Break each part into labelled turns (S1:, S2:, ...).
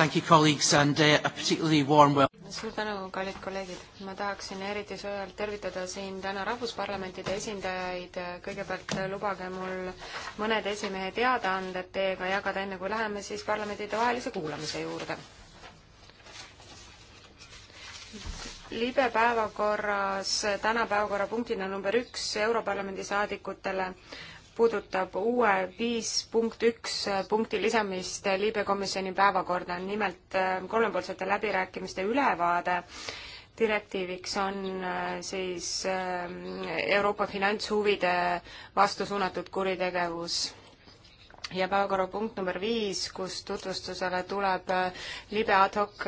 S1: Thank you, colleagues, and uh, a particularly warm welcome.
S2: suur tänu, kallid kolleegid. ma tahaksin eriti soojalt tervitada siin täna rahvusparlamentide esindajaid. kõigepealt lubage mul mõned esimehe teadaanded teiega jagada, enne kui läheme siis parlamentidevahelise kuulamise juurde. libe päevakorras täna päevakorrapunktina number üks Europarlamendi saadikutele puudutab uue viis punkt üks äh, punkti lisamist äh, Liibüa komisjoni päevakorda, nimelt äh, kolmepoolsete läbirääkimiste ülevaade. direktiiviks on siis Euroopa finantshuvide vastu suunatud kuritegevus ja päevakorrapunkt number viis, kus tutvustusele tuleb libe ad hoc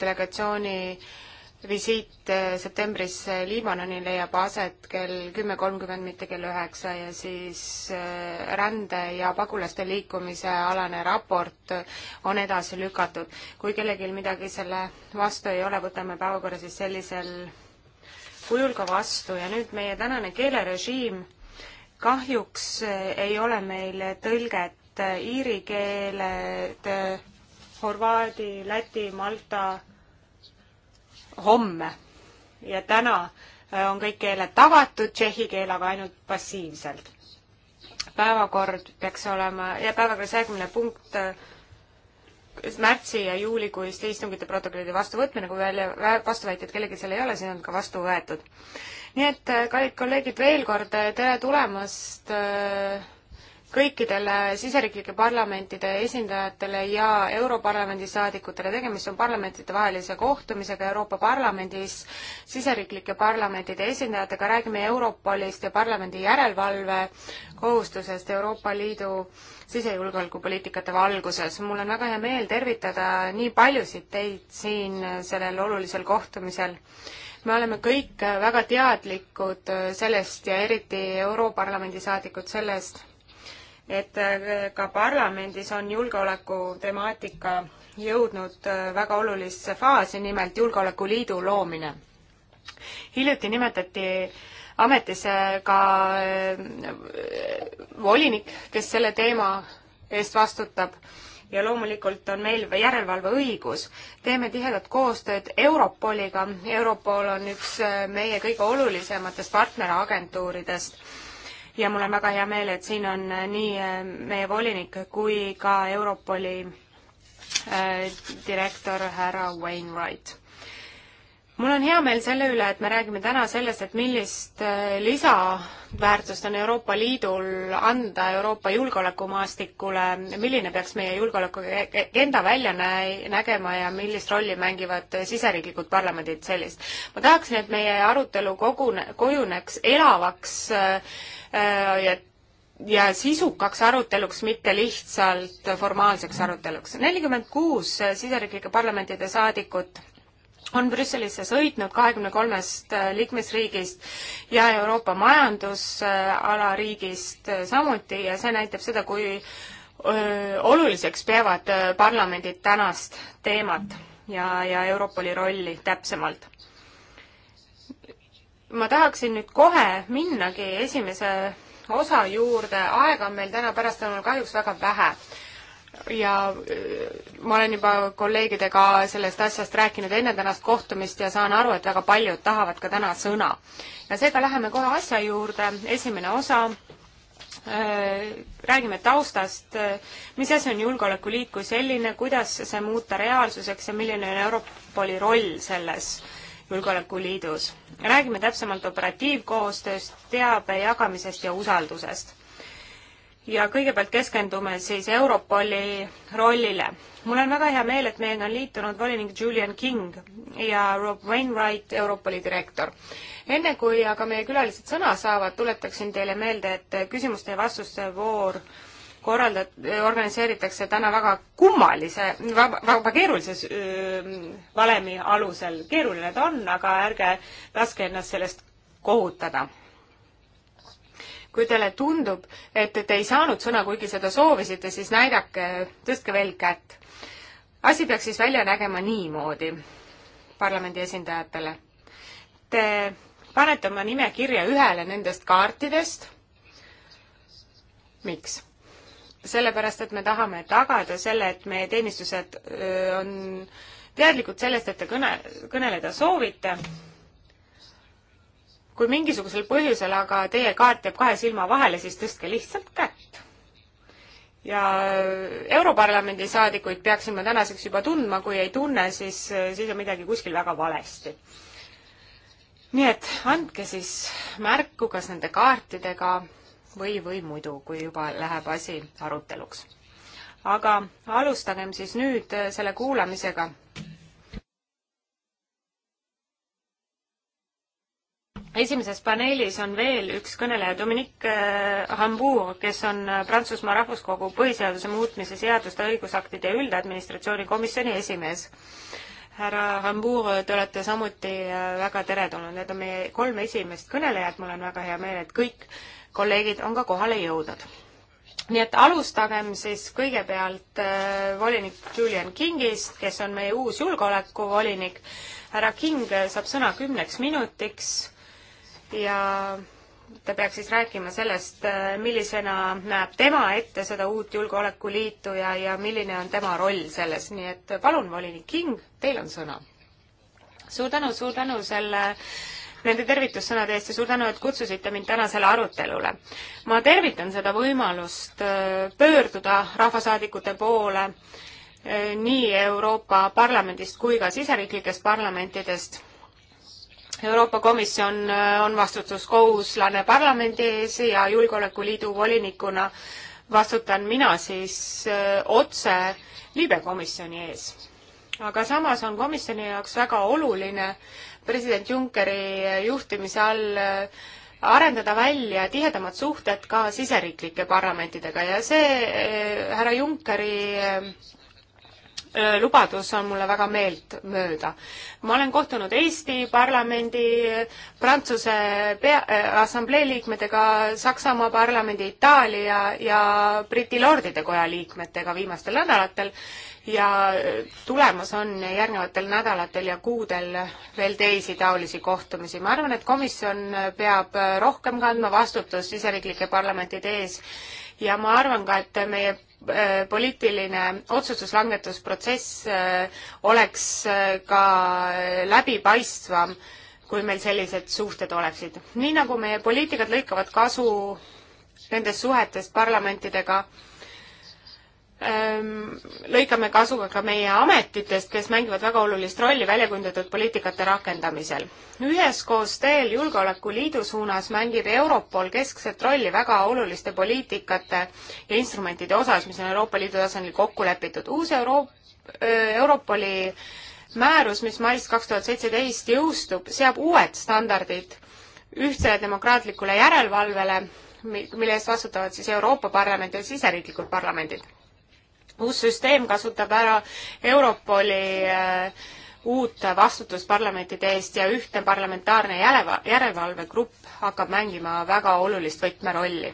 S2: delegatsiooni äh, visiit äh, septembris äh, Liibanoni leiab aset kell kümme kolmkümmend, mitte kell üheksa ja siis äh, rände ja pagulaste liikumise alane raport on edasi lükatud. kui kellelgi midagi selle vastu ei ole, võtame päevakorra siis sellisel kujul ka vastu ja nüüd meie tänane keelerežiim. kahjuks ei ole meil tõlget iiri keeled, horvaadi, läti, malta homme ja täna äh, on kõik keeled tagatud, tšehhi keel aga ainult passiivselt. päevakord peaks olema ja päevakorras järgmine punkt äh, märtsi ja juulikuiste istungite protokollide vastuvõtmine, kui välja, vastuväiteid kellelgi seal ei ole, siis on ka vastu võetud. nii et, äh, kallid kolleegid, veel kord tere tulemast äh, kõikidele siseriiklike parlamentide esindajatele ja Europarlamendi saadikutele. tegemist on parlamentidevahelise kohtumisega Euroopa Parlamendis siseriiklike parlamentide esindajatega. räägime Europolist ja parlamendi järelevalve kohustusest Euroopa Liidu sisejulgeolekupoliitikate valguses. mul on väga hea meel tervitada nii paljusid teid siin sellel olulisel kohtumisel me oleme kõik väga teadlikud sellest ja eriti Europarlamendi saadikud sellest, et äh, ka parlamendis on julgeoleku temaatika jõudnud äh, väga olulisse faasi, nimelt Julgeolekuliidu loomine. hiljuti nimetati ametisse ka äh, volinik, kes selle teema eest vastutab ja loomulikult on meil järelevalveõigus. teeme tihedat koostööd Europoliga, Europol on üks meie kõige olulisematest partneragentuuridest ja mul on väga hea meel, et siin on äh, nii äh, meie volinik kui ka Europoli äh, direktor härra Wainwright mul on hea meel selle üle, et me räägime täna sellest, et millist äh, lisaväärtust on Euroopa Liidul anda Euroopa julgeolekumaastikule, milline peaks meie julgeolekuagenda e-, e-, välja nägema ja millist rolli mängivad äh, siseriiklikud parlamendid sellist. ma tahaksin, et meie arutelu kogune, kujuneks elavaks äh, ja ja sisukaks aruteluks, mitte lihtsalt formaalseks aruteluks. nelikümmend kuus siseriiklike parlamentide saadikut on Brüsselisse sõitnud kahekümne kolmest äh, liikmesriigist ja Euroopa majandusala riigist äh, samuti ja see näitab seda, kui äh, oluliseks peavad parlamendid tänast teemat ja, ja Europoli rolli täpsemalt. ma tahaksin nüüd kohe minnagi esimese osa juurde, aega on meil täna pärastlõunal kahjuks väga vähe ja äh, ma olen juba kolleegidega sellest asjast rääkinud enne tänast kohtumist ja saan aru, et väga paljud tahavad ka täna sõna. ja seega läheme kohe asja juurde, esimene osa, äh, räägime taustast, äh, mis asi on Julgeolekuliit kui selline, kuidas see muuta reaalsuseks ja milline on Europoli roll selles julgeolekuliidus. räägime täpsemalt operatiivkoostööst, teabe jagamisest ja usaldusest ja kõigepealt keskendume siis Europoli rollile. mul on väga hea meel, et meiega on liitunud volinik Julian King ja Rob Wainwright, Europoli direktor. enne kui aga meie külalised sõna saavad, tuletaksin teile meelde, et küsimuste ja vastuste voor korraldat-, organiseeritakse täna väga kummalise, väga, väga keerulise valemi alusel. keeruline ta on, aga ärge laske ennast sellest kohutada kui teile tundub, et te ei saanud sõna, kuigi seda soovisite, siis näidake, tõstke veel kätt. asi peaks siis välja nägema niimoodi parlamendi esindajatele. Te panete oma nime kirja ühele nendest kaartidest. miks? sellepärast, et me tahame tagada selle, et meie teenistused on teadlikud sellest, et te kõne, kõneleda soovite kui mingisugusel põhjusel aga teie kaart jääb kahe silma vahele, siis tõstke lihtsalt kätt. ja äh, Europarlamendi saadikuid peaksime tänaseks juba tundma, kui ei tunne, siis, äh, siis on midagi kuskil väga valesti. nii et andke siis märku, kas nende kaartidega või, või muidu, kui juba läheb asi aruteluks. aga alustagem siis nüüd äh, selle kuulamisega esimeses paneelis on veel üks kõneleja, Dominique äh, Hambourg, kes on äh, Prantsusmaa Rahvuskogu põhiseaduse muutmise seaduste õigusaktide üldadministratsiooni komisjoni esimees. härra Hambourg, te olete samuti äh, väga teretulnud, need on meie kolm esimest kõnelejat, mul on väga hea meel, et kõik kolleegid on ka kohale jõudnud. nii et alustagem siis kõigepealt volinik Julian Kingist, kes on meie uus julgeolekuvolinik. härra King saab sõna kümneks minutiks ja ta peaks siis rääkima sellest, millisena näeb tema ette seda uut julgeolekuliitu ja, ja milline on tema roll selles, nii et palun, volinik King, teil on sõna. suur tänu, suur tänu selle nende tervitussõnade eest ja suur tänu, et kutsusite mind tänasele arutelule. ma tervitan seda võimalust äh, pöörduda rahvasaadikute poole äh, nii Euroopa Parlamendist kui ka siseriiklikest parlamentidest Euroopa Komisjon äh, on vastutuskohuslane parlamendi ees ja Julgeolekuliidu volinikuna vastutan mina siis äh, otse libekomisjoni ees. aga samas on komisjoni jaoks väga oluline president Junckeri äh, juhtimise all arendada välja tihedamad suhted ka siseriiklike parlamentidega ja see härra Junckeri Äh, lubadus on mulle väga meeltmööda. ma olen kohtunud Eesti parlamendi, Prantsuse pea, äh, assamblee liikmetega, Saksamaa parlamendi, Itaalia ja Briti lordide koja liikmetega viimastel nädalatel ja äh, tulemas on järgnevatel nädalatel ja kuudel veel teisi taolisi kohtumisi. ma arvan, et komisjon peab rohkem kandma vastutust siseriiklike parlamentide ees ja ma arvan ka, et meie Äh, poliitiline otsustuslangetusprotsess äh, oleks äh, ka läbipaistvam, kui meil sellised suhted oleksid. nii nagu meie poliitikad lõikavad kasu nendest suhetest parlamentidega, Ehm, lõikame kasu ka meie ametitest, kes mängivad väga olulist rolli väljakujundatud poliitikate rakendamisel. üheskoos teel Julgeolekuliidu suunas mängib Europol keskset rolli väga oluliste poliitikate ja instrumentide osas, mis on Euroopa Liidu tasandil kokku lepitud. uus Euro-, Europoli määrus, mis mais kaks tuhat seitseteist jõustub, seab uued standardid ühtsele demokraatlikule järelevalvele, mille eest vastutavad siis Euroopa Parlament ja siseriiklikud parlamendid uus süsteem kasutab ära Europoli äh, uut vastutust parlamentide eest ja ühtne parlamentaarne järelevalvegrupp hakkab mängima väga olulist võtmerolli.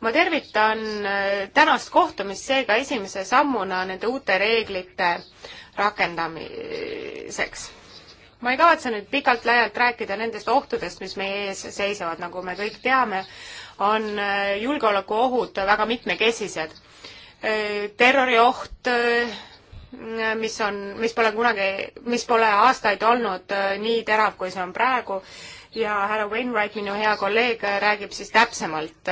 S2: ma tervitan äh, tänast kohtumist seega esimese sammuna nende uute reeglite rakendamiseks. ma ei kavatse nüüd pikalt-laialt rääkida nendest ohtudest, mis meie ees seisavad, nagu me kõik teame, on äh, julgeolekuohud väga mitmekesised Äh, terrorioht, äh, mis on, mis pole kunagi, mis pole aastaid olnud äh, nii terav, kui see on praegu ja härra Wainwright, minu hea kolleeg, räägib siis täpsemalt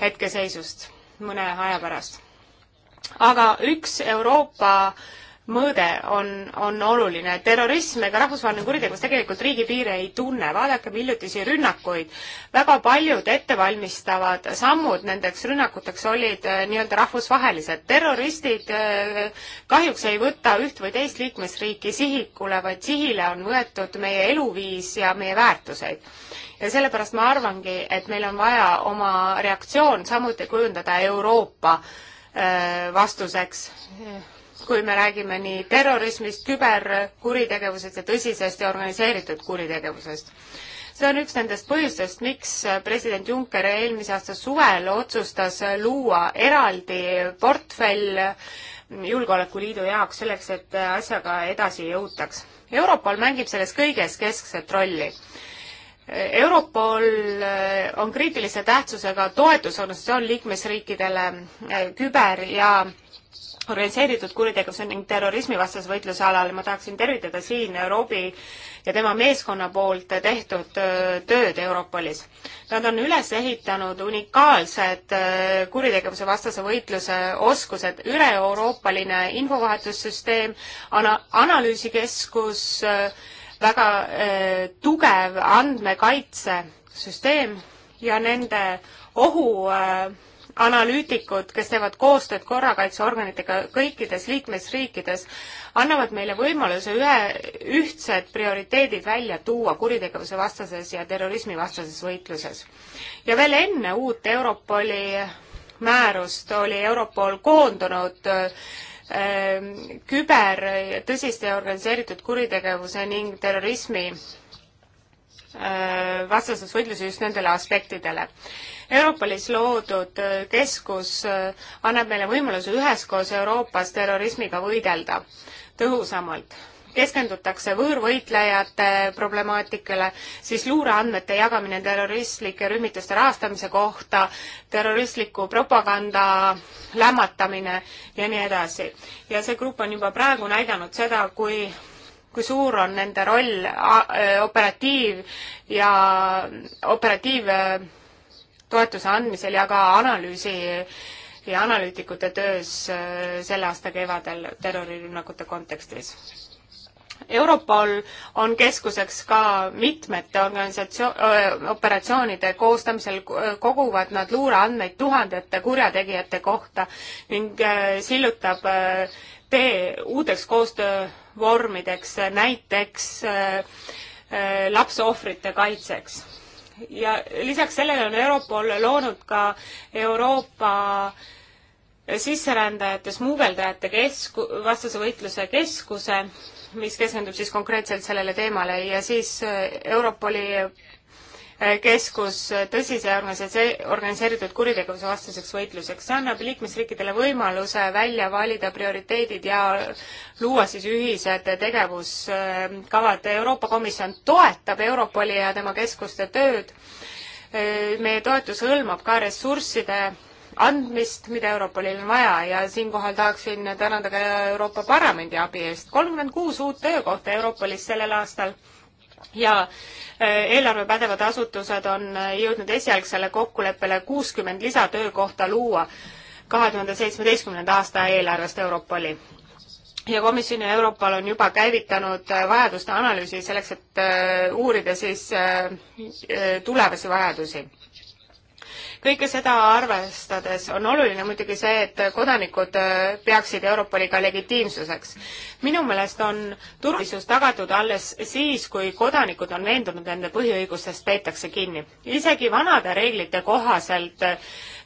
S2: hetkeseisust mõne aja pärast. aga üks Euroopa äh, mõõde on, on oluline. terrorism ega rahvusvaheline kuritegevus tegelikult riigipiire ei tunne, vaadakem hiljutisi rünnakuid. väga paljud ettevalmistavad sammud nendeks rünnakuteks olid äh, nii-öelda rahvusvahelised. terroristid äh, kahjuks ei võta üht või teist liikmesriiki sihikule, vaid sihile on võetud meie eluviis ja meie väärtuseid ja sellepärast ma arvangi, et meil on vaja oma reaktsioon samuti kujundada Euroopa äh, vastuseks kui me räägime nii terrorismist, küberkuritegevusest ja tõsisest ja organiseeritud kuritegevusest. see on üks nendest põhjustest, miks president Juncker eelmise aasta suvel otsustas luua eraldi portfell julgeolekuliidu jaoks, selleks et asjaga edasi jõutaks. Europol mängib selles kõiges keskset rolli Europol on kriitilise tähtsusega toetusorganisatsioon liikmesriikidele küber- ja organiseeritud kuritegevuse ning terrorismivastase võitluse alal. ma tahaksin tervitada siin Euroopi ja tema meeskonna poolt tehtud tööd Europolis. Nad on üles ehitanud unikaalsed kuritegevuse vastase võitluse oskused, üle-euroopaline infovahetussüsteem, ana-, analüüsikeskus, väga tugev andmekaitsesüsteem ja nende ohu äh, analüütikud, kes teevad koostööd korrakaitseorganitega kõikides liikmesriikides, annavad meile võimaluse ühe, ühtsed prioriteedid välja tuua kuritegevuse vastases ja terrorismi vastases võitluses. ja veel enne uut Europoli määrust oli Europol koondunud äh, küber, tõsiste organiseeritud kuritegevuse ning terrorismi Äh, vastases võitluses just nendele aspektidele. Europolis loodud äh, keskus äh, annab meile võimaluse üheskoos Euroopas terrorismiga võidelda tõhusamalt. keskendutakse võõrvõitlejate problemaatikale, siis luureandmete jagamine terroristlike rühmituste rahastamise kohta, terroristliku propaganda lämmatamine ja nii edasi. ja see grupp on juba praegu näidanud seda, kui kui suur on nende roll operatiiv ja operatiivtoetuse andmisel ja ka analüüsi ja analüütikute töös selle aasta kevadel terrorirünnakute kontekstis. Europol on keskuseks ka mitmete organisatsioon, operatsioonide koostamisel koguvad nad luureandmeid tuhandete kurjategijate kohta ning sillutab tee uuteks koostöövormideks, näiteks äh, äh, lapseohvrite kaitseks. ja lisaks sellele on Europol loonud ka Euroopa sisserändajate, smuugeldajate kesk-, vastase võitluse keskuse, mis keskendub siis konkreetselt sellele teemale ja siis äh, Europoli keskus tõsise organiseeritud kuritegevuse vastaseks võitluseks. see annab liikmesriikidele võimaluse välja valida prioriteedid ja luua siis ühised tegevuskavad. Euroopa Komisjon toetab Europoli ja tema keskuste tööd. meie toetus hõlmab ka ressursside andmist, mida Europolil on vaja ja siinkohal tahaksin tänada ka Euroopa Parlamendi abi eest. kolmkümmend kuus uut töökohta Europolis sellel aastal ja äh, eelarvepädevad asutused on äh, jõudnud esialgsele kokkuleppele kuuskümmend lisatöökohta luua kahe tuhande seitsmeteistkümnenda aasta eelarvest Europoli. ja komisjon ja Europol on juba käivitanud äh, vajaduste analüüsi selleks, et uurida siis tulevasi vajadusi kõike seda arvestades on oluline muidugi see, et kodanikud äh, peaksid Europoliga legitiimsuseks. minu meelest on turvalisus tagatud alles siis, kui kodanikud on veendunud, nende põhiõigustest peetakse kinni. isegi vanade reeglite kohaselt äh,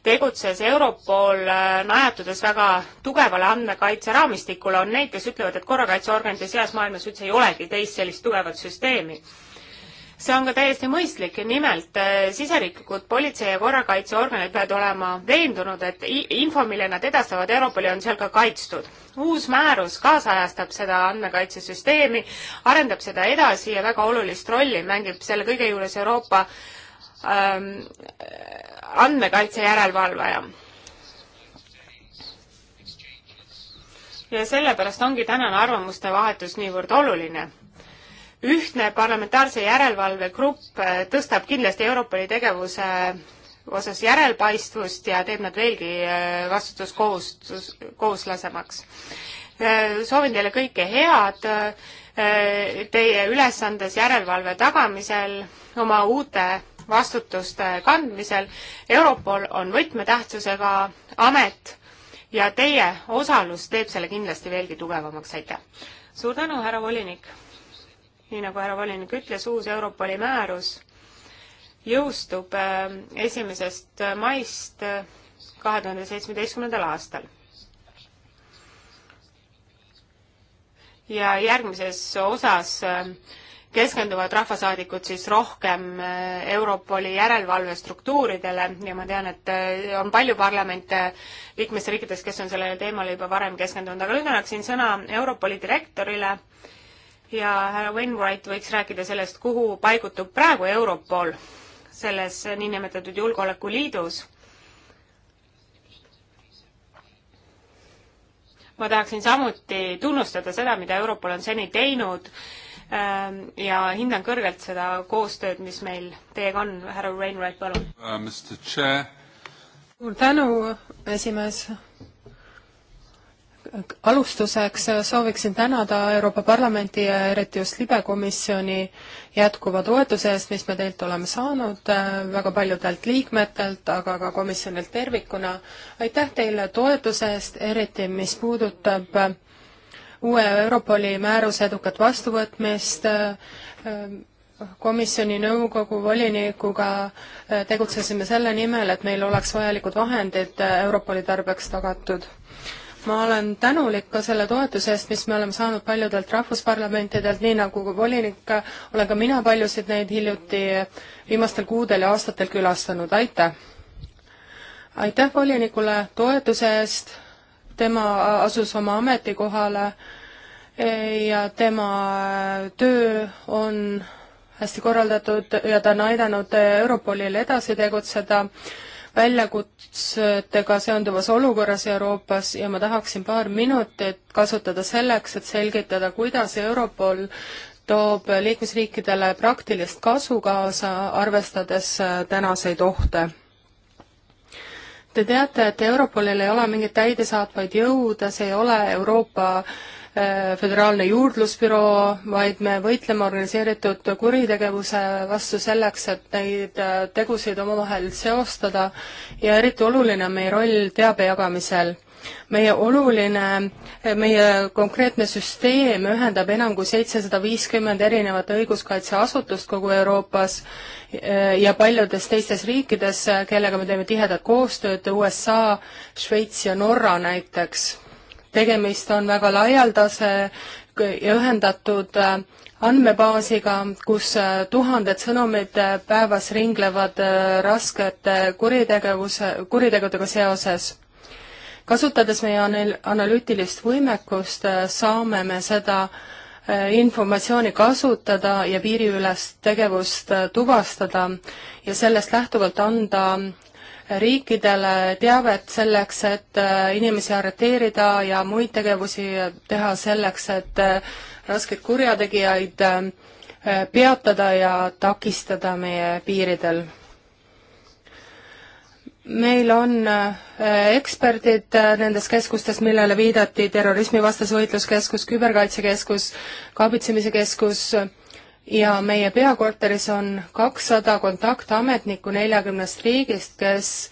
S2: tegutses Europol äh, najatudes väga tugevale andmekaitseraamistikule, on neid, kes ütlevad, et korrakaitseorganite seas maailmas üldse ei olegi teist sellist tugevat süsteemi see on ka täiesti mõistlik, nimelt äh, siseriiklikud politsei- ja korrakaitseorganid peavad olema veendunud, et info, mille nad edastavad Europoli, on seal ka kaitstud. uus määrus kaasajastab seda andmekaitsesüsteemi, arendab seda edasi ja väga olulist rolli mängib selle kõige juures Euroopa ähm, andmekaitse järelevalvaja. ja sellepärast ongi tänane arvamuste vahetus niivõrd oluline ühtne parlamentaarse järelevalve grupp äh, tõstab kindlasti Europoli tegevuse äh, osas järelpaistvust ja teeb nad veelgi äh, vastutuskohustus, kohuslasemaks. soovin teile kõike head teie ülesandes järelevalve tagamisel, oma uute vastutuste kandmisel. Europol on võtmetähtsusega amet ja teie osalus teeb selle kindlasti veelgi tugevamaks, aitäh! suur tänu, härra volinik! nii nagu härra volinik ütles, uus Europoli määrus jõustub äh, esimesest äh, maist äh, kahe tuhande seitsmeteistkümnendal aastal. ja järgmises osas keskenduvad rahvasaadikud siis rohkem Europoli järelevalvestruktuuridele ja ma tean, et on palju parlamente liikmesriikides, kes on sellele teemale juba varem keskendunud, aga nüüd annaksin sõna Europoli direktorile ja härra Wainwright võiks rääkida sellest, kuhu paigutub praegu Europol selles niinimetatud julgeolekuliidus. ma tahaksin samuti tunnustada seda, mida Europol on seni teinud ähm, ja hindan kõrgelt seda koostööd, mis meil teiega on, härra Wainwright,
S1: palun uh,. suur tänu, esimees alustuseks sooviksin tänada Euroopa Parlamenti ja eriti just libekomisjoni jätkuva toetuse eest, mis me teilt oleme saanud, äh, väga paljudelt liikmetelt, aga ka komisjonilt tervikuna. aitäh teile toetuse eest, eriti mis puudutab äh, uue Europoli määruse edukat vastuvõtmist, äh, komisjoni nõukogu volinikuga tegutsesime selle nimel, et meil oleks vajalikud vahendid Europoli tarbeks tagatud ma olen tänulik ka selle toetuse eest, mis me oleme saanud paljudelt rahvusparlamentidelt, nii nagu ka volinik, olen ka mina paljusid neid hiljuti viimastel kuudel ja aastatel külastanud, aitäh! aitäh volinikule toetuse eest, tema asus oma ametikohale ja tema töö on hästi korraldatud ja ta on aidanud Europolil edasi tegutseda väljakutsetega seonduvas olukorras Euroopas ja ma tahaksin paar minutit kasutada selleks, et selgitada, kuidas Europol toob liikmesriikidele praktilist kasu kaasa, arvestades äh, tänaseid ohte. Te teate, et Europolil ei ole mingeid täidesaatvaid jõude, see ei ole Euroopa äh, Äh, föderaalne juurdlusbüroo, vaid me võitleme organiseeritud kuritegevuse vastu selleks, et neid äh, tegusid omavahel seostada ja eriti oluline on meie roll teabe jagamisel meie oluline, äh, meie konkreetne süsteem ühendab enam kui seitsesada viiskümmend erinevat õiguskaitseasutust kogu Euroopas ja paljudes teistes riikides, kellega me teeme tihedat koostööd, USA, Šveits ja Norra näiteks tegemist on väga laialdase ja ühendatud äh, andmebaasiga, kus äh, tuhanded sõnumid äh, päevas ringlevad raskete kuritegevuse, kuritegudega seoses. kasutades meie analüütilist võimekust, saame me seda informatsiooni kasutada ja piiriülest tegevust tuvastada ja sellest lähtuvalt anda riikidele teavet selleks, et äh, inimesi arreteerida ja muid tegevusi teha selleks, et äh, raskeid kurjategijaid äh, peatada ja takistada meie piiridel. meil on eksperdid nendes keskustes, millele viidati, terrorismivastase võitluskeskus, küberkaitsekeskus, kaabitsemise keskus, keskus ja meie peakorteris on kakssada kontaktametnikku neljakümnest riigist, kes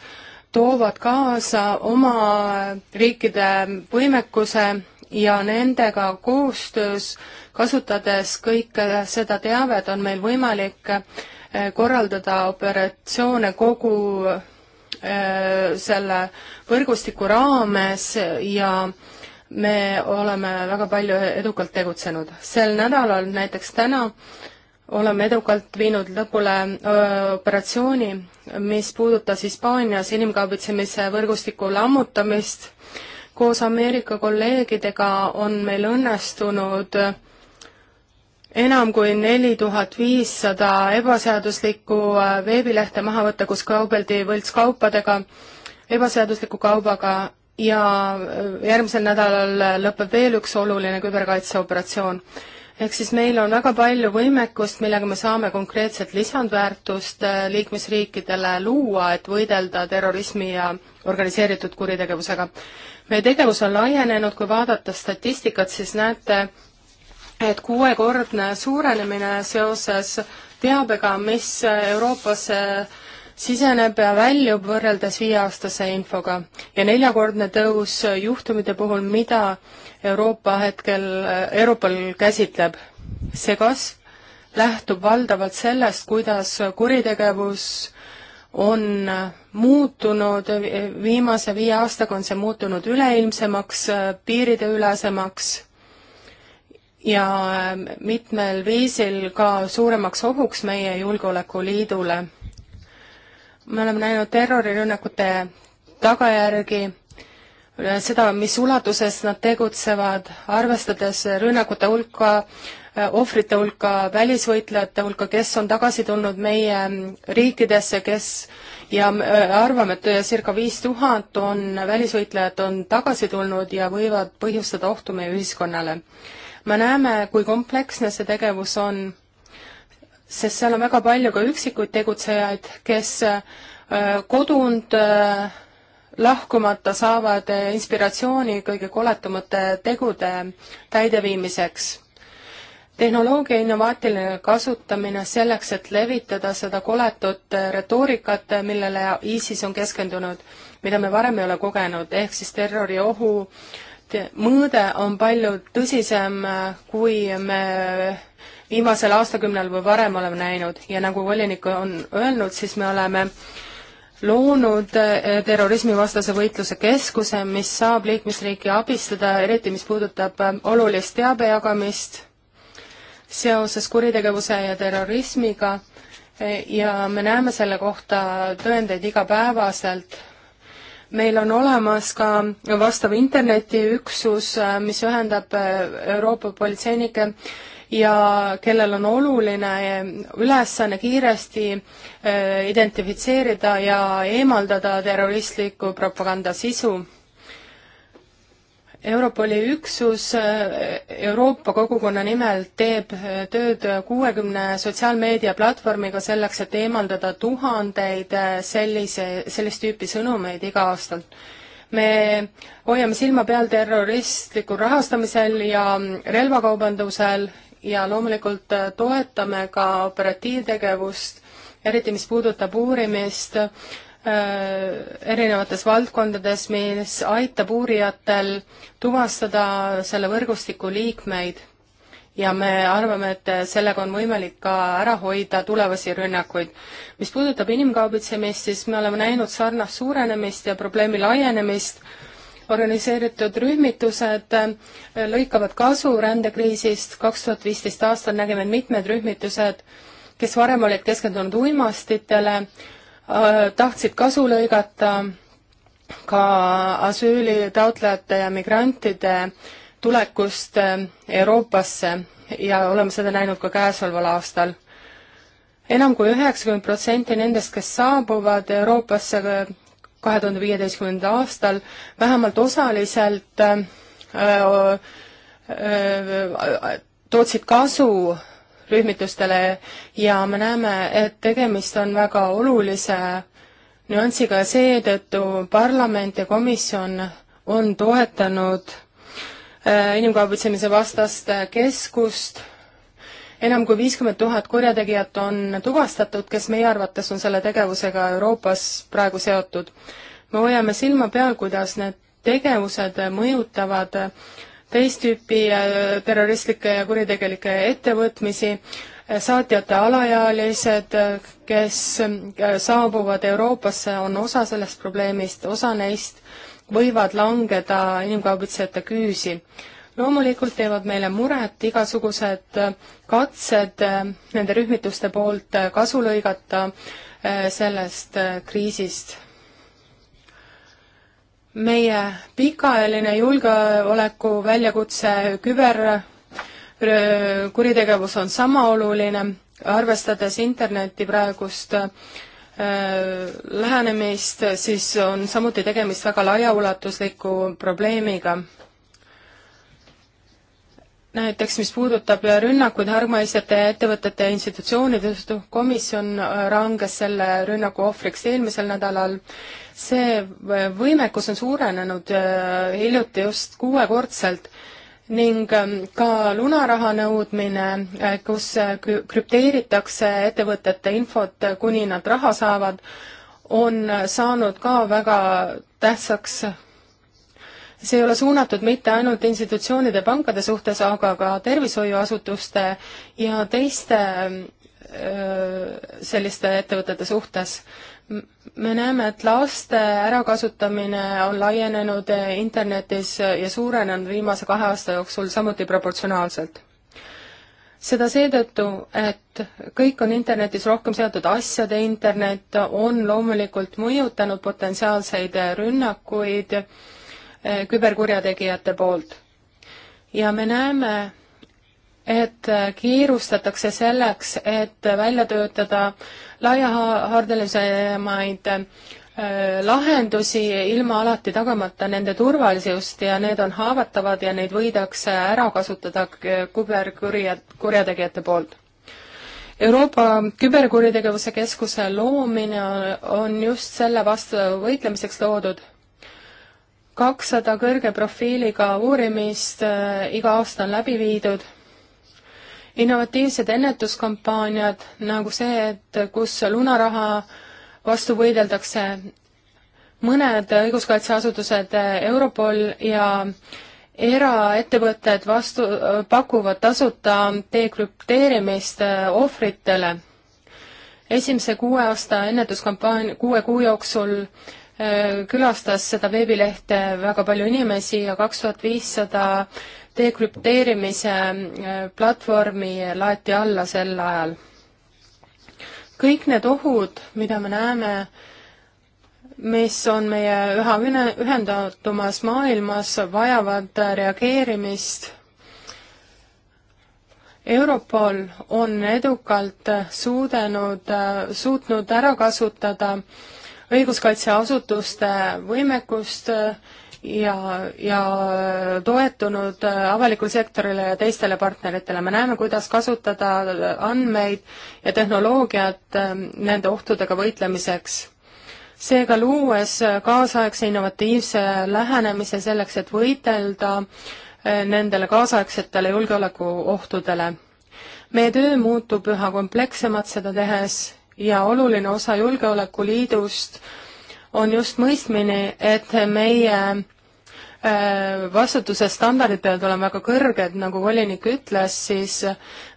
S1: toovad kaasa oma riikide võimekuse ja nendega koostöös, kasutades kõike seda teavet, on meil võimalik eh, korraldada operatsioone kogu eh, selle võrgustiku raames ja äh, me oleme väga palju edukalt tegutsenud. sel nädalal, näiteks täna, oleme edukalt viinud lõpule operatsiooni, mis puudutas Hispaanias inimkaubitsemise võrgustiku lammutamist. koos Ameerika kolleegidega on meil õnnestunud enam kui neli tuhat viissada ebaseaduslikku veebilehte maha võtta, kus kaubeldi võltskaupadega, ebaseadusliku kaubaga ja äh, järgmisel nädalal äh, lõpeb veel üks oluline küberkaitseoperatsioon. ehk siis meil on väga palju võimekust, millega me saame konkreetset lisandväärtust äh, liikmesriikidele luua, et võidelda terrorismi ja organiseeritud kuritegevusega. meie tegevus on laienenud, kui vaadata statistikat, siis näete, et kuuekordne suurenemine seoses teabega, mis Euroopasse siseneb ja väljub võrreldes viieaastase infoga ja neljakordne tõus juhtumite puhul, mida Euroopa hetkel, Euroopal käsitleb. see kasv lähtub valdavalt sellest, kuidas kuritegevus on muutunud, viimase viie aastaga on see muutunud üleilmsemaks, piirideülesemaks ja mitmel viisil ka suuremaks ohuks meie Julgeolekuliidule me oleme näinud terrorirünnakute tagajärgi, seda, mis ulatuses nad tegutsevad, arvestades rünnakute hulka, eh, ohvrite hulka, välisvõitlejate hulka, kes on tagasi tulnud meie riikidesse, kes ja me eh, arvame, et circa viis tuhat on, välisvõitlejad on tagasi tulnud ja võivad põhjustada ohtu meie ühiskonnale. me näeme, kui kompleksne see tegevus on sest seal on väga palju ka üksikuid tegutsejaid, kes äh, kodunt äh, lahkumata saavad äh, inspiratsiooni kõige koletumate tegude täideviimiseks. tehnoloogia innovaatiline kasutamine selleks, et levitada seda koletut retoorikat, millele ISIS on keskendunud, mida me varem ei ole kogenud, ehk siis terroriohu mõõde on palju tõsisem, kui me viimasel aastakümnel või varem oleme näinud ja nagu volinik on öelnud, siis me oleme loonud eh, terrorismivastase võitluse keskuse, mis saab liikmesriiki abistada, eriti mis puudutab eh, olulist teabe jagamist seoses kuritegevuse ja terrorismiga eh, ja me näeme selle kohta tõendeid igapäevaselt. meil on olemas ka vastav internetiüksus, mis ühendab Euroopa politseinikke ja kellel on oluline ülesanne kiiresti äh, identifitseerida ja eemaldada terroristliku propaganda sisu. Europoli üksus äh, Euroopa kogukonna nimel teeb äh, tööd kuuekümne sotsiaalmeedia platvormiga selleks, et eemaldada tuhandeid sellise, sellist tüüpi sõnumeid iga aastalt me hoiame silma peal terroristlikul rahastamisel ja relvakaubandusel ja loomulikult äh, toetame ka operatiivtegevust, eriti mis puudutab uurimist äh, erinevates valdkondades, mis aitab uurijatel tuvastada selle võrgustiku liikmeid. ja me arvame, et sellega on võimalik ka ära hoida tulevasi rünnakuid. mis puudutab inimkaubitsemist, siis me oleme näinud sarnast suurenemist ja probleemi laienemist organiseeritud rühmitused äh, lõikavad kasu rändekriisist, kaks tuhat viisteist aastal nägime mitmed rühmitused, kes varem olid keskendunud uimastitele, äh, tahtsid kasu lõigata ka asüülitaotlejate ja migrantide tulekust äh, Euroopasse ja oleme seda näinud ka käesoleval aastal enam kui üheksakümmend protsenti nendest, kes saabuvad Euroopasse kahe tuhande viieteistkümnendal aastal vähemalt osaliselt öö, äh, öö, äh, äh, tootsid kasu rühmitustele ja me näeme, et tegemist on väga olulise nüansiga ja seetõttu parlament ja komisjon on toetanud inimkaubitsemise vastast keskust enam kui viiskümmend tuhat kurjategijat on tuvastatud, kes meie arvates on selle tegevusega Euroopas praegu seotud. me hoiame silma peal, kuidas need tegevused mõjutavad teist tüüpi äh, terroristlikke ja kuritegelikke ettevõtmisi, äh, saatjate alaealised, äh, kes saabuvad Euroopasse, on osa sellest probleemist, osa neist võivad langeda inimkaubitsejate küüsi loomulikult teevad meile muret igasugused katsed äh, nende rühmituste poolt äh, kasu lõigata äh, sellest kriisist. meie pikaajaline julgeoleku väljakutse küberkuritegevus on sama oluline, arvestades Interneti praegust lähenemist, siis on samuti tegemist väga laiaulatusliku probleemiga näiteks mis puudutab rünnakuid hargmaisete ettevõtete ja institutsioonide vastu, komisjon ranges selle rünnaku ohvriks eelmisel nädalal. see võimekus on suurenenud äh, hiljuti just kuuekordselt ning ähm, ka lunaraha nõudmine, äh, kus äh, krüpteeritakse ettevõtete infot, kuni nad raha saavad, on saanud ka väga tähtsaks see ei ole suunatud mitte ainult institutsioonide, pankade suhtes, aga ka tervishoiuasutuste ja teiste selliste ettevõtete suhtes. me näeme, et laste ärakasutamine on laienenud internetis ja suurenenud viimase kahe aasta jooksul samuti proportsionaalselt. seda seetõttu, et kõik on internetis rohkem seotud asjade internet, on loomulikult mõjutanud potentsiaalseid rünnakuid, Eh, küberkurjategijate poolt. ja me näeme, et eh, kiirustatakse selleks, et välja töötada laiahaardelisemaid eh, lahendusi ilma alati tagamata nende turvalisust ja need on haavatavad ja neid võidakse ära kasutada küberkurja, kurjategijate poolt. Euroopa Küberkuritegevuse Keskuse loomine on just selle vastu võitlemiseks loodud kakssada kõrge profiiliga uurimist äh, iga aasta on läbi viidud. innovatiivsed ennetuskampaaniad nagu see, et kus lunaraha vastu võideldakse, mõned õiguskaitseasutused, äh, Europol ja eraettevõtted vastu, äh, pakuvad tasuta dekrüpteerimist ohvritele. esimese kuue aasta ennetuskampaania, kuue kuu jooksul äh, külastas seda veebilehte väga palju inimesi ja kaks tuhat viissada dekrüpteerimise äh, platvormi laeti alla sel ajal. kõik need ohud, mida me näeme, mis on meie üha ühendatumas maailmas, vajavad äh, reageerimist Europol on edukalt äh, suudenud, suutnud ära kasutada õiguskaitseasutuste võimekust äh, ja, ja toetunud äh, avalikule sektorile ja teistele partneritele. me näeme, kuidas kasutada andmeid ja tehnoloogiat äh, nende ohtudega võitlemiseks seega luues kaasaegse innovatiivse lähenemise selleks, et võidelda nendele kaasaegsetele julgeolekuohtudele. meie töö muutub üha komplekssemalt seda tehes ja oluline osa Julgeolekuliidust on just mõistmine, et meie äh, vastutuse standardid peavad olema väga kõrged, nagu volinik ütles, siis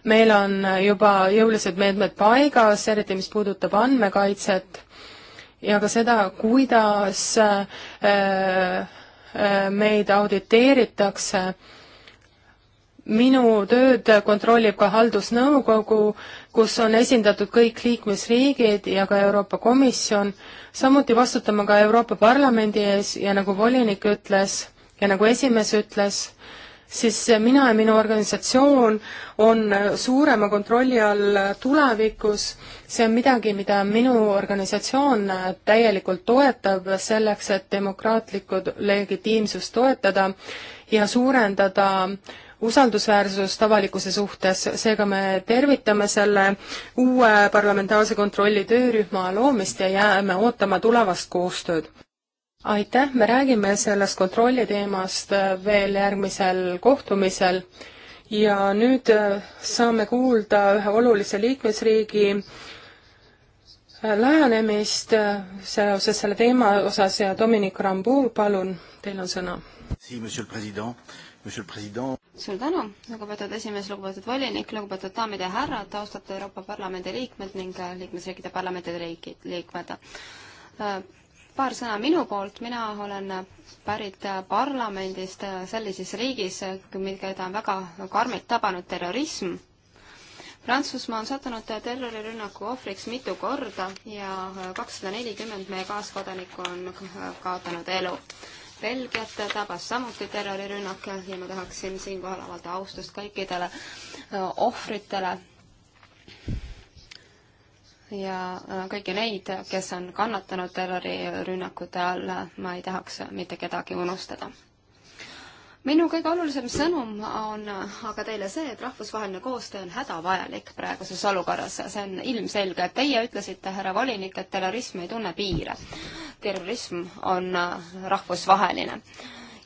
S1: meil on juba jõulised meetmed paigas, eriti mis puudutab andmekaitset ja ka seda, kuidas äh, äh, meid auditeeritakse minu tööd kontrollib ka haldusnõukogu kus on esindatud kõik liikmesriigid ja ka Euroopa Komisjon, samuti vastutama ka Euroopa Parlamendi ees ja nagu volinik ütles ja nagu esimees ütles, siis mina ja minu organisatsioon on suurema kontrolli all tulevikus, see on midagi, mida minu organisatsioon täielikult toetab selleks, et demokraatlikku legitiimsust toetada ja suurendada äh, usaldusväärsust avalikkuse suhtes, seega me tervitame selle uue parlamentaarse kontrolli töörühma loomist ja jääme ootama tulevast koostööd. aitäh, me räägime sellest kontrolli teemast veel järgmisel kohtumisel ja nüüd saame kuulda ühe olulise liikmesriigi lähenemist seoses selle teema osas ja Dominic Rambourg, palun, teil on sõna
S2: suur
S3: tänu, lugupeetud esimees, lugupeetud volinik, lugupeetud daamid ja härrad, austatud Euroopa Parlamendi liikmed ning äh, liikmesriikide parlamendide liik-, liikmed. Äh, paar sõna minu poolt, mina olen pärit äh, parlamendist sellises riigis, mida on väga karmilt tabanud terrorism. Prantsusmaa on sattunud terrorirünnaku ohvriks mitu korda ja kakssada nelikümmend meie kaaskodanikku on kaotanud elu Belgiat tabas samuti terrorirünnak ja ma tahaksin siinkohal avaldada austust kõikidele ohvritele ja kõiki neid, kes on kannatanud terrorirünnakute all, ma ei tahaks mitte kedagi unustada minu kõige olulisem sõnum on aga teile see, et rahvusvaheline koostöö on hädavajalik praeguses olukorras. see on ilmselge. Teie ütlesite, härra volinik, et terrorism ei tunne piire. terrorism on rahvusvaheline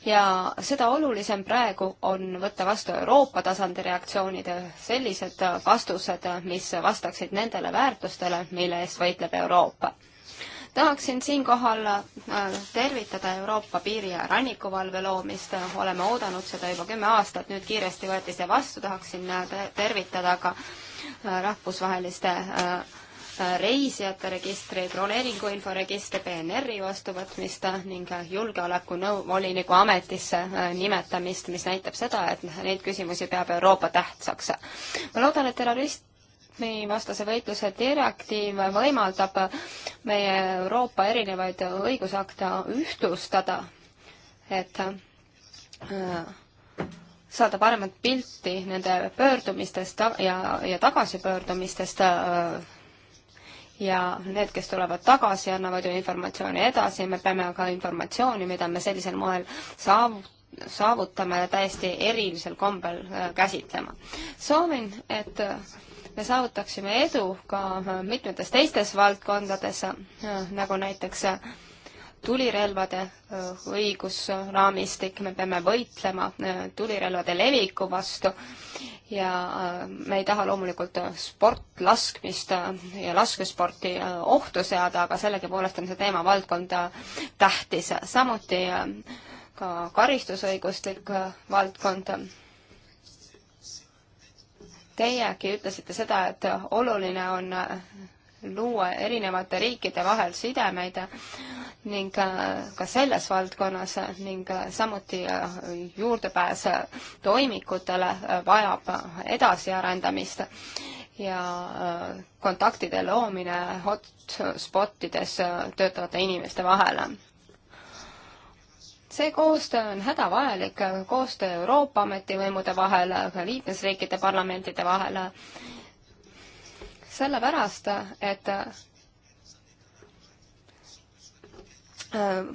S3: ja seda olulisem praegu on võtta vastu Euroopa tasandi reaktsioonid, sellised vastused, mis vastaksid nendele väärtustele, mille eest võitleb Euroopa tahaksin siinkohal äh, tervitada Euroopa piiri- ja rannikuvalve loomist, oleme oodanud seda juba kümme aastat, nüüd kiiresti võeti see vastu, tahaksin äh, tervitada ka äh, rahvusvaheliste reisijate registri, broneeringu inforegistri, PNR-i vastuvõtmist ning julgeolekunõu-, voliniku ametisse nimetamist, mis näitab seda, et neid küsimusi peab Euroopa tähtsaks. ma loodan, et terrorist, terrorismivastase võitluse direktiiv võimaldab meie Euroopa erinevaid õigusakte ühtlustada, et äh, saada paremat pilti nende pöördumistest ja, ja tagasipöördumistest äh, ja need, kes tulevad tagasi, annavad ju informatsiooni edasi ja me peame ka informatsiooni, mida me sellisel moel saav-, saavutame täiesti erilisel kombel äh, käsitlema. soovin, et me saavutaksime edu ka mitmetes teistes valdkondades, nagu näiteks tulirelvade äh, õigusraamistik, me peame võitlema äh, tulirelvade leviku vastu ja äh, me ei taha loomulikult sportlaskmist ja laskesporti ohtu seada, aga sellegipoolest on see teemavaldkond tähtis. samuti ka karistusõiguslik valdkond Teiegi ütlesite seda, et oluline on luua erinevate riikide vahel sidemeid ning ka selles valdkonnas ning samuti juurdepääs toimikutele vajab edasiarendamist ja kontaktide loomine hotspottides töötavate inimeste vahele see koostöö on hädavajalik, koostöö Euroopa ametivõimude vahel, ka liikmesriikide parlamentide vahel, sellepärast, et äh,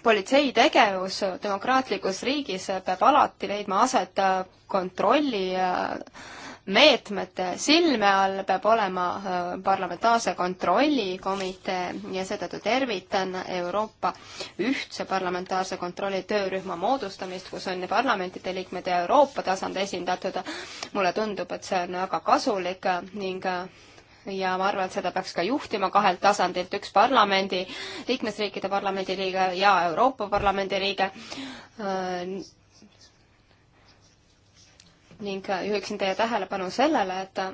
S3: politsei tegevus demokraatlikus riigis peab alati leidma aset kontrolli meetmete silme all peab olema äh, parlamentaarse kontrollikomitee ja seetõttu tervitan Euroopa ühtse parlamentaarse kontrolli töörühma moodustamist, kus on parlamentide liikmed ja Euroopa tasand esindatud. mulle tundub, et see on väga kasulik ning äh, ja ma arvan, et seda peaks ka juhtima kahelt tasandilt, üks parlamendi, liikmesriikide parlamendi liige ja Euroopa Parlamendi liige äh, ning äh, juhiksin teie tähelepanu sellele, et äh,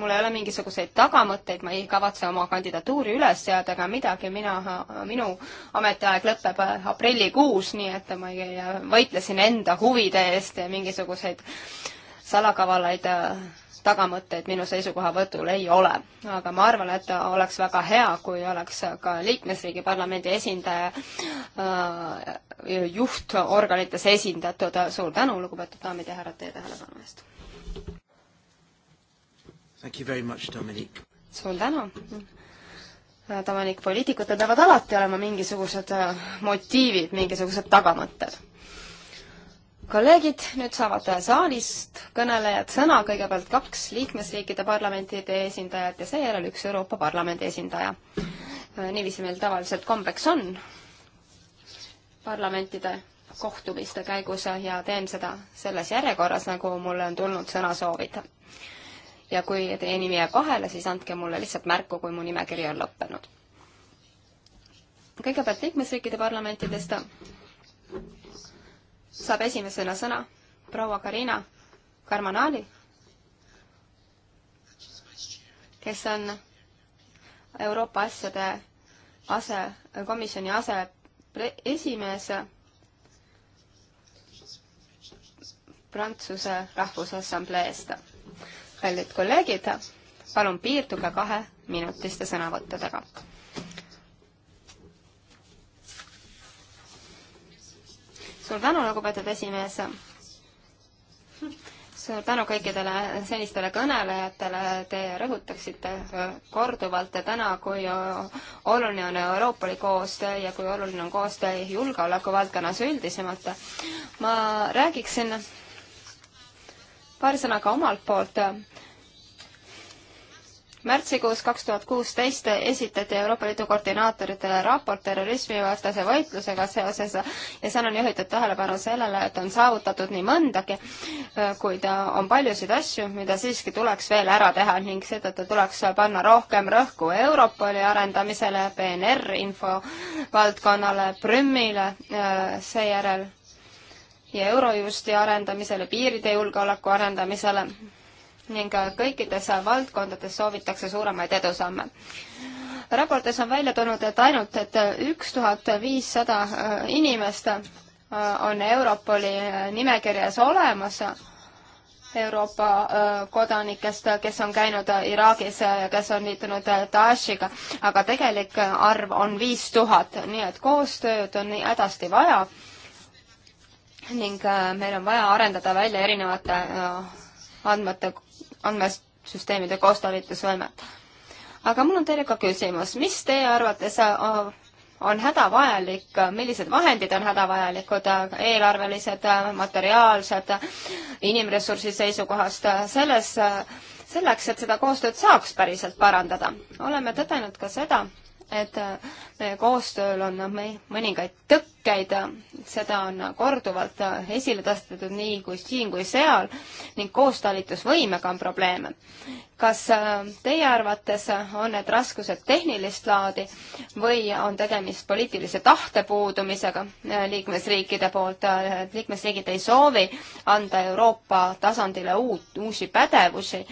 S3: mul ei ole mingisuguseid tagamõtteid, ma ei kavatse oma kandidatuuri üles seada ega midagi, mina, äh, minu ametiaeg lõpeb aprillikuus, nii et ma ei, võitlesin enda huvide eest ja mingisuguseid salakavalaid tagamõtteid minu seisukohavõtul ei ole. aga ma arvan, et oleks väga hea, kui oleks ka liikmesriigi parlamendi esindaja äh, juhtorganites esindatud. suur tänu, lugupeetud daamid ja härrad, teie tähelepanu eest! suur tänu! Dominik, poliitikutel peavad alati olema mingisugused äh, motiivid, mingisugused tagamõtted kolleegid, nüüd saavad saalist kõnelejad sõna, kõigepealt kaks liikmesriikide parlamentide esindajat ja seejärel üks Euroopa Parlamendi esindaja. Äh, niiviisi meil tavaliselt kombeks on parlamentide kohtumiste käigus ja teen seda selles järjekorras, nagu mulle on tulnud sõnasoovid. ja kui teie nimi jääb vahele, siis andke mulle lihtsalt märku, kui mu nimekiri on lõppenud. kõigepealt liikmesriikide parlamentidest saab esimesena sõna proua Karina Karmanali, kes on Euroopa asjade ase, komisjoni aseesimees Prantsuse Rahvusassambleest. kallid kolleegid, palun piirduge kaheminutiste sõnavõttudega suur tänu, lugupeetud esimees! suur tänu kõikidele senistele kõnelejatele, te rõhutaksite äh, korduvalt täna, kui äh, oluline on Euroopa Liidu koostöö ja kui oluline on koostöö julgeoleku valdkonnas üldisemalt. ma räägiksin paari sõnaga omalt poolt märtsikuus kaks tuhat kuusteist esitati Euroopa Liidu koordinaatoritele raport terrorismivastase võitlusega seoses ja seal on juhitud tähelepanu sellele, et on saavutatud nii mõndagi, kuid on paljusid asju, mida siiski tuleks veel ära teha ning seetõttu tuleks panna rohkem rõhku Europoli arendamisele, PNR info valdkonnale, Prümmile äh, seejärel ja Eurojusti arendamisele, piiride julgeoleku arendamisele ning kõikides valdkondades soovitakse suuremaid edusamme raportis on välja tulnud, et ainult, et üks tuhat viissada äh, inimest äh, on Europoli äh, nimekirjas olemas, Euroopa kodanikest, kes on käinud Iraagis ja kes on liitunud Daeshiga, aga tegelik arv on viis tuhat, nii et koostööd on nii hädasti vaja ning meil on vaja arendada välja erinevate andmete andmesüsteemide koostalitusvõimet. aga mul on teile ka küsimus, mis teie arvates äh, on hädavajalik, millised vahendid on hädavajalikud, eelarvelised, äh, materiaalsed, inimressursi seisukohast, selles, äh, selleks, et seda koostööd saaks päriselt parandada. oleme tõdenud ka seda, et äh, meie koostööl on noh, mõningaid tõkkeid, seda on korduvalt äh, esile tõstetud nii kui siin kui seal ning koostalitusvõimega on probleeme. kas äh, teie arvates on need raskused tehnilist laadi või on tegemist poliitilise tahte puudumisega liikmesriikide poolt, et liikmesriigid ei soovi anda Euroopa tasandile uut, uusi pädevusi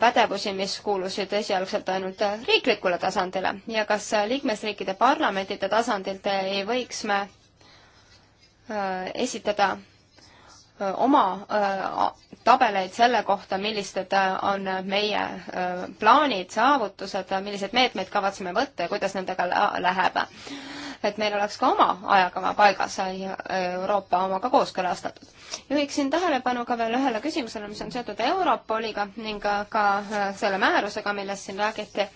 S3: pädevusi, mis kuulusid esialgselt ainult riiklikule tasandile ja kas liikmesriikide parlamentide tasandilt ei võiks me äh, esitada äh, oma äh, tabeleid selle kohta, millised on meie plaanid, saavutused, milliseid meetmeid kavatseme võtta ja kuidas nendega läheb et meil oleks ka oma ajakava paigas ja äh, Euroopa omaga kooskõlastatud. juhiksin tähelepanu ka veel ühele küsimusele, mis on seotud Europoliga ning ka äh, selle määrusega, millest siin räägiti.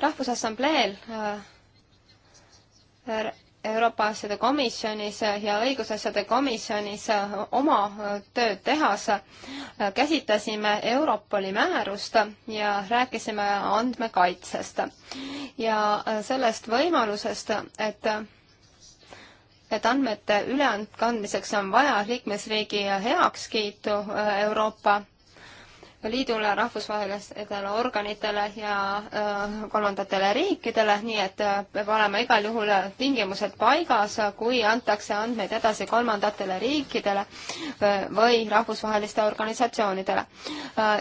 S3: rahvusassambleel äh, Euroopa asjade komisjonis ja õigusasjade komisjonis oma tööd tehas käsitlesime Europoli määrust ja rääkisime andmekaitsest ja sellest võimalusest, et et andmete üleandmiseks on vaja liikmesriigi heakskiitu Euroopa Liidule, rahvusvahelistele organitele ja äh, kolmandatele riikidele, nii et äh, peab olema igal juhul tingimused paigas, kui antakse andmeid edasi kolmandatele riikidele äh, või rahvusvaheliste organisatsioonidele.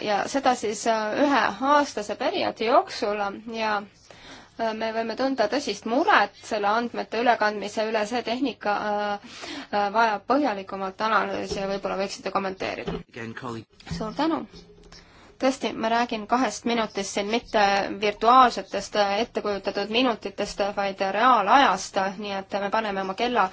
S3: ja seda siis üheaastase perioodi jooksul ja me võime tunda tõsist muret selle andmete ülekandmise üle, see tehnika vajab põhjalikumat analüüsi ja võib-olla võiksite kommenteerida. suur tänu, tõesti, ma räägin kahest minutist siin, mitte virtuaalsetest ettekujutatud minutitest, vaid reaalajast, nii et me paneme oma kella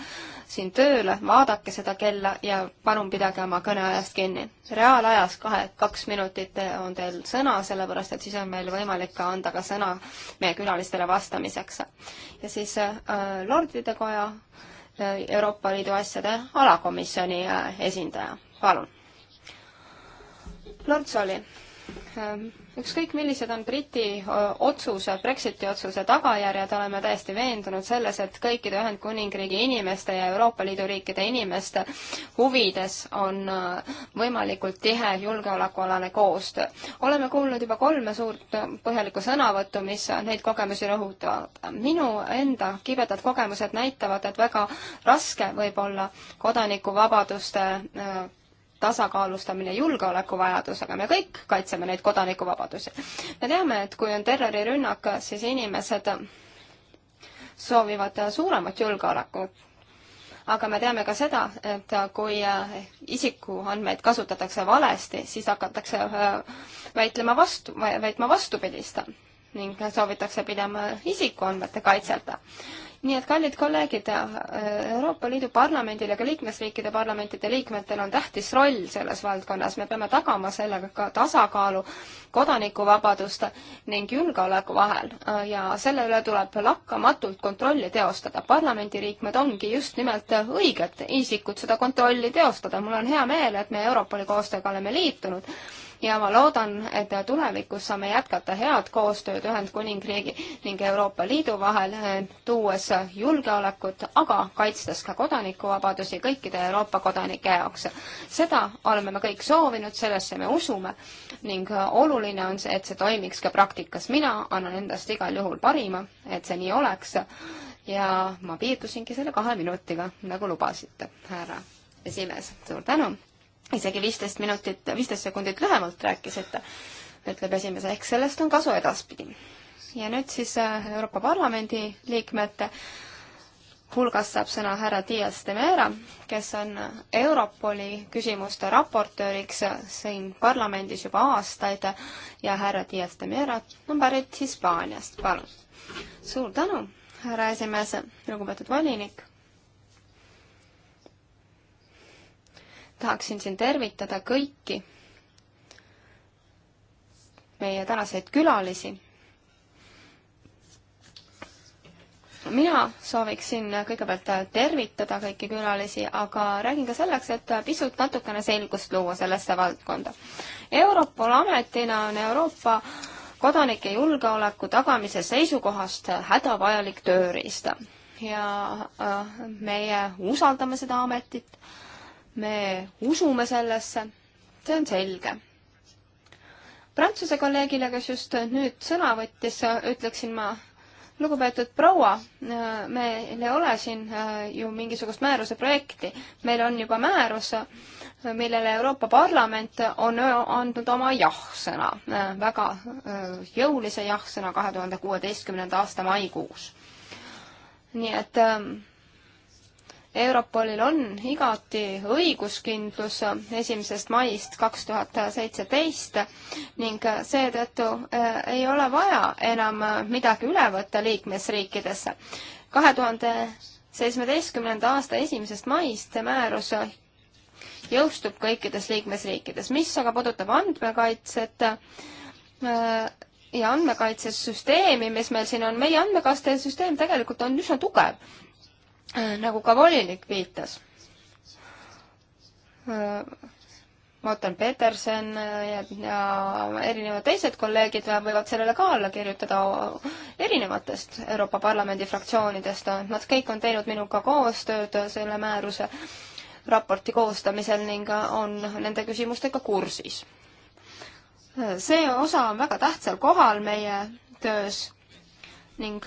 S3: siin tööle, vaadake seda kella ja palun pidage oma kõneajast kinni. reaalajas kahe, kaks minutit on teil sõna, sellepärast et siis on meil võimalik ka anda ka sõna meie külalistele vastamiseks. ja siis äh, Lordide Koja äh,, Euroopa Liidu asjade alakomisjoni äh, esindaja, palun. Lord Soli Ähm, ükskõik, millised on Briti otsuse, Brexiti otsuse tagajärjed, oleme täiesti veendunud selles, et kõikide Ühendkuningriigi inimeste ja Euroopa Liidu riikide inimeste huvides on võimalikult tihe julgeolekualane koostöö. oleme kuulnud juba kolme suurt põhjalikku sõnavõttu, mis neid kogemusi rõhutavad. minu enda kibedad kogemused näitavad, et väga raske võib olla kodanikuvabaduste tasakaalustamine julgeolekuvajadusega, me kõik kaitseme neid kodanikuvabadusi. me teame, et kui on terrorirünnak, siis inimesed soovivad suuremat julgeolekut. aga me teame ka seda, et kui isikuandmeid kasutatakse valesti, siis hakatakse äh, väitlema vastu, väitma vastupidist ning soovitakse pidama isikuandmete kaitset nii et, kallid kolleegid, Euroopa Liidu parlamendil ja ka liikmesriikide parlamentide liikmetel on tähtis roll selles valdkonnas, me peame tagama sellega ka tasakaalu kodanikuvabaduste ning julgeoleku vahel ja selle üle tuleb lakkamatult kontrolli teostada. parlamendiliikmed ongi just nimelt õiged isikud seda kontrolli teostada, mul on hea meel, et me Europoli koostööga oleme liitunud ja ma loodan, et tulevikus saame jätkata head koostööd Ühendkuningriigi ning Euroopa Liidu vahel, tuues julgeolekut, aga kaitstes ka kodanikuvabadusi kõikide Euroopa kodanike jaoks. seda oleme me kõik soovinud, sellesse me usume ning oluline on see, et see toimiks ka praktikas. mina annan endast igal juhul parima, et see nii oleks ja ma piirdusingi selle kahe minutiga, nagu lubasite, härra esimees. suur tänu! isegi viisteist minutit, viisteist sekundit lühemalt rääkisite, ütleb esimees, ehk sellest on kasu edaspidi. ja nüüd siis äh, Euroopa Parlamendi liikmete hulgas saab sõna härra Dias de Mera, kes on Europoli küsimuste raportööriks äh, siin parlamendis juba aastaid ja härra Dias de Mera on pärit Hispaaniast, palun. suur tänu, härra esimees, lugupeetud volinik tahaksin siin tervitada kõiki meie tänaseid külalisi. mina sooviksin kõigepealt tervitada kõiki külalisi, aga räägin ka selleks, et pisut natukene selgust luua sellesse valdkonda. Europol ametina on Euroopa kodanike julgeoleku tagamise seisukohast hädavajalik tööriist ja äh, meie usaldame seda ametit me usume sellesse, see on selge. Prantsuse kolleegile, kes just nüüd sõna võttis, ütleksin ma, lugupeetud proua, meil ei ole siin äh, ju mingisugust määruse projekti, meil on juba määrus, millele Euroopa Parlament on andnud oma jah-sõna, äh, väga äh, jõulise jah-sõna kahe tuhande kuueteistkümnenda aasta maikuus. nii et ähm, Europolil on igati õiguskindlus esimesest maist kaks tuhat seitseteist ning seetõttu äh, ei ole vaja enam midagi üle võtta liikmesriikidesse. kahe tuhande seitsmeteistkümnenda aasta esimesest maist see määrus jõustub kõikides liikmesriikides, mis aga puudutab andmekaitset, äh, ja andmekaitsesüsteemi, mis meil siin on, meie andmekaitsesüsteem tegelikult on üsna tugev Äh, nagu ka volinik viitas. Äh, Morten Peterson äh, ja, ja erinevad teised kolleegid võivad sellele ka alla kirjutada erinevatest Euroopa Parlamendi fraktsioonidest. Nad kõik on teinud minuga koostööd selle määruse raporti koostamisel ning on nende küsimustega kursis. see osa on väga tähtsal kohal meie töös ning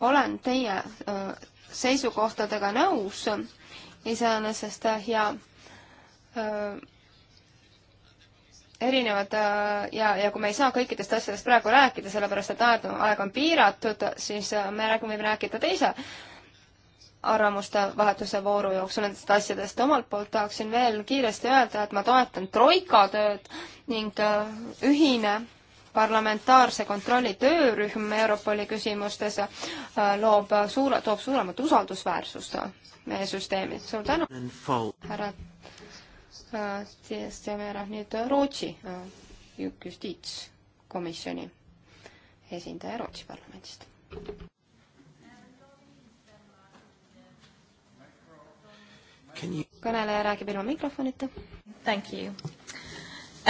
S3: olen teie äh, seisukohtadega nõus iseenesest äh, ja äh, erinevad ja, ja kui me ei saa kõikidest asjadest praegu rääkida, sellepärast et aeg, aeg on piiratud, siis me räägime, võime rääkida teise arvamuste vahetuse vooru jooksul nendest asjadest. omalt poolt tahaksin veel kiiresti öelda, et ma toetan Troika tööd ning ühine parlamentaarse kontrolli töörühm Europoli küsimustes äh, loob suure, toob suuremat usaldusväärsust meie süsteemi. suur tänu, härra äh, Tiestemera, nüüd Rootsi äh, justiitskomisjoni esindaja Rootsi parlamendist. kõneleja räägib ilma mikrofonita. Thank you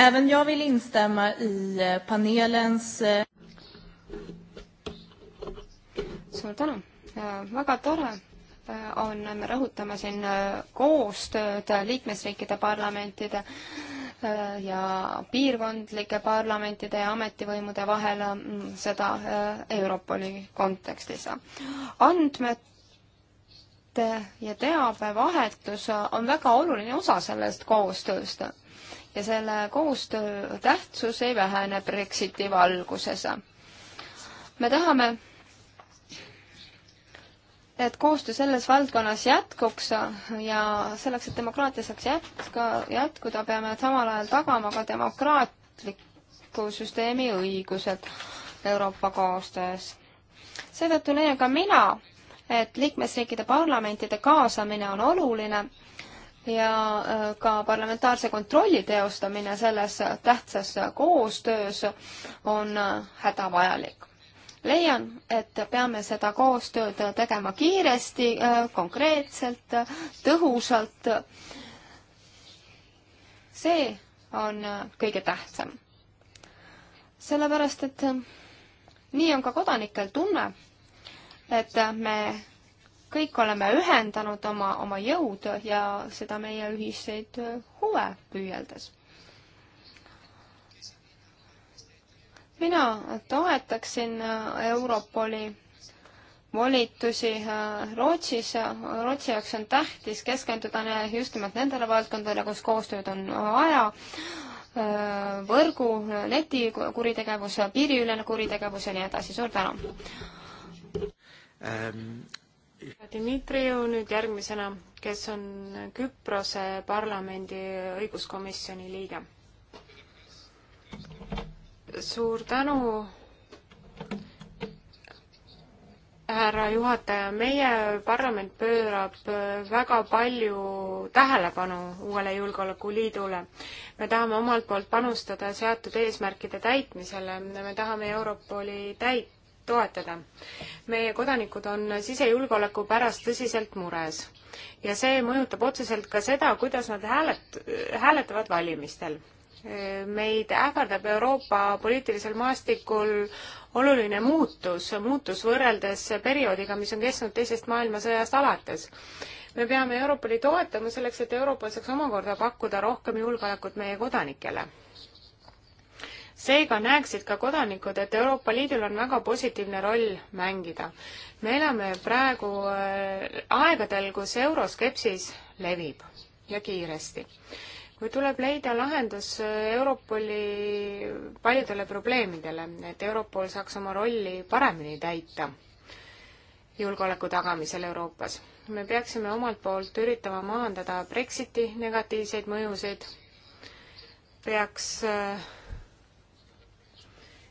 S3: Även jag vill instämma i eh, panelens... Eh, suur tänu, väga tore eh, on, me rõhutame siin koostööd liikmesriikide parlamentide ja piirkondlike parlamentide ja ametivõimude vahel mm, seda Europoli kontekstis. andmete ja teabevahetus on väga oluline osa sellest koostööst ja selle koostöö tähtsus ei vähene Brexiti valguses. me tahame, et koostöö selles valdkonnas jätkuks ja selleks, et demokraatia saaks jätka, jätkuda, peame samal ajal tagama ka demokraatliku süsteemi õigused Euroopa koostöös. seetõttu leian ka mina, et liikmesriikide parlamentide kaasamine on oluline ja äh, ka parlamentaarse kontrolli teostamine selles tähtsas koostöös on äh, hädavajalik. leian, et peame seda koostööd tegema kiiresti, äh, konkreetselt, tõhusalt. see on kõige tähtsam. sellepärast, et nii on ka kodanikel tunne, et me kõik oleme ühendanud oma, oma jõud ja seda meie ühiseid huve püüeldes. mina toetaksin Europoli volitusi Rootsis, Rootsi jaoks on tähtis keskenduda just nimelt nendele valdkondadele, kus koostööd on vaja, võrgu, netikuritegevus, piiriülene kuritegevus ja nii edasi, suur tänu!
S2: Um, Dmitrijev nüüd järgmisena, kes on Küprose parlamendi õiguskomisjoni liige. suur tänu, härra juhataja, meie parlament pöörab väga palju tähelepanu uuele julgeolekuliidule. me tahame omalt poolt panustada seatud eesmärkide täitmisele, me tahame Europoli täita toetada. meie kodanikud on sisejulgeoleku pärast tõsiselt mures ja see mõjutab otseselt ka seda, kuidas nad häälet-, hääletavad valimistel meid ähvardab Euroopa poliitilisel maastikul oluline muutus, muutus võrreldes perioodiga, mis on kestnud teisest maailmasõjast alates. me peame Europoli toetama selleks, et Euroopa saaks omakorda pakkuda rohkem julgeolekut meie kodanikele seega näeksid ka kodanikud, et Euroopa Liidul on väga positiivne roll mängida. me elame praegu äh, aegadel, kus euroskepsis levib ja kiiresti. kui tuleb leida lahendus äh, Europoli paljudele probleemidele, et Europol saaks oma rolli paremini täita julgeoleku tagamisel Euroopas. me peaksime omalt poolt üritama maandada Brexiti negatiivseid mõjusid, peaks äh,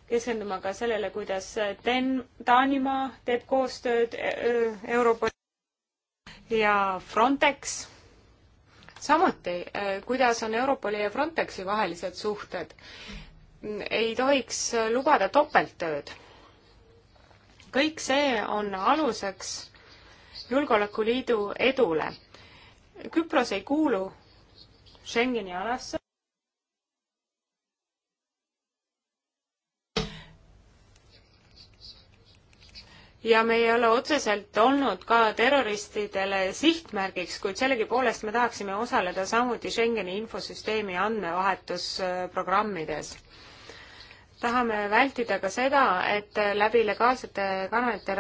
S2: keskenduma ka sellele, kuidas Den-, Taanimaa teeb koostööd e-, e-, Euroopa ja Frontex. samuti, e, kuidas on Europoli ja Frontexi vahelised suhted. ei tohiks lubada topelttööd. kõik see on aluseks Julgeolekuliidu edule. Küpros ei kuulu Schengeni alasse, ja me ei ole otseselt olnud ka terroristidele sihtmärgiks, kuid sellegipoolest me tahaksime osaleda samuti Schengeni infosüsteemi andmevahetusprogrammides. tahame vältida ka seda, et läbi legaalsete kanalite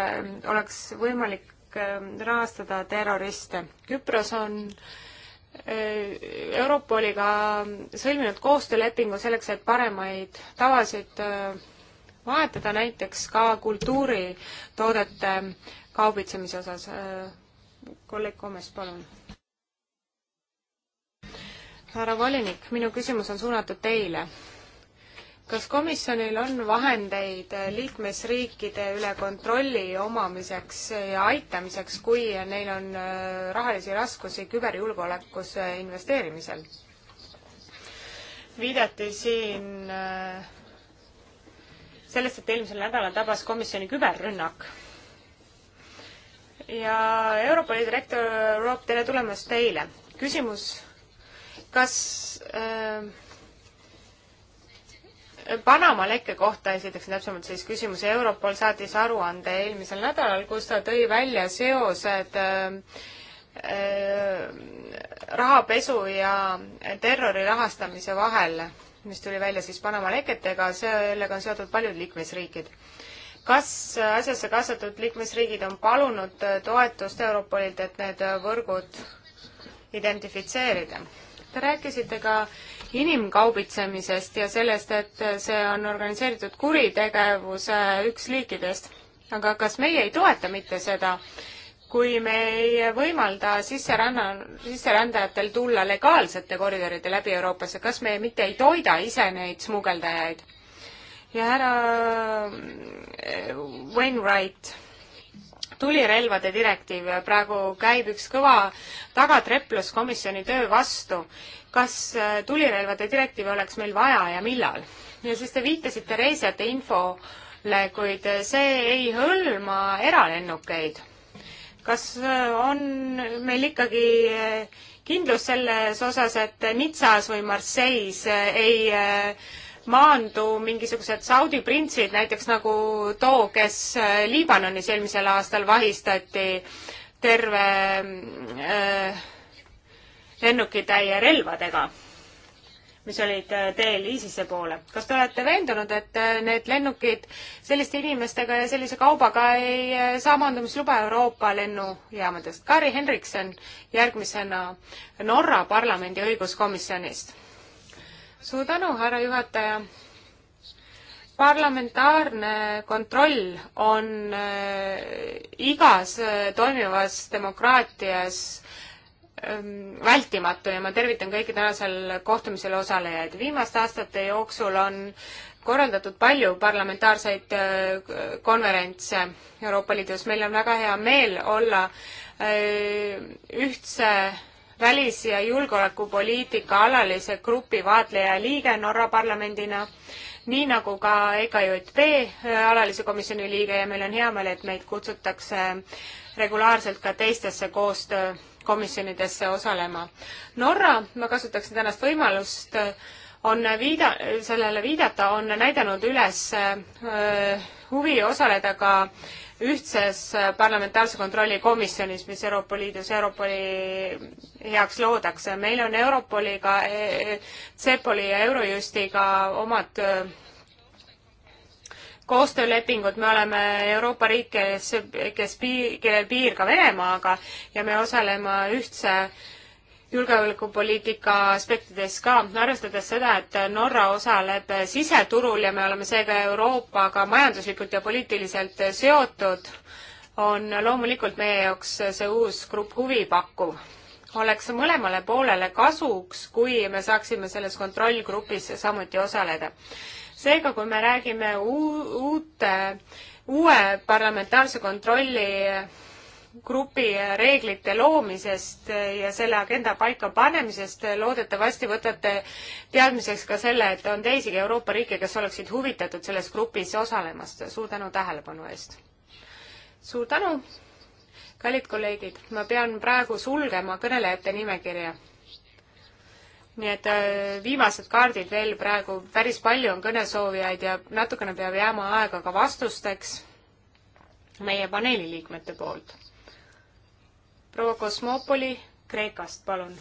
S2: oleks võimalik ähm, rahastada terroriste. Küpros on äh, Europoliga sõlminud koostöölepingu selleks, et paremaid tavasid äh, vahetada näiteks ka kultuuritoodete kaubitsemise osas. kolleeg Komes, palun. härra volinik, minu küsimus on suunatud teile kas komisjonil on vahendeid liikmesriikide üle kontrolli omamiseks ja aitamiseks, kui neil on äh, rahalisi raskusi küberjulgeolekusse investeerimisel? viidati siin äh, sellest, et eelmisel nädalal tabas komisjoni küberrünnak. ja Europoli direktor Roop, tere tulemast teile. küsimus, kas äh, Panama lekke kohta esiteks täpsemalt siis küsimus, Europol saatis aruande eelmisel nädalal, kus ta tõi välja seosed äh, äh, rahapesu ja terrori rahastamise vahel mis tuli välja siis Panama leketega, sellega on seotud paljud liikmesriigid. kas asjasse kaasatud liikmesriigid on palunud toetust Europolilt, et need võrgud identifitseerida? Te rääkisite ka inimkaubitsemisest ja sellest, et see on organiseeritud kuritegevuse üks liikidest. aga kas meie ei toeta mitte seda? kui me ei võimalda sisseränna, sisserändajatel tulla legaalsete koridoride läbi Euroopasse, kas me mitte ei toida ise neid smugeldajaid? ja härra äh, Wainwright, tulirelvade direktiiv, praegu käib üks kõva tagatreplus komisjoni töö vastu. kas äh, tulirelvade direktiivi oleks meil vaja ja millal? ja siis te viitasite reisijate infole, kuid see ei hõlma eralennukeid kas äh, on meil ikkagi äh, kindlus selles osas, et Nitsas või Marseilles äh, ei maandu mingisugused Saudi printsid, näiteks nagu too, kes Liibanonis eelmisel aastal vahistati terve äh, lennukitäie relvadega mis olid äh, teel ISISe poole. kas te olete veendunud, et äh, need lennukid selliste inimestega ja sellise kaubaga ei äh, saa maandumisluba Euroopa lennujaamadest? Kari Henrikson järgmisena Norra parlamendi õiguskomisjonist. suur tänu, härra juhataja parlamentaarne kontroll on igas toimivas demokraatias Ähm, vältimatu ja ma tervitan kõiki tänasel kohtumisel osalejaid. viimaste aastate jooksul on korraldatud palju parlamentaarseid äh, konverentse Euroopa Liidus. meil on väga hea meel olla äh, ühtse välis- ja julgeolekupoliitika alalise grupi vaatleja liige Norra parlamendina, nii nagu ka EKJP äh, alalise komisjoni liige ja meil on hea meel, et meid kutsutakse regulaarselt ka teistesse koostöö komisjonidesse osalema. Norra, ma kasutaksin tänast võimalust, on viida, sellele viidata, on näidanud üles äh, huvi osaleda ka ühtses parlamentaarse kontrolli komisjonis, mis Euroopa Liidus Europoli heaks loodakse. meil on Europoliga, e-, e-, CEPOL-i ja Eurojustiga omad äh, koostöölepingud, me oleme Euroopa riik, kes, kes piir, kellel piir ka Venemaaga ja me osaleme ühtse julgeolekupoliitika aspektides ka, arvestades seda, et Norra osaleb siseturul ja me oleme seega Euroopaga majanduslikult ja poliitiliselt seotud, on loomulikult meie jaoks see uus grupp huvipakkuv. oleks mõlemale poolele kasuks, kui me saaksime selles kontrollgrupis samuti osaleda seega, kui me räägime uute, uue parlamentaarse kontrolli grupi reeglite loomisest ja selle agenda paikapanemisest. loodetavasti võtate teadmiseks ka selle, et on teisigi Euroopa riike, kes oleksid huvitatud selles grupis osalemast. suur tänu tähelepanu eest! suur tänu, kallid kolleegid, ma pean praegu sulgema kõnelejate nimekirja nii et äh, viimased kaardid veel praegu, päris palju on kõnesoovijaid ja natukene peab jääma aega ka vastusteks meie paneeli liikmete poolt. proua Kosmopoli Kreekast, palun.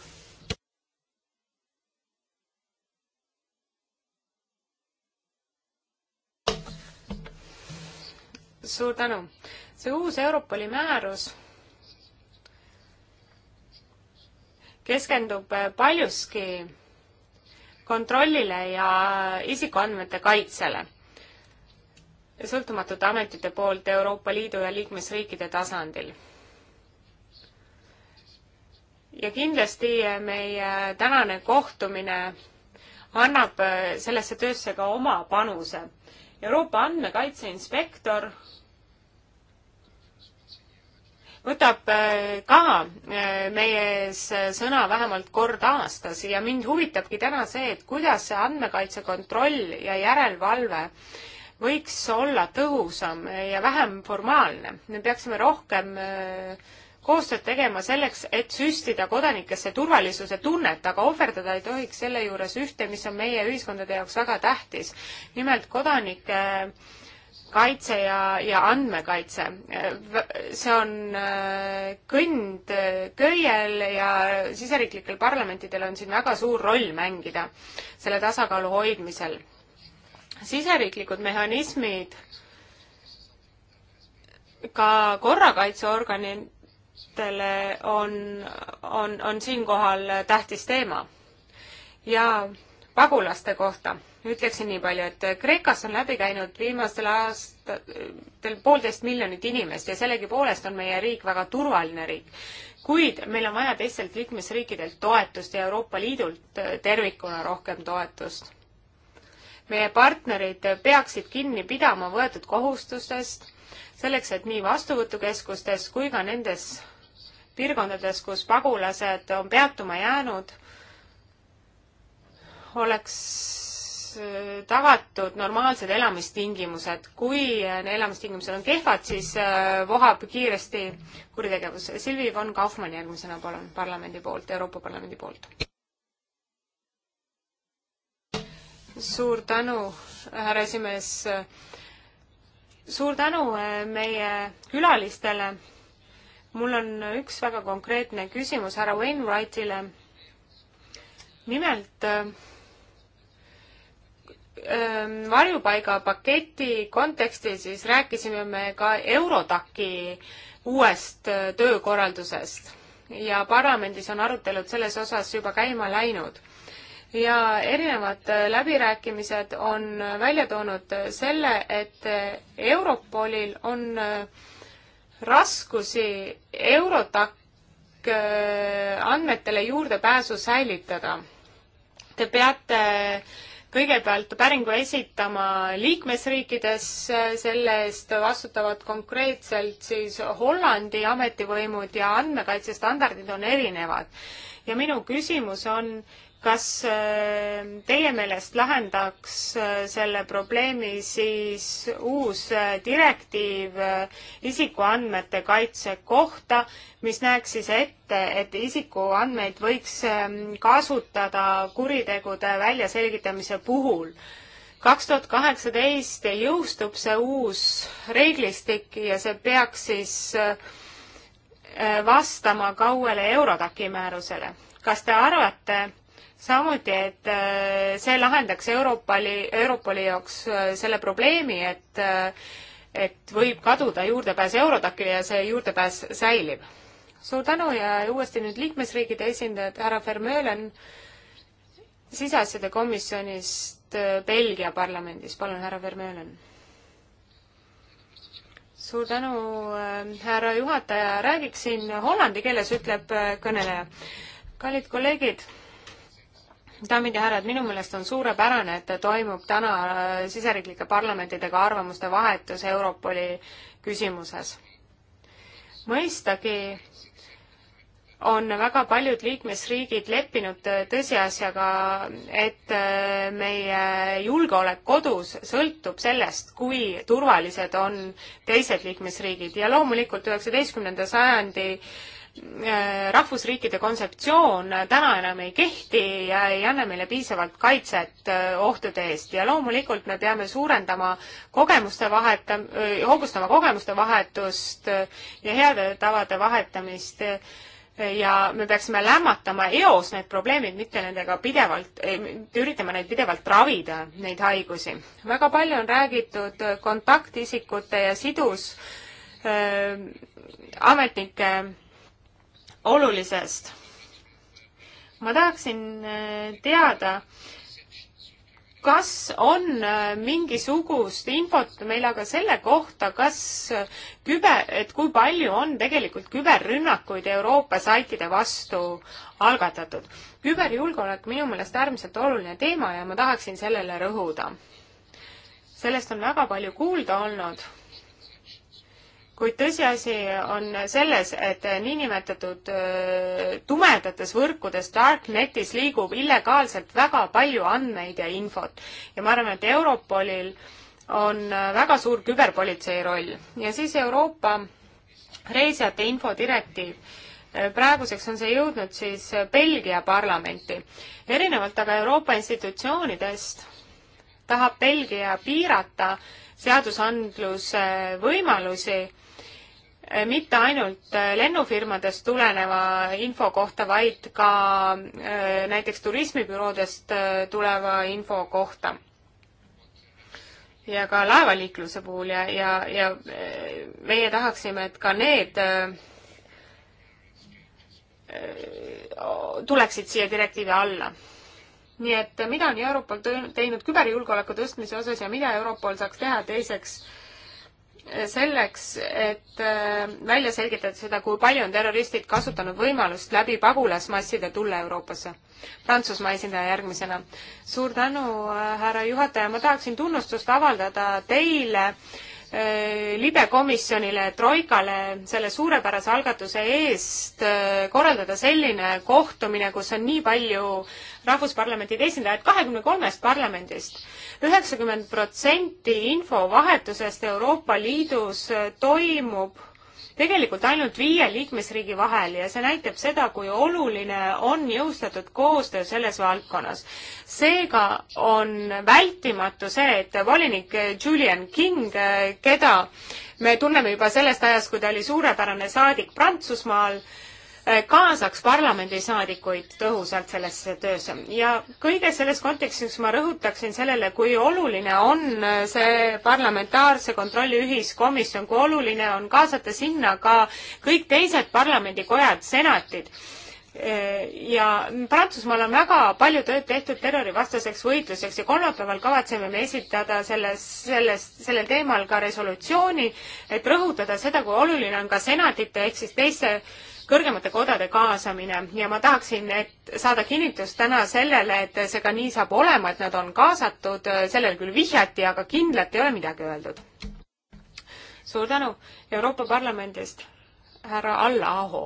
S2: suur tänu. see uus Europoli määrus keskendub äh, paljuski kontrollile ja isikuandmete kaitsele sõltumatute ametite poolt Euroopa Liidu ja liikmesriikide tasandil. ja kindlasti äh, meie tänane kohtumine annab äh, sellesse töösse ka oma panuse. Euroopa andmekaitseinspektor võtab äh, ka äh, meie ees äh, sõna vähemalt kord aastas ja mind huvitabki täna see, et kuidas see andmekaitse kontroll ja järelevalve võiks olla tõhusam ja vähem formaalne. me peaksime rohkem koostööd tegema selleks, et süstida kodanikesse turvalisuse tunnet, aga ohverdada ei tohiks selle juures ühte, mis on meie ühiskondade jaoks väga tähtis. nimelt kodanike äh, kaitse ja, ja andmekaitse. see on äh, kõnd äh, köiel ja siseriiklikel parlamentidel on siin väga suur roll mängida selle tasakaalu hoidmisel. siseriiklikud mehhanismid ka korrakaitseorganitele on, on, on siinkohal tähtis teema. ja pagulaste kohta ütleksin nii palju, et Kreekast on läbi käinud viimastel aastatel poolteist miljonit inimest ja sellegipoolest on meie riik väga turvaline riik. kuid meil on vaja teistelt liikmesriikidelt toetust ja Euroopa Liidult tervikuna rohkem toetust. meie partnerid peaksid kinni pidama võetud kohustustest, selleks et nii vastuvõtukeskustes kui ka nendes piirkondades, kus pagulased on peatuma jäänud, oleks tagatud normaalsed elamistingimused. kui elamistingimused on kehvad, siis äh, vohab kiiresti kuritegevus. Silvi von Kaufmann järgmisena, palun, parlamendi poolt, Euroopa Parlamendi poolt. suur tänu, härra esimees. suur tänu äh, meie külalistele. mul on üks väga konkreetne küsimus härra Wainwrightile. nimelt äh, varjupaigapaketi kontekstis siis rääkisime me ka Eurodaki uuest töökorraldusest ja parlamendis on arutelud selles osas juba käima läinud. ja erinevad läbirääkimised on välja toonud selle, et Europolil on raskusi Eurotac andmetele juurdepääsu säilitada. Te peate kõigepealt päringu esitama liikmesriikides, selle eest vastutavad konkreetselt siis Hollandi ametivõimud ja andmekaitsestandardid on erinevad. ja minu küsimus on, kas äh, teie meelest lahendaks äh, selle probleemi siis uus äh, direktiiv isikuandmete kaitse kohta, mis näeks siis ette, et isikuandmeid võiks ähm, kasutada kuritegude väljaselgitamise puhul? kaks tuhat kaheksateist jõustub see uus reeglistik ja see peaks siis vastama kauele Eurodaki määrusele. kas te arvate, samuti, et äh, see lahendaks Europoli, Europoli jaoks äh, selle probleemi, et äh, et võib kaduda juurdepääs Eurodacile ja see juurdepääs säilib. suur tänu ja uuesti nüüd liikmesriigide esindajad, härra Vermeulen siseasjade komisjonist Belgia parlamendis, palun, härra Vermeulen. suur tänu, härra juhataja, räägiksin hollandi keeles, ütleb kõneleja. kallid kolleegid daamid ja härrad, minu meelest on suurepärane, et toimub täna äh, siseriiklike parlamentidega arvamuste vahetus Europoli küsimuses. mõistagi on väga paljud liikmesriigid leppinud äh, tõsiasjaga, et äh, meie julgeolek kodus sõltub sellest, kui turvalised on teised liikmesriigid ja loomulikult üheksateistkümnenda sajandi äh, Äh, rahvusriikide kontseptsioon täna enam ei kehti ja ei anna meile piisavalt kaitset äh, ohtude eest ja loomulikult me peame suurendama kogemuste vaheta-, äh, hoogustama kogemuste vahetust ja heade tavade vahetamist ja me peaksime lämmatama eos need probleemid, mitte nendega pidevalt, mitte üritama neid pidevalt ravida, neid haigusi. väga palju on räägitud kontaktisikute ja sidus äh, ametnike äh, olulisest. ma tahaksin äh, teada, kas on äh, mingisugust infot meil aga selle kohta, kas äh, küber, et kui palju on tegelikult küberrünnakuid Euroopa saitide vastu algatatud? küberjulgeolek minu meelest äärmiselt oluline teema ja ma tahaksin sellele rõhuda. sellest on väga palju kuulda olnud kuid tõsiasi on selles, et niinimetatud tumedates võrkudes, darknetis liigub illegaalselt väga palju andmeid ja infot ja ma arvan, et Europolil on väga suur küberpolitsei roll ja siis Euroopa reisijate infodirektiiv. praeguseks on see jõudnud siis Belgia parlamenti. erinevalt aga Euroopa institutsioonidest tahab Belgia piirata seadusandluse võimalusi Äh, mitte ainult äh, lennufirmadest tuleneva info kohta, vaid ka äh, näiteks turismibüroodest tuleva info kohta. ja ka laevaliikluse puhul ja, ja, ja meie tahaksime, et ka need tuleksid siia direktiivi alla. nii et mida on Europol teinud küberjulgeoleku tõstmise osas ja mida Europol saaks teha teiseks äh, selleks, et äh, välja selgitada seda, kui palju on terroristid kasutanud võimalust läbi pagulasmasside tulla Euroopasse. Prantsusmaa esindaja järgmisena. suur tänu, äh, härra juhataja, ma tahaksin tunnustust avaldada teile äh, Äh, libekomisjonile, Troikale selle suurepärase algatuse eest äh, korraldada selline kohtumine, kus on nii palju rahvusparlamentide esindajaid kahekümne kolmest parlamendist. üheksakümmend protsenti infovahetusest Euroopa Liidus äh, toimub tegelikult ainult viie liikmesriigi vahel ja see näitab seda, kui oluline on jõustatud koostöö selles valdkonnas. seega on vältimatu see, et volinik Julian King, keda me tunneme juba sellest ajast, kui ta oli suurepärane saadik Prantsusmaal, Äh, kaasaks parlamendisaadikuid tõhusalt sellesse töösse. ja kõige selles kontekstis ma rõhutaksin sellele, kui oluline on äh, see parlamentaarse kontrolli ühiskomisjon, kui oluline on kaasata sinna ka kõik teised parlamendikojad, senatid äh, ja Prantsusmaal on väga palju tööd tehtud terrorivastaseks võitluseks ja kolmapäeval kavatseme me esitada selles, selles, sellel teemal ka resolutsiooni, et rõhutada seda, kui oluline on ka senatite ehk siis teiste kõrgemate kodade kaasamine ja ma tahaksin, et saada kinnitust täna sellele, et see ka nii saab olema, et nad on kaasatud, sellele küll vihjati, aga kindlalt ei ole midagi öeldud. suur tänu Euroopa Parlamendist, härra Alla Aho.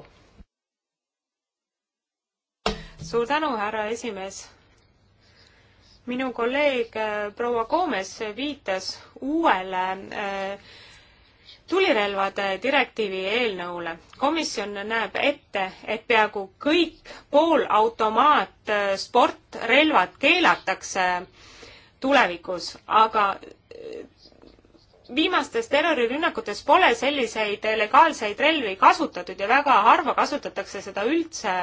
S2: suur tänu, härra esimees minu kolleeg proua Koomes viitas uuele äh, tulirelvade direktiivi eelnõule. komisjon näeb ette, et peaaegu kõik poolautomaatsportrelvad äh, keelatakse tulevikus, aga äh, viimastes terrorirünnakutes pole selliseid legaalseid relvi kasutatud ja väga harva kasutatakse seda üldse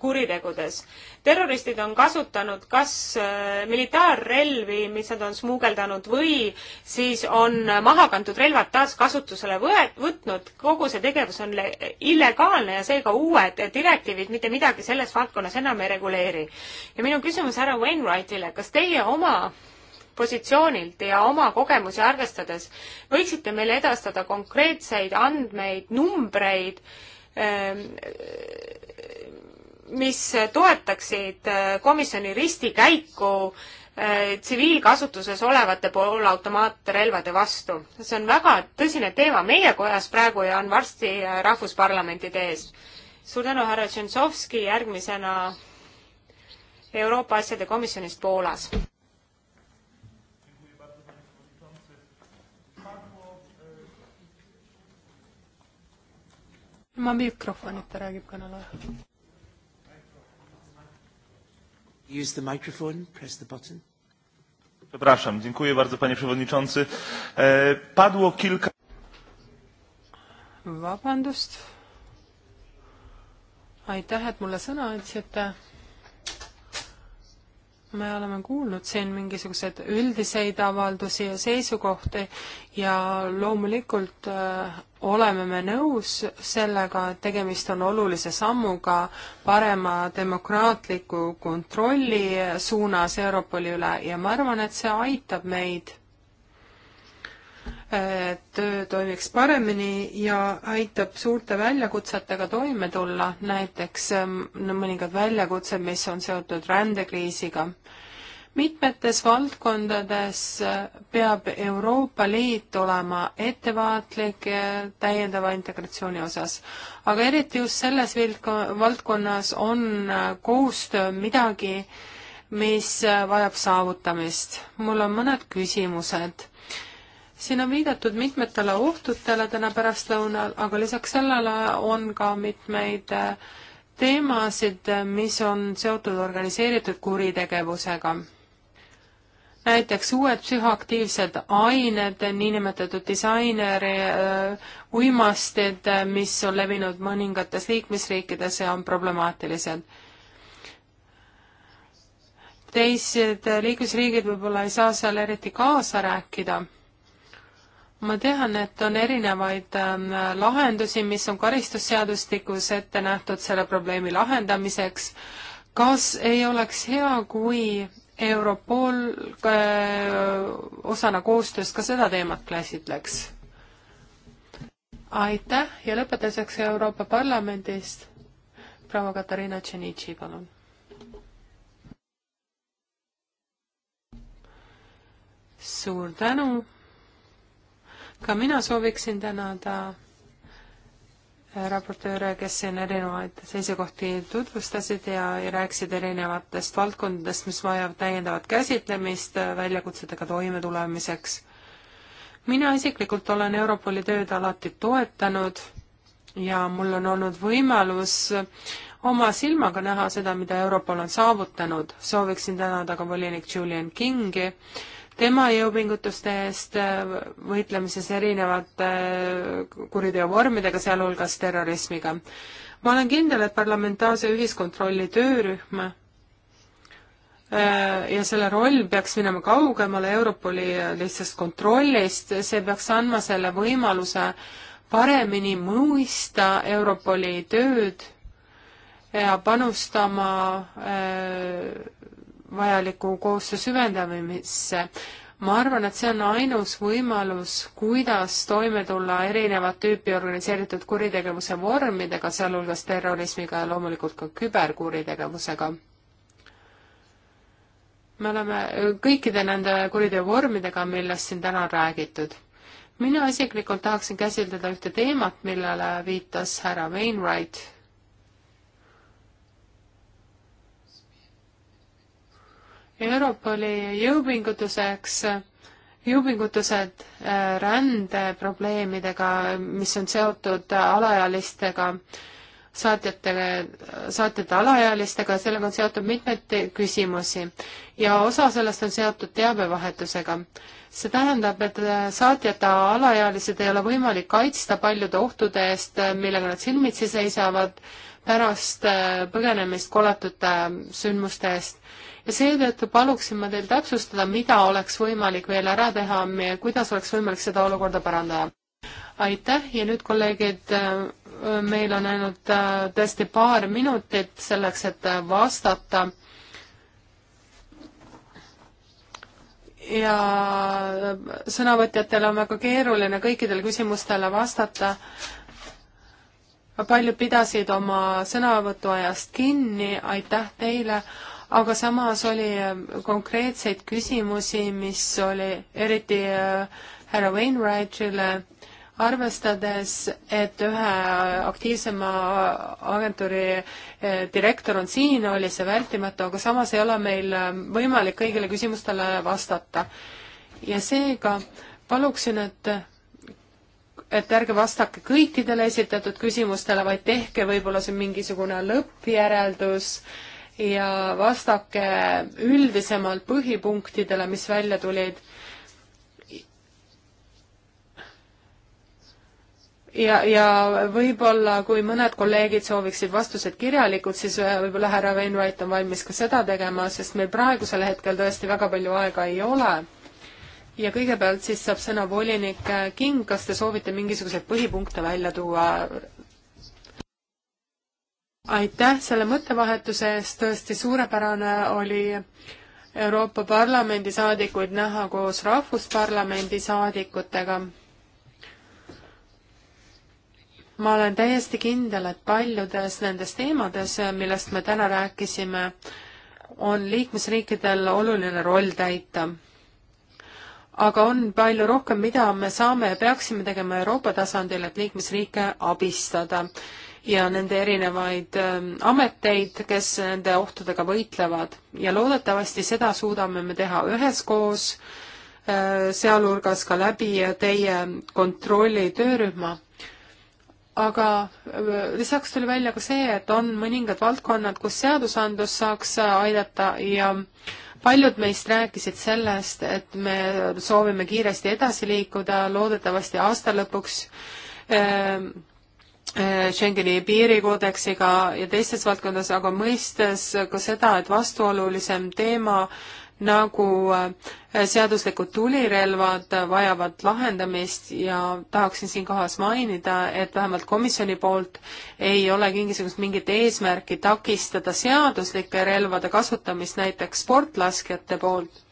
S2: kuritegudes. terroristid on kasutanud kas äh, militaarrelvi, mis nad on smugeldanud, või siis on maha kantud relvad taas kasutusele võet-, võtnud. kogu see tegevus on illegaalne ja seega uued direktiivid mitte midagi selles valdkonnas enam ei reguleeri. ja minu küsimus härra Wainwrightile, kas teie oma positsioonilt ja oma kogemusi arvestades võiksite meile edastada konkreetseid andmeid, numbreid, ähm, mis toetaksid äh, komisjoni ristikäiku äh, tsiviilkasutuses olevate poolautomaatrelvade vastu. see on väga tõsine teema meie kojas praegu ja on varsti äh, rahvusparlamentide ees. suur tänu, härra Tšentsovski, järgmisena Euroopa asjade komisjonist Poolas.
S1: ilma mikrofonita räägib kõneleja. Use the microphone, press the button.
S3: Przepraszam, dziękuję bardzo panie przewodniczący. E, padło kilka...
S1: Vabandust. Aitäh, et mulle sõna andsite me oleme kuulnud siin mingisuguseid üldiseid avaldusi ja seisukohti ja loomulikult äh, oleme me nõus sellega, et tegemist on olulise sammuga parema demokraatliku kontrolli suunas Europoli üle ja ma arvan, et see aitab meid töö toimiks paremini ja aitab suurte väljakutsetega toime tulla, näiteks ähm, no, mõningad väljakutsed, mis on seotud rändekriisiga. mitmetes valdkondades äh, peab Euroopa Liit olema ettevaatlik äh, täiendava integratsiooni osas, aga eriti just selles valdkonnas on äh, koostöö midagi, mis vajab saavutamist. mul on mõned küsimused siin on viidatud mitmetele ohtutele täna pärastlõunal, aga lisaks sellele on ka mitmeid äh, teemasid, äh, mis on seotud organiseeritud kuritegevusega. näiteks uued psühhoaktiivsed ained, niinimetatud disaineri äh, uimastid, mis on levinud mõningates liikmesriikides ja on problemaatilised teised liiklusriigid võib-olla ei saa seal eriti kaasa rääkida ma tean, et on erinevaid ähm, lahendusi, mis on karistusseadustikus ette nähtud selle probleemi lahendamiseks. kas ei oleks hea, kui Europol äh, osana koostööst ka seda teemat käsitleks? aitäh ja lõpetuseks Euroopa Parlamendist proua Katariina Tšenitši, palun. suur tänu ka mina sooviksin tänada äh, raportööre, kes siin erinevaid seisukohti tutvustasid ja, ja rääkisid erinevatest valdkondadest, mis vajavad täiendavat käsitlemist äh, väljakutsetega toimetulemiseks. mina isiklikult olen Europoli tööd alati toetanud ja mul on olnud võimalus äh, oma silmaga näha seda, mida Europol on saavutanud. sooviksin tänada ka volinik Julian Kingi, tema jõupingutuste eest äh, võitlemises erinevate äh, kuriteovormidega, sealhulgas terrorismiga. ma olen kindel, et parlamentaarse ühiskontrolli töörühm äh, ja selle roll peaks minema kaugemale Europoli lihtsast kontrollist, see peaks andma selle võimaluse paremini mõista Europoli tööd ja panustama vajaliku koostöö süvendamisse. ma arvan, et see on ainus võimalus, kuidas toime tulla erinevat tüüpi organiseeritud kuritegevuse vormidega, sealhulgas terrorismiga ja loomulikult ka küberkuritegevusega. me oleme kõikide nende kuriteovormidega, millest siin täna on räägitud mina isiklikult tahaksin käsitleda ühte teemat, millele viitas härra Wainwright Europoli jõupingutuseks, jõupingutused äh, rändeprobleemidega, mis on seotud alaealistega, saatjate, saatjate alaealistega, sellega on seotud mitmeid küsimusi ja osa sellest on seotud teabevahetusega. see tähendab, et äh, saatjate alaealised ei ole võimalik kaitsta paljude ohtude eest, millega nad silmitsi seisavad pärast äh, põgenemist koletute sündmuste eest ja seetõttu paluksin ma teil täpsustada, mida oleks võimalik veel ära teha, kuidas oleks võimalik seda olukorda parandada. aitäh ja nüüd, kolleegid, äh, meil on ainult äh, tõesti paar minutit selleks, et äh, vastata ja sõnavõtjatel on väga keeruline kõikidele küsimustele vastata. paljud pidasid oma sõnavõtuajast kinni, aitäh teile, aga samas oli äh, konkreetseid küsimusi, mis oli eriti äh, härra Wainwrightile, arvestades, et ühe äh, aktiivsema agentuuri direktor on siin, oli see vältimatu, aga samas ei ole meil võimalik kõigile küsimustele vastata. ja seega paluksin, et et ärge vastake kõikidele esitatud küsimustele, vaid tehke võib-olla siin mingisugune lõppjäreldus äh, ja vastake üldisemalt põhipunktidele, mis välja tulid. ja, ja võib-olla, kui mõned kolleegid sooviksid vastused kirjalikult, siis äh, võib-olla härra Wainwright on valmis ka seda tegema, sest meil praegusel hetkel tõesti väga palju aega ei ole. ja kõigepealt siis saab sõna volinik King, kas te soovite mingisuguseid põhipunkte välja tuua aitäh selle mõttevahetuse eest, tõesti suurepärane oli Euroopa Parlamendi saadikuid näha koos Rahvusparlamendi saadikutega. ma olen täiesti kindel, et paljudes nendes teemades, millest me täna rääkisime, on liikmesriikidel oluline roll täita. aga on palju rohkem, mida me saame ja peaksime tegema Euroopa tasandil, et liikmesriike abistada ja nende erinevaid ähm, ameteid, kes nende ohtudega võitlevad ja loodetavasti seda suudame me teha üheskoos, äh, sealhulgas ka läbi teie kontrolli töörühma aga äh, lisaks tuli välja ka see, et on mõningad valdkonnad, kus seadusandlus saaks aidata ja paljud meist rääkisid sellest, et me soovime kiiresti edasi liikuda, loodetavasti aasta lõpuks äh, Äh, Schengeni piirikoodeksiga ja teistes valdkondades, aga mõistes ka seda, et vastuolulisem teema nagu äh, seaduslikud tulirelvad vajavad lahendamist ja tahaksin siinkohas mainida, et vähemalt komisjoni poolt ei ole mingisugust mingit eesmärki takistada seaduslike relvade kasutamist näiteks sportlaskjate poolt.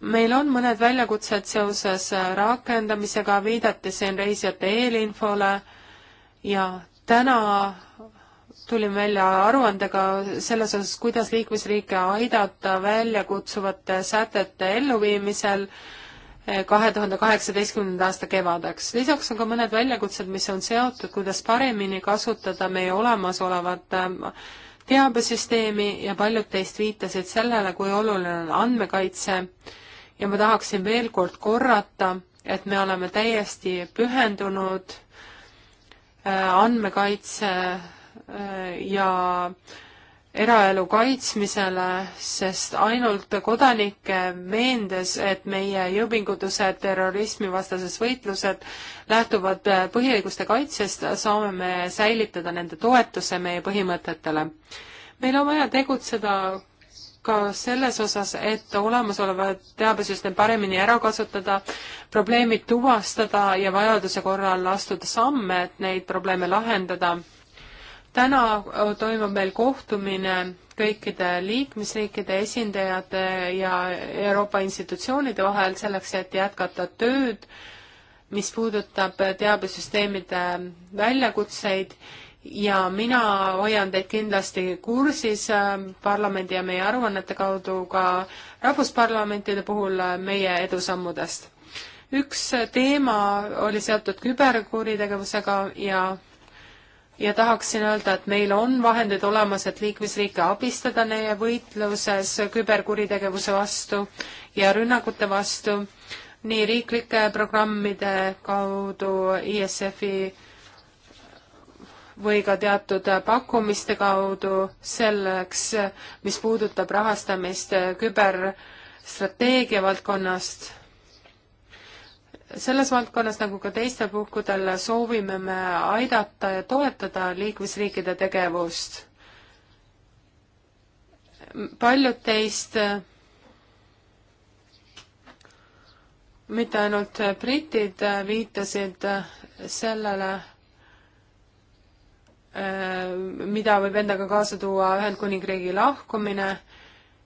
S1: meil on mõned väljakutsed seoses äh, rakendamisega, viidati siin reisijate eelinfole ja täna tulin välja aruandega selles osas, kuidas liikmesriike aidata väljakutsuvate sätete elluviimisel eh, kahe tuhande kaheksateistkümnenda aasta kevadeks. lisaks on ka mõned väljakutsed, mis on seotud, kuidas paremini kasutada meie olemasolevat eh, teabesüsteemi ja paljud teist viitasid sellele, kui oluline on andmekaitse ja ma tahaksin veel kord korrata, et me oleme täiesti pühendunud Äh, andmekaitse äh, ja eraelu kaitsmisele, sest ainult kodanike veendes, et meie jõupingutused terrorismivastases võitlused lähtuvad äh, põhiõiguste kaitsest, saame me säilitada nende toetuse meie põhimõtetele. meil on vaja tegutseda ka selles osas, et olemasolevat teabesüsteem paremini ära kasutada, probleemid tuvastada ja vajaduse korral astuda samme, et neid probleeme lahendada. täna toimub meil kohtumine kõikide liikmesriikide esindajate ja Euroopa institutsioonide vahel selleks, et jätkata tööd, mis puudutab teabesüsteemide väljakutseid ja mina hoian teid kindlasti kursis ähm, parlamendi ja meie aruannete kaudu ka rahvusparlamentide puhul äh, meie edusammudest. üks äh, teema oli seotud küberkuritegevusega ja ja tahaksin öelda, et meil on vahendid olemas, et liikmesriike abistada neie võitluses küberkuritegevuse vastu ja rünnakute vastu, nii riiklike programmide kaudu ISF-i või ka teatud pakkumiste kaudu selleks, mis puudutab rahastamist küberstrateegia valdkonnast. selles valdkonnas, nagu ka teistel puhkudel, soovime me aidata ja toetada liikmesriikide tegevust. paljud teist mitte ainult britid viitasid sellele, Äh, mida võib endaga kaasa tuua Ühendkuningriigi lahkumine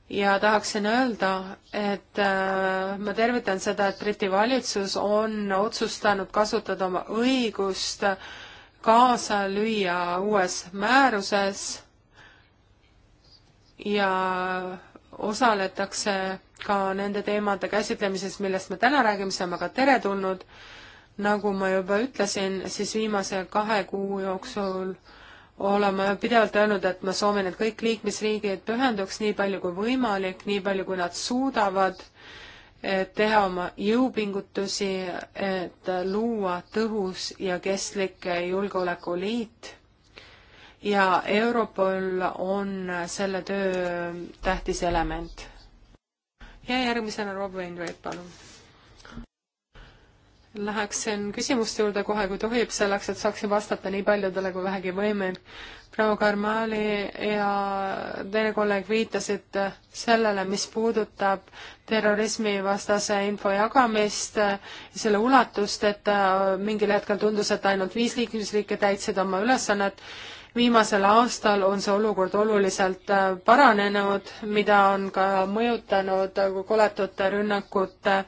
S1: ja tahaksin öelda, et äh, ma tervitan seda, et Briti valitsus on otsustanud kasutada oma õigust kaasa lüüa uues määruses ja osaletakse ka nende teemade käsitlemises, millest me täna räägime, see on väga teretulnud. nagu ma juba ütlesin, siis viimase kahe kuu jooksul äh, oleme pidevalt öelnud, et me soovime, et kõik liikmesriigid pühenduks nii palju kui võimalik, nii palju kui nad suudavad, et teha oma jõupingutusi, et luua tõhus ja kestlik julgeolekuliit. ja Europol on selle töö tähtis element. ja järgmisena Rob Wainwright, palun Läheksin küsimuste juurde kohe, kui tohib, selleks, et saaksin vastata nii paljudele, kui vähegi võimen. proua Karmali ja teine kolleeg viitasid sellele, mis puudutab terrorismivastase info jagamist, selle ulatust, et mingil hetkel tundus, et ainult viis liikmesriiki täitsid oma ülesannet. viimasel aastal on see olukord oluliselt paranenud, mida on ka mõjutanud koletute rünnakute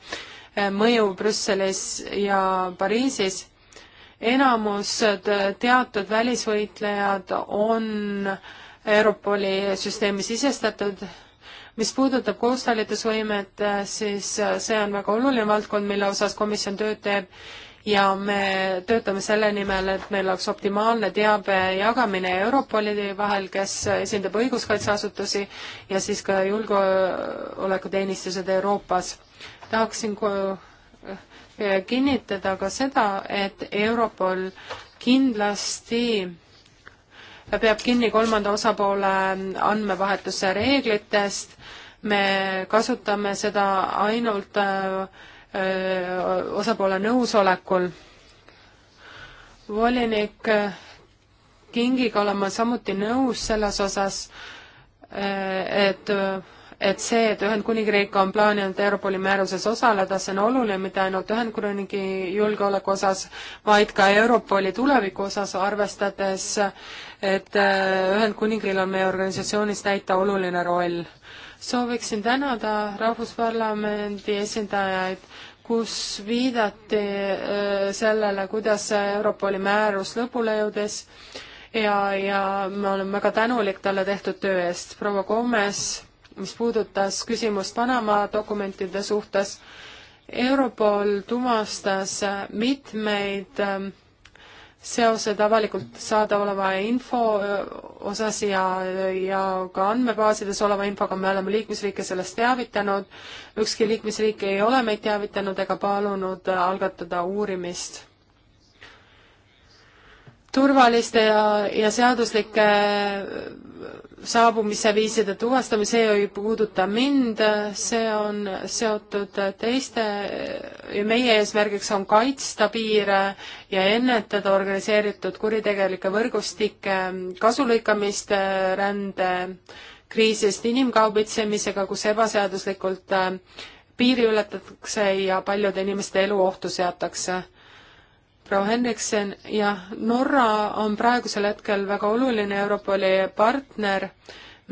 S1: mõju Brüsselis ja Pariisis. enamus teatud välisvõitlejad on Europoli süsteemi sisestatud. mis puudutab koostalitusvõimet, siis see on väga oluline valdkond, mille osas komisjon tööd teeb ja me töötame selle nimel, et meil oleks optimaalne teabe jagamine Europoli vahel, kes esindab õiguskaitseasutusi ja siis ka julgeolekuteenistused Euroopas tahaksin äh, kinnitada ka seda, et Europol kindlasti peab kinni kolmanda osapoole andmevahetuse reeglitest, me kasutame seda ainult äh, osapoole nõusolekul. volinik äh, Kingiga olen ma samuti nõus selles osas, et et see, et Ühendkuningriik on plaaninud Europoli määruses osaleda, see on oluline mitte ainult Ühendkuningriigi julgeoleku osas, vaid ka Europoli tuleviku osas, arvestades, et äh, Ühendkuningriil on meie organisatsioonis täita oluline roll. sooviksin tänada Rahvusparlamendi esindajaid, kus viidati äh, sellele, kuidas Europoli määrus lõpule jõudis ja, ja ma olen väga tänulik talle tehtud töö eest. proua Gomes mis puudutas küsimust Panama dokumentide suhtes. Europol tumastas mitmeid ähm, seosed avalikult saadaoleva info äh, osas ja, ja ka andmebaasides oleva infoga me oleme liikmesriike sellest teavitanud. ükski liikmesriik ei ole meid teavitanud ega palunud äh, algatada uurimist turvaliste ja, ja seaduslike saabumise viiside tuvastamine, see ei puuduta mind, see on seotud teiste ja meie eesmärgiks on kaitsta piire ja ennetada organiseeritud kuritegelike võrgustike kasulõikamist rände kriisist inimkaubitsemisega, kus ebaseaduslikult äh, piiri ületatakse ja paljude inimeste elu ohtu seatakse proua Henriksen, jah, Norra on praegusel hetkel väga oluline Europoli partner,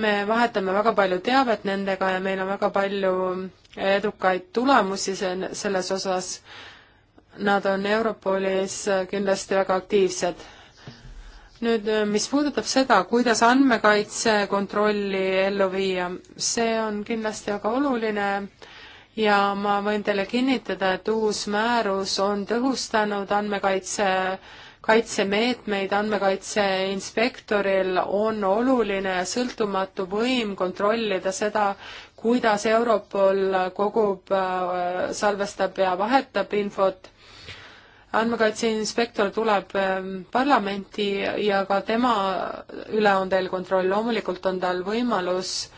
S1: me vahetame väga palju teavet nendega ja meil on väga palju edukaid tulemusi sen-, selles osas. Nad on Europolis kindlasti väga aktiivsed. nüüd, mis puudutab seda, kuidas andmekaitsekontrolli ellu viia, see on kindlasti väga oluline äh, ja ma võin teile kinnitada, et uus määrus on tõhustanud andmekaitse kaitsemeetmeid andmekaitse inspektoril on oluline sõltumatu võim kontrollida seda, kuidas Europol kogub, äh, salvestab ja vahetab infot. andmekaitse inspektor tuleb ähm, parlamenti ja ka tema üle on teil kontroll, loomulikult on tal võimalus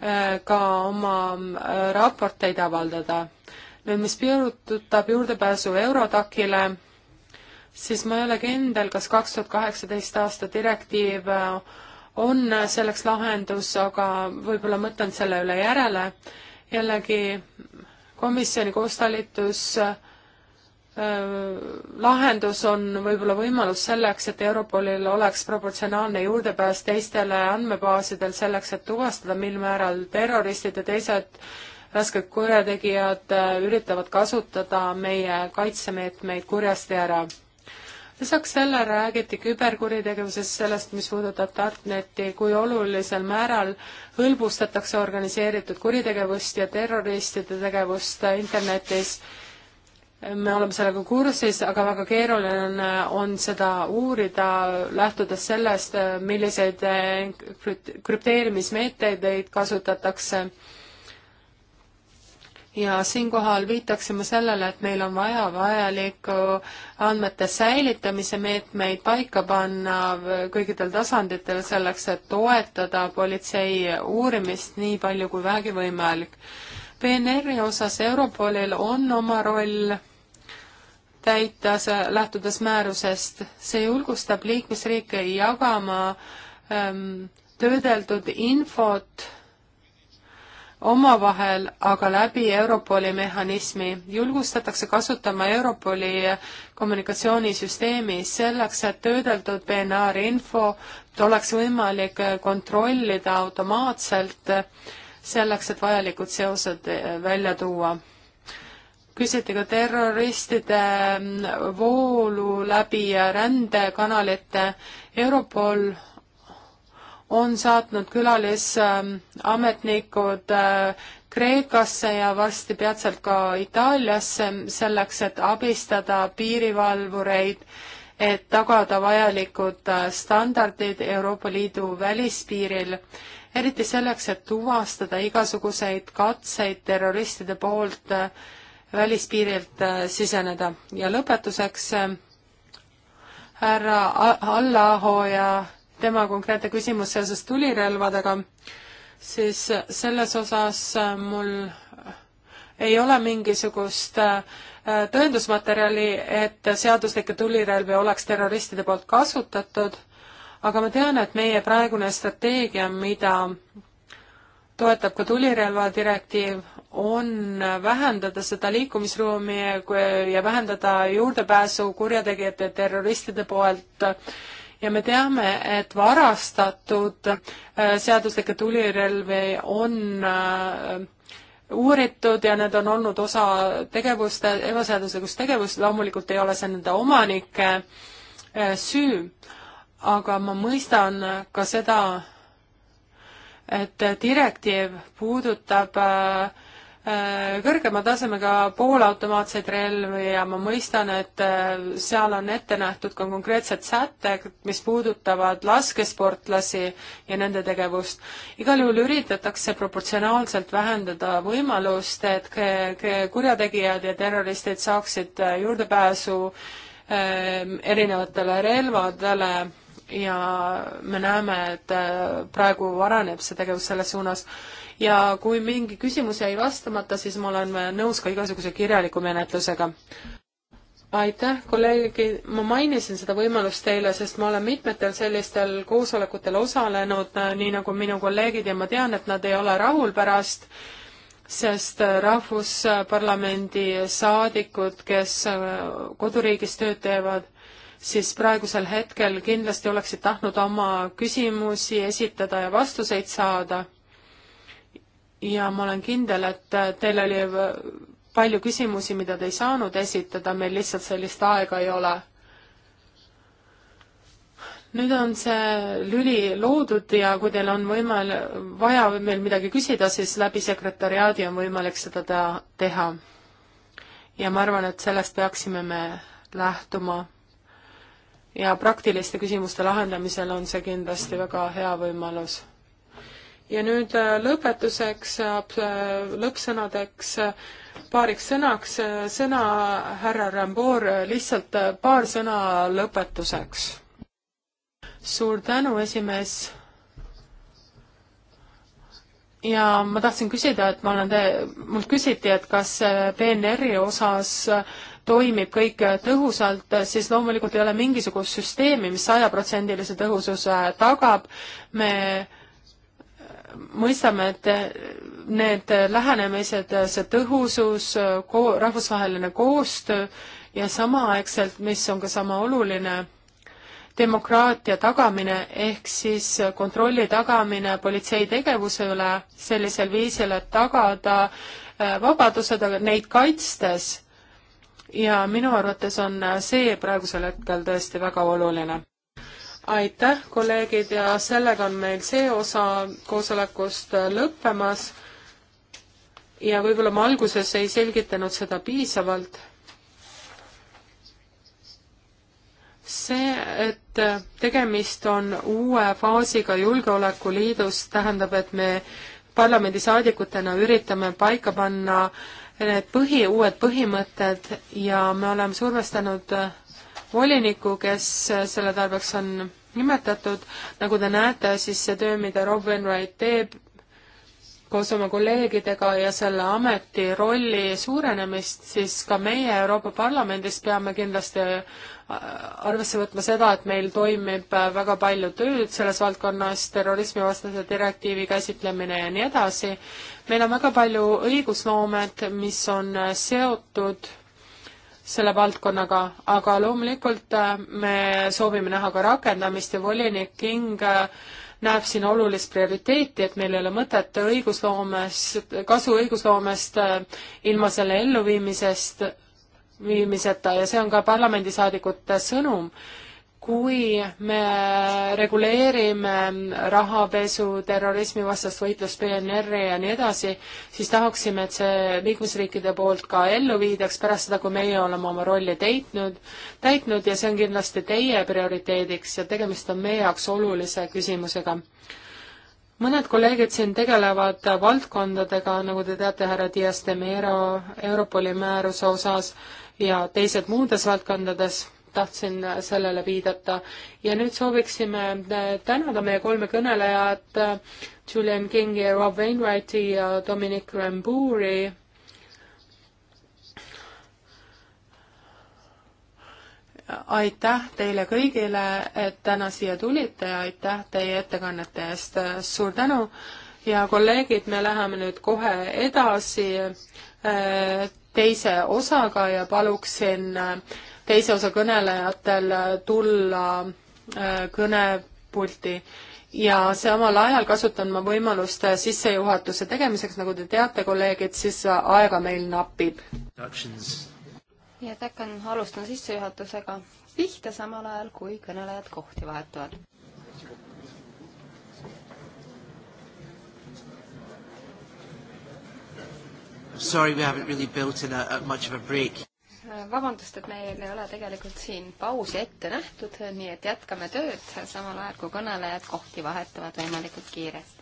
S1: Äh, ka oma äh, raporteid avaldada. nüüd, mis puudutab juurdepääsu Eurotakile, siis ma ei ole kindel, kas kaks tuhat kaheksateist aasta direktiiv äh, on selleks lahendus, aga võib-olla mõtlen selle üle järele. jällegi komisjoni koostalitus äh, Äh, lahendus on võib-olla võimalus selleks, et Europolil oleks proportsionaalne juurdepääs teistele andmebaasidel selleks, et tuvastada, mil määral terroristid ja teised rasked kurjategijad äh, üritavad kasutada meie kaitsemeetmeid kurjasti ära. lisaks sellele räägiti küberkuritegevuses sellest, mis puudutab Tartneti, kui olulisel määral hõlbustatakse organiseeritud kuritegevust ja terroristide tegevust internetis me oleme sellega kursis, aga väga keeruline on, on seda uurida, lähtudes sellest, milliseid eh, krüpteerimismeetodeid kasutatakse. ja siinkohal viitaksime sellele, et meil on vaja vajalikku andmete säilitamise meetmeid paika panna kõikidel tasanditel selleks, et toetada politsei uurimist nii palju kui vähegi võimalik. PNR-i osas Europolil on oma roll täita, lähtudes määrusest. see julgustab liikmesriike jagama ähm, töödeldud infot omavahel, aga läbi Europoli mehhanismi. julgustatakse kasutama Europoli kommunikatsioonisüsteemi selleks, et töödeldud PNR-info oleks võimalik kontrollida automaatselt selleks, et vajalikud seosed välja tuua küsiti ka terroristide mm, voolu läbi rändekanalite. Europol on saatnud külalisametnikud mm, mm, Kreekasse ja varsti peatselt ka Itaaliasse selleks, et abistada piirivalvureid, et tagada vajalikud standardid Euroopa Liidu välispiiril, eriti selleks, et tuvastada igasuguseid katseid terroristide poolt äh, välispiirilt äh, siseneda. ja lõpetuseks äh, härra Allaho ja tema konkreetne küsimus seoses tulirelvadega, siis äh, selles osas mul ei ole mingisugust tõendusmaterjali, et seaduslikke tulirelvi oleks terroristide poolt kasutatud, aga ma tean, et meie praegune strateegia, mida toetab ka tulirelvadirektiiv, on vähendada seda liikumisruumi ja vähendada juurdepääsu kurjategijate terroristide poolt ja me teame, et varastatud äh, seaduslikke tulirelvi on äh, uuritud ja need on olnud osa tegevust, ebaseaduslikust tegevust, loomulikult ei ole see nende omanike äh, süü, aga ma mõistan ka seda, et direktiiv puudutab äh, Äh, kõrgema tasemega poolautomaatseid relvi ja ma mõistan, et äh, seal on ette nähtud ka konkreetsed sätted, mis puudutavad laskesportlasi ja nende tegevust. igal juhul üritatakse proportsionaalselt vähendada võimalust, et kurjategijad ja terroristid saaksid äh, juurdepääsu ähm, erinevatele relvadele ja me näeme, et praegu areneb see tegevus selles suunas ja kui mingi küsimus jäi vastamata, siis ma olen nõus ka igasuguse kirjaliku menetlusega. aitäh, kolleegid, ma mainisin seda võimalust teile, sest ma olen mitmetel sellistel koosolekutel osalenud, nii nagu minu kolleegid, ja ma tean, et nad ei ole rahul pärast, sest Rahvusparlamendi saadikud, kes koduriigis tööd teevad, siis praegusel hetkel kindlasti oleksid tahtnud oma küsimusi esitada ja vastuseid saada ja ma olen kindel, et äh, teil oli palju küsimusi, mida te ei saanud esitada, meil lihtsalt sellist aega ei ole. nüüd on see lüli loodud ja kui teil on võimal-, vaja meil midagi küsida, siis läbi sekretäriaadi on võimalik seda ta-, teha. ja ma arvan, et sellest peaksime me lähtuma. ja praktiliste küsimuste lahendamisel on see kindlasti väga hea võimalus ja nüüd äh, lõpetuseks saab äh, lõppsõnadeks äh, paariks sõnaks sõna härra Rambour, lihtsalt paar sõna lõpetuseks. suur tänu, esimees. ja ma tahtsin küsida, et ma olen te-, mult küsiti, et kas PNR-i osas toimib kõik tõhusalt, siis loomulikult ei ole mingisugust süsteemi mis, mis sajaprotsendilise tõhususe tagab. me mõistame, et need lähenemised, see tõhusus, ko-, rahvusvaheline koostöö ja samaaegselt, mis on ka sama oluline, demokraatia tagamine ehk siis kontrolli tagamine politsei tegevuse üle sellisel viisil, et tagada äh, vabadused, aga neid kaitstes ja minu arvates on see praegusel hetkel tõesti väga oluline aitäh, kolleegid, ja sellega on meil see osa koosolekust lõppemas. ja võib-olla ma alguses ei selgitanud seda piisavalt. see, et tegemist on uue faasiga Julgeolekuliidus, tähendab, et me parlamendisaadikutena üritame paika panna need põhi, uued põhimõtted ja me oleme survestanud voliniku, kes äh, selle tarbeks on nimetatud. nagu te näete, siis see töö, mida Rob Wainwright teeb koos oma kolleegidega ja selle ameti rolli suurenemist, siis ka meie Euroopa Parlamendis peame kindlasti äh, arvesse võtma seda, et meil toimib äh, väga palju tööd selles valdkonnas, terrorismivastase direktiivi käsitlemine ja nii edasi. meil on väga palju õigusloomet, mis on seotud selle valdkonnaga, aga loomulikult äh, me soovime näha ka rakendamist ja volinik King äh, näeb siin olulist prioriteeti, et meil ei ole mõtet õigusloomes, kasu õigusloomest äh, ilma selle elluviimisest, viimiseta ja see on ka parlamendisaadikute sõnum kui me reguleerime rahapesu, terrorismivastast võitlust, PNR-i ja nii edasi, siis tahaksime, et see liikmesriikide poolt ka ellu viidaks pärast seda, kui meie oleme oma rolli täitnud, täitnud ja see on kindlasti teie prioriteediks ja tegemist on meie jaoks olulise küsimusega. mõned kolleegid siin tegelevad valdkondadega, nagu te teate, härra Dias de Mero Europoli määruse osas ja teised muudes valdkondades tahtsin sellele viidata. ja nüüd sooviksime äh, tänada meie kolme kõnelejat, äh, Julian Kingi, Rob Wainwrighti ja Dominic Rambouri aitäh teile kõigile, et täna siia tulite ja aitäh teie ettekannete eest, suur tänu. ja kolleegid, me läheme nüüd kohe edasi äh, teise osaga ja paluksin äh, teise osa kõnelejatel tulla äh, kõnepulti ja samal ajal kasutan ma võimalust äh, sissejuhatuse tegemiseks, nagu te teate, kolleegid, siis äh, aega meil napib.
S3: nii et hakkan, alustan sissejuhatusega pihta, samal ajal kui kõnelejad kohti vahetuvad.
S2: Sorry, we haven't really built in a, a much of a break
S3: vabandust, et meil ei ole tegelikult siin pausi ette nähtud, nii et jätkame tööd, samal ajal kui kõnelejad kohti vahetavad võimalikult kiiresti.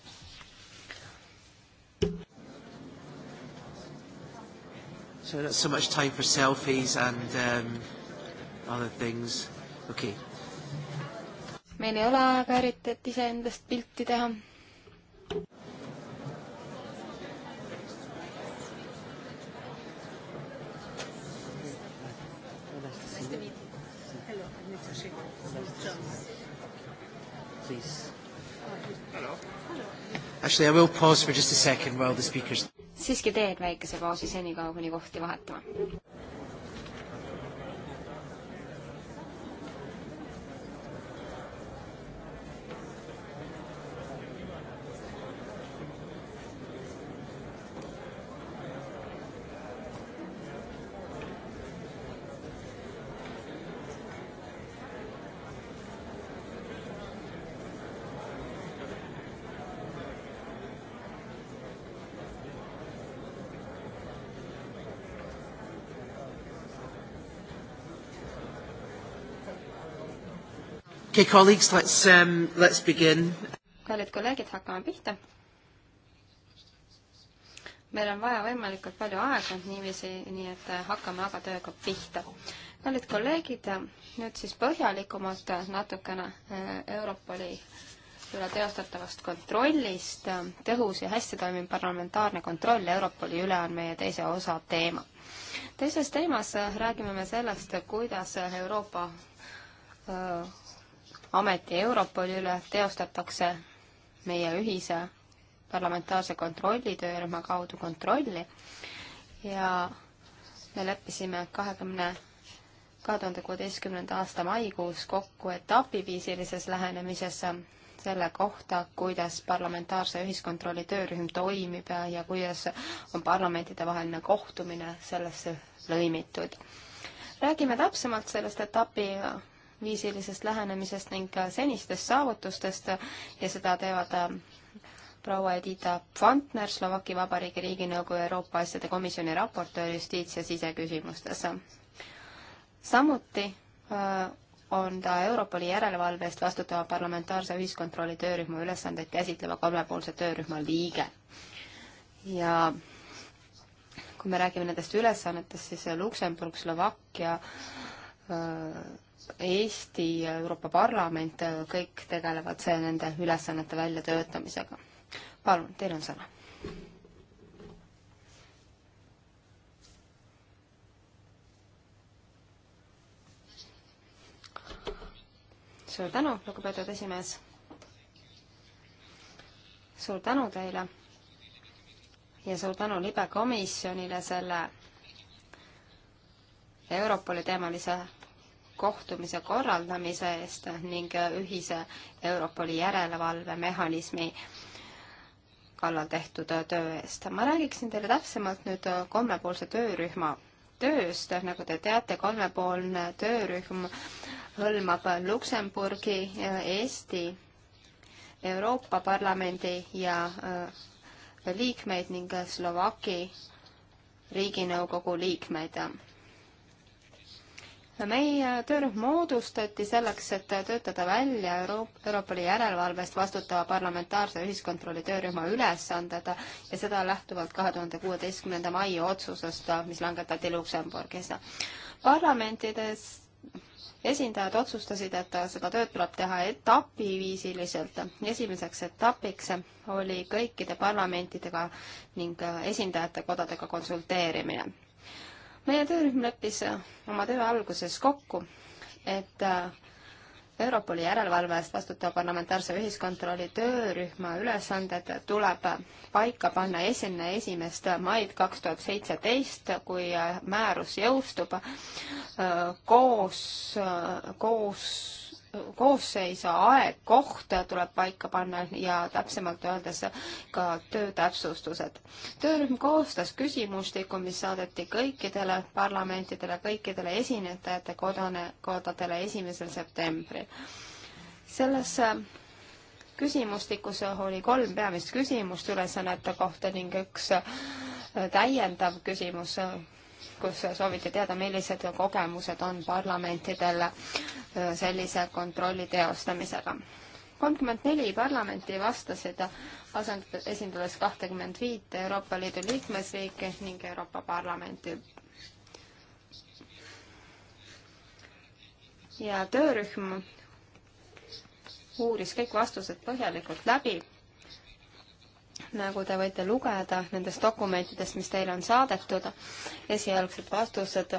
S2: So not so much time for selfies and um, other things. Okay.
S3: meil ei ole aega eriti, et iseendast pilti teha
S1: please. Actually, I will pause for just a second while the speakers...
S3: siiski teen väikese pausi senikaua, kuni kohti vahetame.
S2: Okay, colleagues, let's, um, let's begin.
S3: kallid kolleegid, hakkame pihta. meil on vaja võimalikult palju aega niiviisi, nii et äh, hakkame aga tööga pihta. kallid kolleegid, äh, nüüd siis põhjalikumalt natukene äh, Europoli üle teostatavast kontrollist. tõhus ja hästi toimiv parlamentaarne kontroll Europoli üle on meie teise osa teema. teises teemas räägime me sellest, kuidas Euroopa ameti Europoli üle teostatakse meie ühise parlamentaarse kontrolli töörühma kaudu kontrolli ja me leppisime kahekümne, kahe tuhande kuueteistkümnenda aasta maikuus kokku etapiviisilises lähenemises selle kohta, kuidas parlamentaarse ühiskontrolli töörühm toimib ja, ja kuidas on parlamentidevaheline kohtumine sellesse lõimitud. räägime täpsemalt sellest etapi viisilisest lähenemisest ning senistest saavutustest ja seda teevad ähm, proua Edita Pfantner, Slovaki Vabariigi Riiginõukogu Euroopa Asjade Komisjoni raportöör justiits- ja siseküsimustes. samuti äh, on ta Europoli järelevalve eest vastutava parlamentaarse ühiskontrolli töörühma ülesandeid käsitleva kolmepoolse töörühma liige. ja kui me räägime nendest ülesannetest, siis Luksemburg, Slovakkia äh, Eesti ja Euroopa Parlament kõik tegelevad see nende ülesannete väljatöötamisega. palun, teil on sõna. suur tänu, lugupeetud esimees. suur tänu teile ja suur tänu libekomisjonile selle Europoli teemalise kohtumise korraldamise eest ning ühise Europoli järelevalvemehhanismi kallal tehtud töö eest. ma räägiksin teile täpsemalt nüüd kolmepoolse töörühma tööst, nagu te teate, kolmepoolne töörühm hõlmab Luksemburgi, Eesti, Euroopa Parlamendi ja äh, liikmeid ning Slovaki riiginõukogu liikmeid meie töörühm moodustati selleks, et töötada välja Euroopa, Europoli järelevalvest vastutava parlamentaarse ühiskontrolli töörühma ülesanded ja seda lähtuvalt kahe tuhande kuueteistkümnenda mai otsusest, mis langetati Luksemburgis. parlamentides esindajad otsustasid, et seda tööd tuleb teha etapiviisiliselt. esimeseks etapiks oli kõikide parlamentidega ning esindajate kodadega konsulteerimine meie töörühm leppis äh, oma töö alguses kokku, et äh, Europoli järelevalve eest vastutava parlamentaarse ühiskontrolli töörühma ülesanded tuleb äh, paika panna esimene esimest maid kaks tuhat seitseteist, kui määrus jõustub koos, koos koosseis, aeg, koht tuleb paika panna ja täpsemalt öeldes ka töö täpsustused. töörühm koostas küsimustiku, mis saadeti kõikidele parlamentidele, kõikidele esinejate kodane, kodadele esimesel septembril. selles äh, küsimustikus oli kolm peamist küsimust ülesannete kohta ning üks äh, täiendav küsimus äh, kus sooviti teada, millised kogemused on parlamentidel äh, sellise kontrolli teostamisega. kolmkümmend neli parlamenti vastasid, asend-, esindades kahtekümmend viit Euroopa Liidu liikmesriiki ning Euroopa Parlamenti ja töörühm uuris kõik vastused põhjalikult läbi nagu te võite lugeda nendest dokumentidest, mis teile on saadetud. esialgsed vastused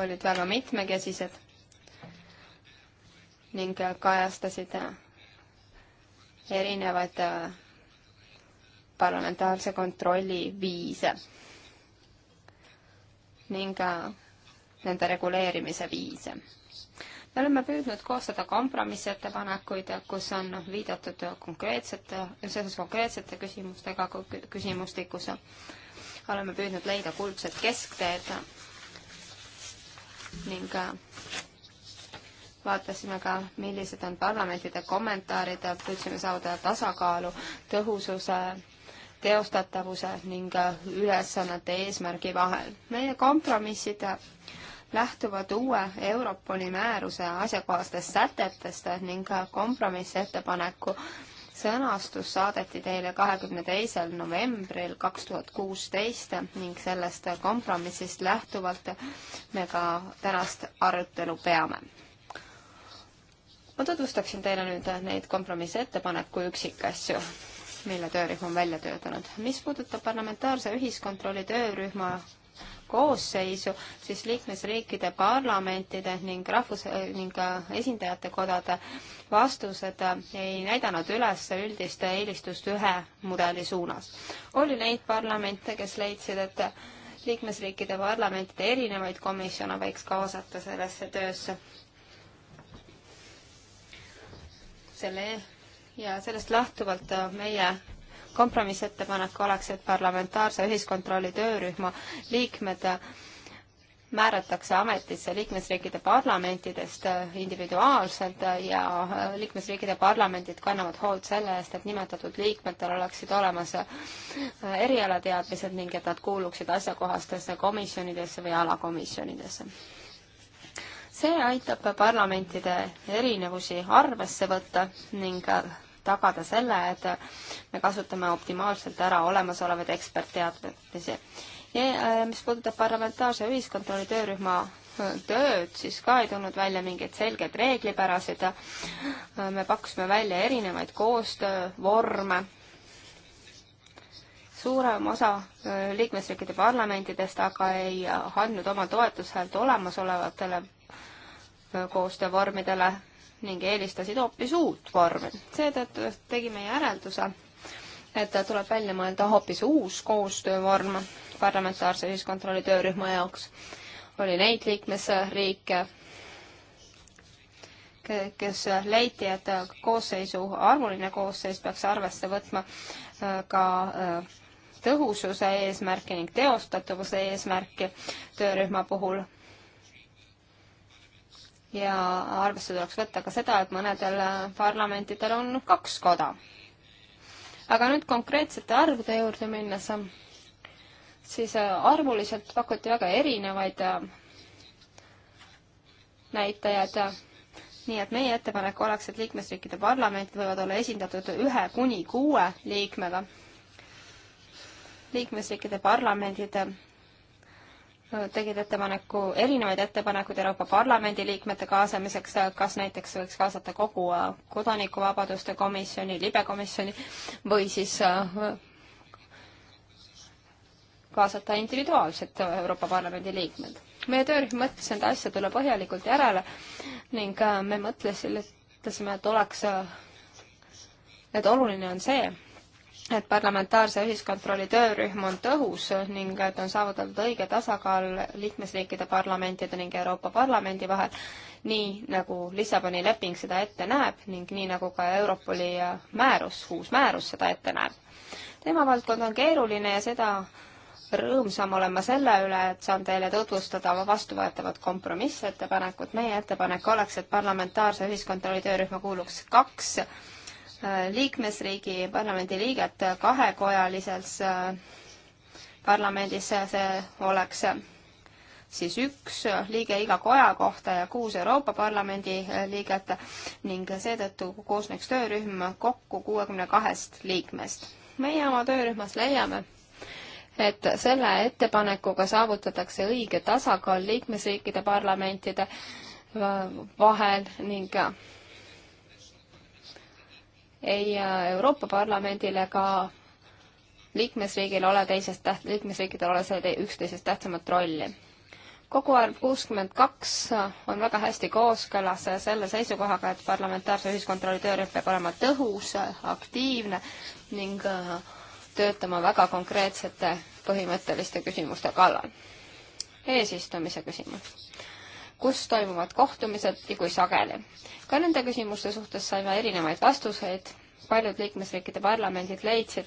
S3: olid väga mitmekesised ning kajastasid erinevaid äh, parlamentaarse kontrolli viise ning äh, nende reguleerimise viise me oleme püüdnud koostada kompromissettepanekuid, kus on viidatud konkreetsete, seoses konkreetsete küsimustega küsimustikus. oleme püüdnud leida kuldsed keskteed ning vaatasime ka, millised on parlamentide kommentaarid, püüdsime saada tasakaalu tõhususe, teostatavuse ning ülesannete eesmärgi vahel. meie kompromissid lähtuvad uue Europoli määruse asjakohastest sätetest ning kompromissettepaneku sõnastus saadeti teile kahekümne teisel novembril kaks tuhat kuusteist ning sellest kompromissist lähtuvalt me ka tänast arutelu peame. ma tutvustaksin teile nüüd neid kompromissettepaneku üksikasju, mille töörühm on välja töötanud. mis puudutab parlamentaarse ühiskontrolli töörühma koosseisu, siis liikmesriikide parlamentide ning rahvus- ning äh, esindajate kodade vastused ei näidanud üles üldist eelistust ühe mudeli suunas. oli neid parlamente, kes leidsid, et liikmesriikide parlamentide erinevaid komisjone võiks kaasata sellesse töösse. selle ja sellest lähtuvalt meie kompromissettepanek oleks, et parlamentaarse ühiskontrolli töörühma liikmed määratakse ametisse liikmesriikide parlamentidest individuaalselt ja liikmesriikide parlamendid kannavad hoolt selle eest, et nimetatud liikmetel oleksid olemas erialateadmised ning et nad kuuluksid asjakohastesse komisjonidesse või alakomisjonidesse. see aitab parlamentide erinevusi arvesse võtta ning tagada selle, et me kasutame optimaalselt ära olemasolevaid ekspertteadmisi. ja äh, mis puudutab parlamentaarse ühiskontrolli töörühma äh, tööd, siis ka ei tulnud välja mingeid selgeid reeglipärasid. Äh, me pakkusime välja erinevaid koostöövorme suurem osa liikmesriikide parlamentidest aga ei andnud oma toetushäält olemasolevatele koostöövormidele ning eelistasid hoopis uut vormi. seetõttu tegime järelduse, et tuleb välja mõelda hoopis uus koostöövorm parlamentaarse ühiskontrolli töörühma jaoks. oli neid liikmesriike, kes leiti, et koosseisu, arvuline koosseis peaks arvesse võtma äh, ka äh, tõhususe eesmärki ning teostatavuse eesmärki töörühma puhul ja arvesse tuleks võtta ka seda, et mõnedel parlamentidel on kaks koda. aga nüüd konkreetsete arvude juurde minnes, siis arvuliselt pakuti väga erinevaid näitajaid, nii et meie ettepanek oleks, et liikmesriikide parlamendid võivad olla esindatud ühe kuni kuue liikmega. liikmesriikide parlamendid tegid ettepaneku, erinevaid ettepanekuid Euroopa Parlamendi liikmete kaasamiseks, kas näiteks võiks kaasata kogu äh, kodanikuvabaduste komisjoni, libekomisjoni või siis äh, kaasata individuaalselt Euroopa Parlamendi liikmed. meie töörühm mõtles nende asja tule põhjalikult järele ning äh, me mõtlesime, et oleks, et oluline on see, et parlamentaarse ühiskontrolli töörühm on tõhus ning et on saavutatud õige tasakaal liikmesriikide parlamentide ning Euroopa Parlamendi vahel, nii nagu Lissaboni leping seda ette näeb ning nii nagu ka Europoli määrus, uus määrus seda ette näeb. tema valdkond on keeruline ja seda rõõmsam olen ma selle üle, et saan teile tutvustada vastuvõetavat kompromissettepanekut. meie ettepanek oleks, et parlamentaarse ühiskontrolli töörühma kuuluks kaks Äh, liikmesriigi parlamendi liiget kahekojalises äh, parlamendis, see oleks siis üks liige iga koja kohta ja kuus Euroopa Parlamendi äh, liiget ning seetõttu koosneks töörühm kokku kuuekümne kahest liikmest. meie oma töörühmas leiame, et selle ettepanekuga saavutatakse õige tasakaal liikmesriikide parlamentide vahel ning ei äh, Euroopa Parlamendil ega liikmesriigil ole teisest täht-, liikmesriikidel ole see üksteisest tähtsamat rolli. koguarv kuuskümmend kaks äh, on väga hästi kooskõlas äh, selle seisukohaga, et parlamentaarse ühiskontrolli töörühm peab olema tõhus, aktiivne ning töötama väga konkreetsete põhimõtteliste küsimuste kallal. eesistumise küsimus kus toimuvad kohtumised ja kui sageli. ka nende küsimuste suhtes saime erinevaid vastuseid, paljud liikmesriikide parlamendid leidsid,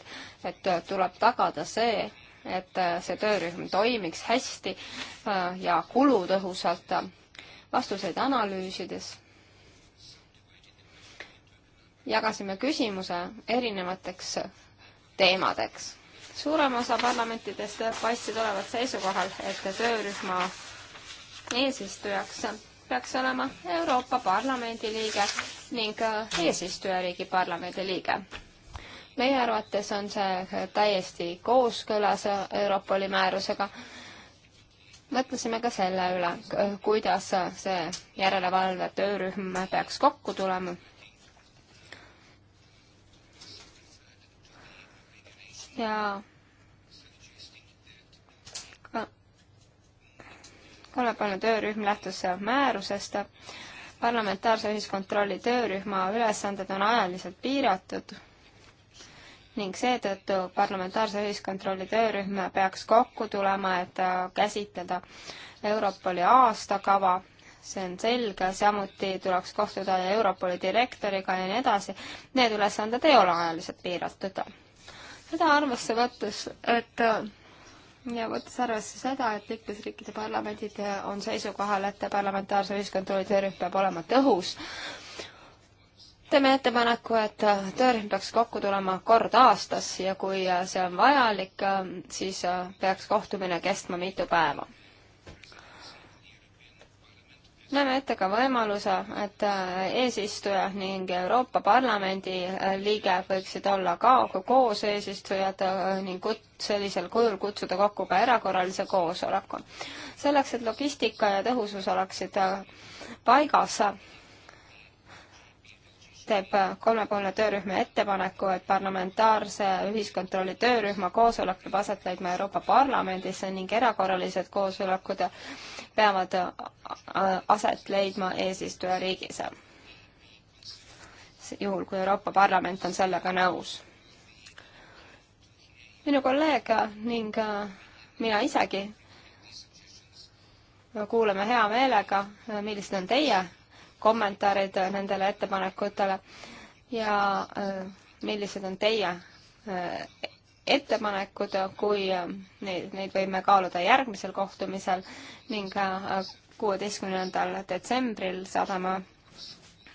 S3: et tuleb tagada see, et see töörühm toimiks hästi äh, ja kulutõhusalt, vastuseid analüüsides jagasime küsimuse erinevateks teemadeks. suurem osa parlamentidest paistsid olevat seisukohal, et töörühma eesistujaks peaks olema Euroopa Parlamendi liige ning äh, eesistujariigi parlamendi liige. meie arvates on see täiesti kooskõlas äh, Europoli määrusega. mõtlesime ka selle üle, kuidas see järelevalve töörühm peaks kokku tulema. ja kolmepoolne töörühm lähtus määrusest. parlamentaarse ühiskontrolli töörühma ülesanded on ajaliselt piiratud ning seetõttu parlamentaarse ühiskontrolli töörühm peaks kokku tulema, et käsitleda Europoli aastakava, see on selge, samuti tuleks kohtuda Europoli direktoriga ja nii edasi. Need ülesanded ei ole ajaliselt piiratud. seda arvesse võttes, et ja võttes arvesse seda, et liikmesriikide parlamendid on seisukohal, et parlamentaarse ühiskontrolli töörühm peab olema tõhus, teeme ettepaneku, et töörühm peaks kokku tulema kord aastas ja kui see on vajalik, siis peaks kohtumine kestma mitu päeva näeme ette ka võimaluse, et äh, eesistuja ning Euroopa Parlamendi äh, liige võiksid olla ka koos eesistujad äh, ning kut-, sellisel kujul kutsuda kokku ka erakorralise koosoleku. selleks, et logistika ja tõhusus oleksid paigas, teeb kolmepoolne töörühma ettepaneku, et parlamentaarse ühiskontrolli töörühma koosolek peab aset leidma Euroopa Parlamendis ning erakorralised koosolekud peavad aset leidma eesistujariigis. juhul, kui Euroopa Parlament on sellega nõus. minu kolleeg ning mina isegi kuulame hea meelega, millised on teie kommentaarid nendele ettepanekutele ja äh, millised on teie äh, ettepanekud, kui äh, neid, neid võime kaaluda järgmisel kohtumisel ning kuueteistkümnendal detsembril saadame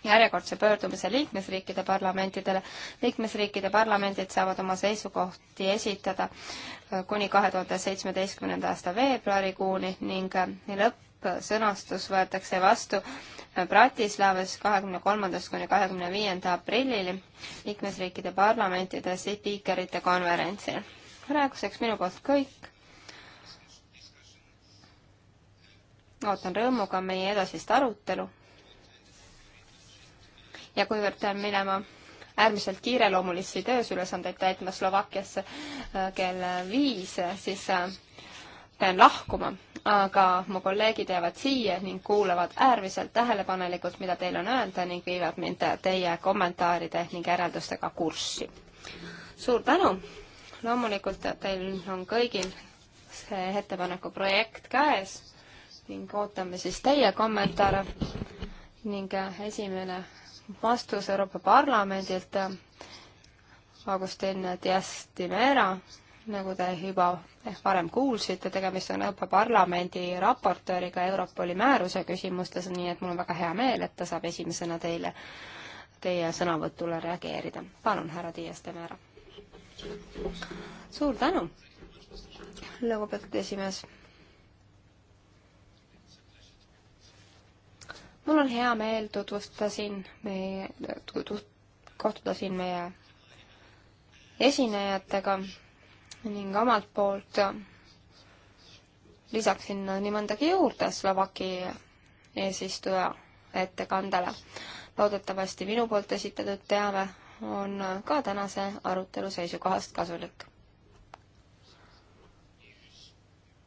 S3: järjekordse pöördumise liikmesriikide parlamentidele. liikmesriikide parlamendid saavad oma seisukohti esitada kuni kahe tuhande seitsmeteistkümnenda aasta veebruarikuuni ning lõppsõnastus võetakse vastu Bratislavas kahekümne kolmandast kuni kahekümne viienda aprillini liikmesriikide parlamentide spiikerite konverentsil. praeguseks minu poolt kõik. ootan rõõmuga meie edasist arutelu. ja kuivõrd pean minema äärmiselt kiireloomulisi töösülesandeid täitma Slovakkiasse äh, kell viis, siis äh, pean lahkuma aga mu kolleegid jäävad siia ning kuulavad äärmiselt tähelepanelikult, mida teil on öelda ning viivad mind teie kommentaaride ning järeldustega kurssi. suur tänu! loomulikult teil on kõigil see ettepaneku projekt käes ning ootame siis teie kommentaare ning esimene vastus Euroopa Parlamendilt Agustin Dias-Timera nagu te juba varem kuulsite, tegemist on Euroopa Parlamendi raportööriga Europoli määruse küsimustes, nii et mul on väga hea meel, et ta saab esimesena teile, teie sõnavõtule reageerida. palun, härra Tiias, teeme ära. suur tänu, lugupeetud esimees. mul on hea meel tutvustada siin meie, kohtuda siin meie esinejatega ning omalt poolt lisaksin nii mõndagi juurde Slovaki eesistuja ettekandele. loodetavasti minu poolt esitatud teave on ka tänase arutelu seisukohast kasulik.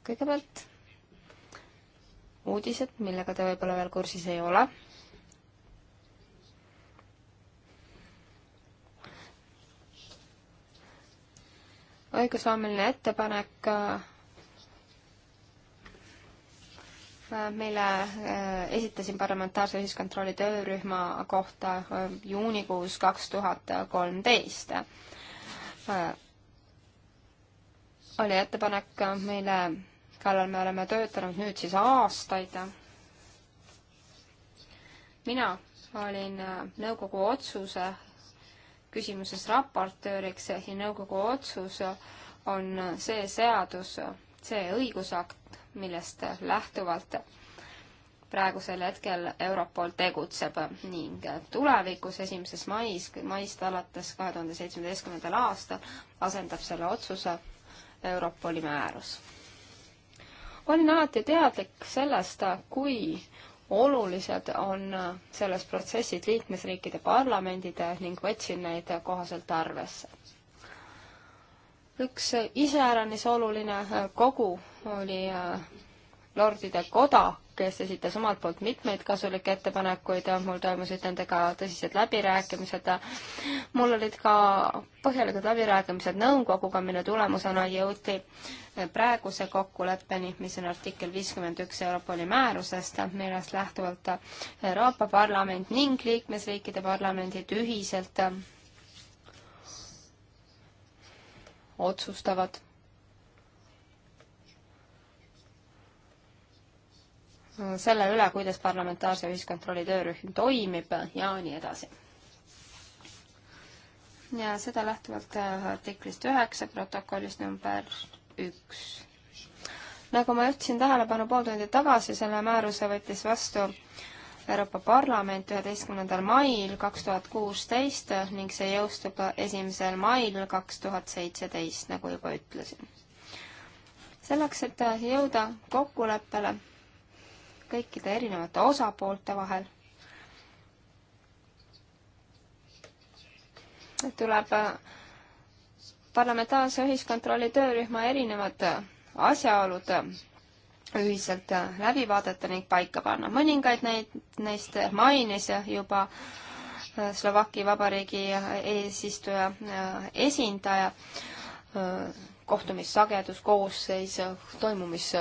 S3: kõigepealt uudised, millega te võib-olla veel kursis ei ole õigusloomeline ettepanek, äh, mille äh, esitasin parlamentaarse ühiskontrolli töörühma kohta äh, juunikuus kaks tuhat kolmteist. oli ettepanek, mille kallal me oleme töötanud nüüd siis aastaid. mina olin nõukogu otsuse küsimuses raportööriks ja nõukogu otsus on see seadus, see õigusakt, millest lähtuvalt praegusel hetkel Europol tegutseb ning tulevikus, esimeses mais, maist alates kahe tuhande seitsmeteistkümnendal aastal asendab selle otsuse Europoli määrus. olin alati teadlik sellest, kui olulised on selles protsessis liikmesriikide parlamendid ning võtsin neid kohaselt arvesse. üks iseäranis oluline kogu oli äh, Lordide Koda, kes esitas omalt poolt mitmeid kasulikke ettepanekuid, mul toimusid nendega tõsised läbirääkimised. mul olid ka põhjalikud läbirääkimised nõukoguga, mille tulemusena jõuti praeguse kokkuleppeni, mis on artikkel viiskümmend üks Europoli määrusest, millest lähtuvalt Euroopa Parlament ning liikmesriikide parlamendid ühiselt otsustavad selle üle, kuidas parlamentaarse ühiskontrolli töörühm toimib ja nii edasi. ja seda lähtuvalt äh, artiklist üheksa protokollist number üks. nagu ma juhtisin tähelepanu pool tundi tagasi, selle määruse võttis vastu Euroopa Parlament üheteistkümnendal mail kaks tuhat kuusteist ning see jõustub esimesel mail kaks tuhat seitseteist, nagu juba ütlesin. selleks, et jõuda kokkuleppele kõikide erinevate osapoolte vahel. tuleb äh, parlamentaarse ühiskontrolli töörühma erinevad äh, asjaolud äh, ühiselt läbi vaadata ning paika panna. mõningaid neid, neist mainis juba Slovakkia Vabariigi eesistuja esindaja kohtumissagedus, koosseis, toimumis,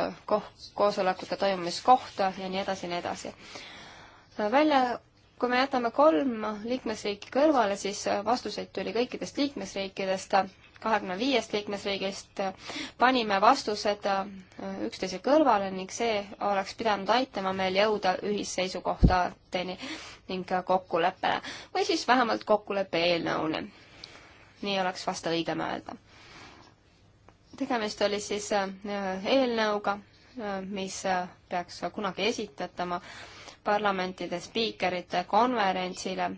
S3: koosolekute toimumiskoht ja nii edasi ja nii edasi. välja, kui me jätame kolm liikmesriiki kõrvale, siis vastuseid tuli kõikidest liikmesriikidest, kahekümne viiest liikmesriigist, panime vastused üksteise kõrvale ning see oleks pidanud aitama meil jõuda ühisseisukohtadeni ning kokkuleppele või siis vähemalt kokkuleppe eelnõuni. nii oleks vast õigem öelda tegemist oli siis äh, eelnõuga, äh, mis äh, peaks kunagi esitatama parlamentide spiikerite konverentsile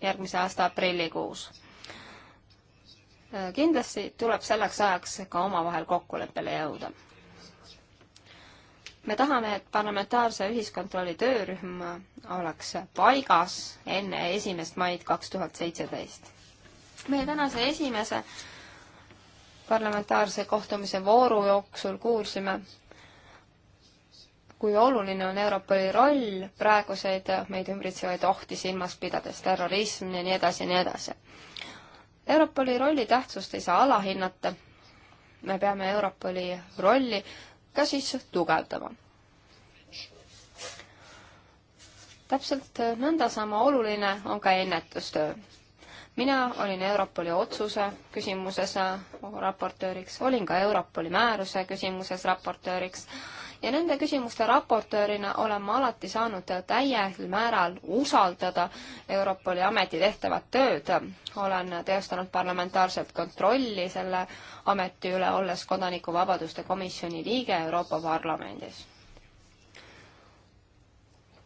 S3: järgmise aasta aprillikuus. kindlasti tuleb selleks ajaks ka omavahel kokkuleppele jõuda. me tahame, et parlamentaarse ühiskontrolli töörühm oleks paigas enne esimest maid kaks tuhat seitseteist. meie tänase esimese parlamentaarse kohtumise vooru jooksul kuulsime, kui oluline on Europoli roll praeguseid meid ümbritsevaid ohti silmas pidades, terrorism ja nii edasi ja nii edasi. Europoli rolli tähtsust ei saa alahinnata. me peame Europoli rolli ka siis tugevdama. täpselt nõnda sama oluline on ka ennetustöö mina olin Europoli otsuse küsimuses raportööriks, olin ka Europoli määruse küsimuses raportööriks ja nende küsimuste raportöörina olen ma alati saanud täiel määral usaldada Europoli ameti tehtavat tööd. olen teostanud parlamentaarset kontrolli selle ameti üle, olles Kodanikuvabaduste komisjoni liige Euroopa Parlamendis.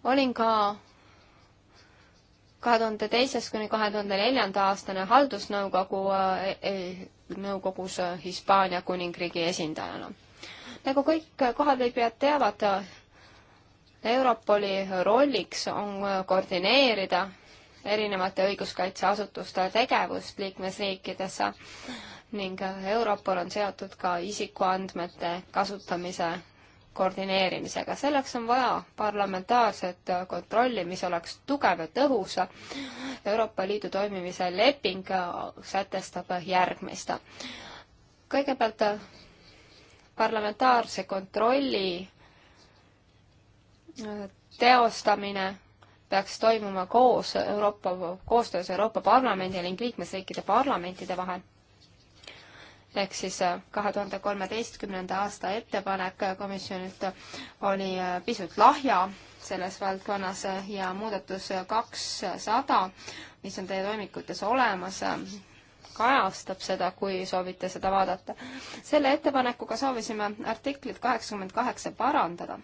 S3: olin ka kahe tuhande teisest kuni kahe tuhande neljanda aastane haldusnõukogu eh, eh, nõukogus eh, Hispaania kuningriigi esindajana. nagu kõik kohalviibijad teavad, Europoli rolliks on koordineerida erinevate õiguskaitseasutuste tegevust liikmesriikides ning Europol on seotud ka isikuandmete kasutamise koordineerimisega. selleks on vaja parlamentaarset kontrolli, mis oleks tugev ja tõhus. Euroopa Liidu toimimise leping sätestab järgmist. kõigepealt parlamentaarse kontrolli teostamine peaks toimuma koos Euroopa, koostöös Euroopa Parlamendi ning liikmesriikide parlamentide vahel ehk siis äh, kahe tuhande kolmeteistkümnenda aasta ettepanek äh, komisjonilt äh, oli pisut lahja selles valdkonnas ja muudatus kakssada, mis on teie toimikutes olemas, kajastab seda, kui soovite seda vaadata. selle ettepanekuga soovisime artiklit kaheksakümmend kaheksa parandada.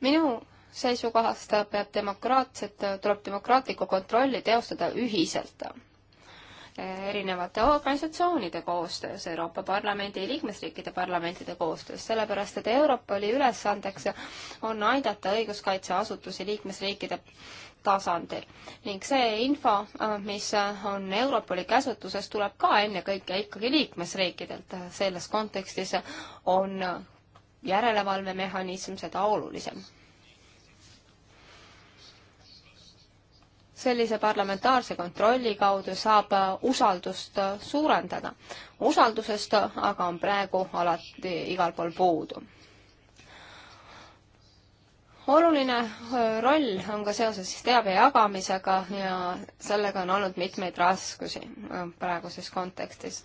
S3: minu seisukohast peab demokraatset, tuleb demokraatlikku kontrolli teostada ühiselt erinevate organisatsioonide koostöös, Euroopa Parlamendi liikmesriikide parlamentide koostöös, sellepärast et Europoli ülesandeks on aidata õiguskaitseasutusi liikmesriikide tasandil ning see info, mis on Europoli käsutuses, tuleb ka ennekõike ikkagi liikmesriikidelt. selles kontekstis on järelevalvemehhanism seda olulisem sellise parlamentaarse kontrolli kaudu saab äh, usaldust äh, suurendada. usaldusest äh, aga on praegu alati igal pool puudu. oluline roll on ka seoses siis teabe jagamisega ja sellega on olnud mitmeid raskusi praeguses kontekstis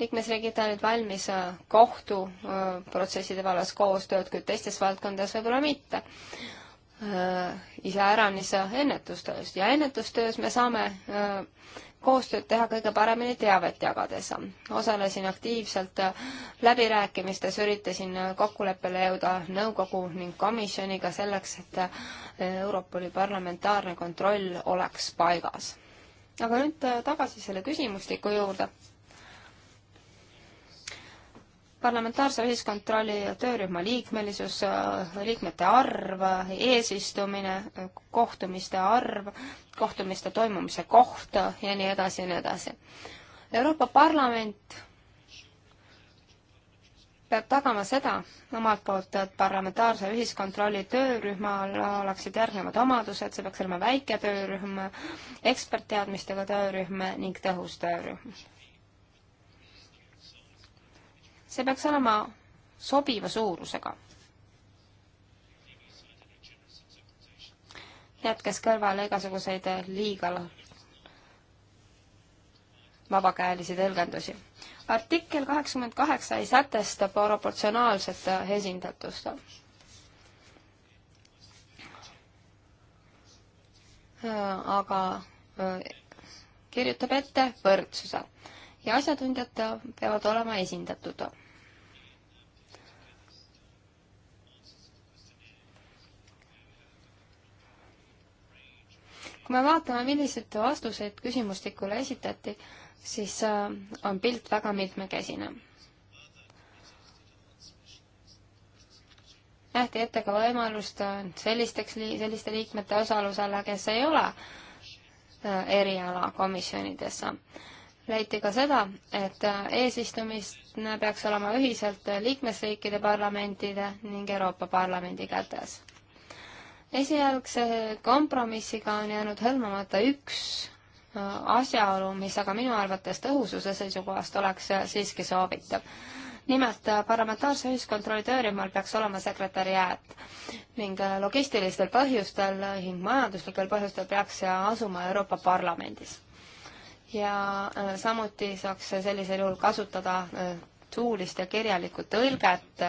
S3: liikmesriigid on nüüd valmis kohtuprotsesside vallas koostööd, kuid teistes valdkondades võib-olla mitte. Äh, iseäranis ennetustöös ja ennetustöös me saame äh, koostööd teha kõige paremini teavet jagades. osalesin aktiivselt äh, läbirääkimistes, üritasin kokkuleppele jõuda nõukogu ning komisjoniga selleks, et Europoli parlamentaarne kontroll oleks paigas. aga nüüd tagasi selle küsimustiku juurde parlamentaarse ühiskontrolli töörühma liikmelisus, liikmete arv, eesistumine, kohtumiste arv, kohtumiste toimumise koht ja nii edasi ja nii edasi. Euroopa Parlament peab tagama seda omalt poolt, et parlamentaarse ühiskontrolli töörühmal oleksid järgnevad omadused, see peaks olema väike töörühm, ekspertteadmistega töörühm ning tõhus töörühm see peaks olema sobiva suurusega. jätkes kõrvale igasuguseid liiga vabakäelisi tõlgendusi. artikkel kaheksakümmend kaheksa ei sätesta proportsionaalset esindatust. aga äh, kirjutab ette võrdsuse ja asjatundjad peavad olema esindatud kui me vaatame, millised vastused küsimustikule esitati, siis äh, on pilt väga mitmekesine. nähti ette ka võimalust äh, sellisteks, selliste liikmete osalusele, kes ei ole äh, erialakomisjonidesse. leiti ka seda, et eesistumist peaks olema ühiselt liikmesriikide parlamentide ning Euroopa Parlamendi kätes esialgse kompromissiga on jäänud hõlmamata üks äh, asjaolu, mis aga minu arvates tõhususe seisukohast oleks äh, siiski soovitav. nimelt äh, parlamentaarse ühiskontrolli töörühmal peaks olema sekretäriaat ning logistilistel põhjustel ning majanduslikel põhjustel peaks see asuma Euroopa Parlamendis. ja samuti saaks sellisel juhul kasutada suulist ja kirjalikku tõlget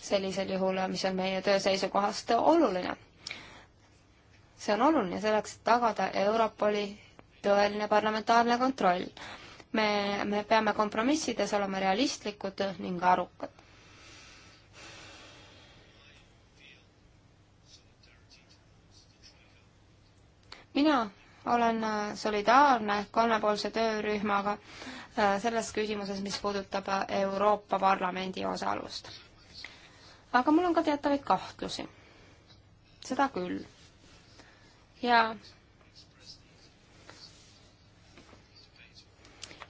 S3: sellisel juhul, mis on meie töö seisukohast oluline see on oluline selleks, et tagada Europoli tõeline parlamentaarne kontroll. me, me peame kompromissides olema realistlikud ning arukad. mina olen solidaarne kolmepoolse töörühmaga äh, selles küsimuses, mis puudutab äh, Euroopa Parlamendi osalust. aga mul on ka teatavaid kahtlusi. seda küll ja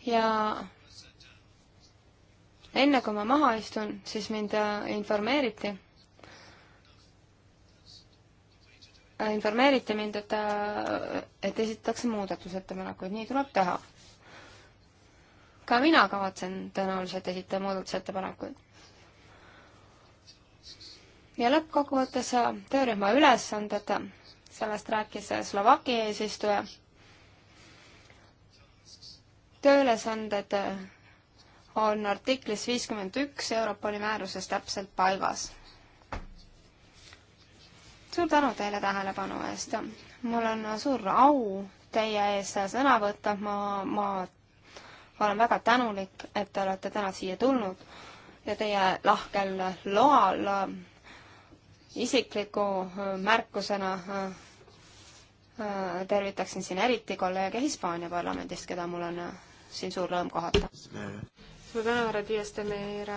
S3: ja enne kui ma maha istun, siis mind äh, informeeriti, äh, informeeriti mind, et, äh, et esitatakse muudatusettepanekuid, nii tuleb teha. ka mina kavatsen tõenäoliselt esitada muudatusettepanekuid. ja lõppkokkuvõttes töörühma ülesanded sellest rääkis Slovakkia eesistuja. tööülesanded on artiklis viiskümmend üks Europoli määruses täpselt paigas. suur tänu teile tähelepanu eest. mul on suur au teie ees sõna võtta, ma, ma olen väga tänulik, et te olete täna siia tulnud ja teie lahkel loal isikliku märkusena Äh, tervitaksin siin eriti kolleege Hispaania parlamendist,
S2: keda mul on äh, siin suur rõõm kohata. suur tänu, härra Dias de Meira.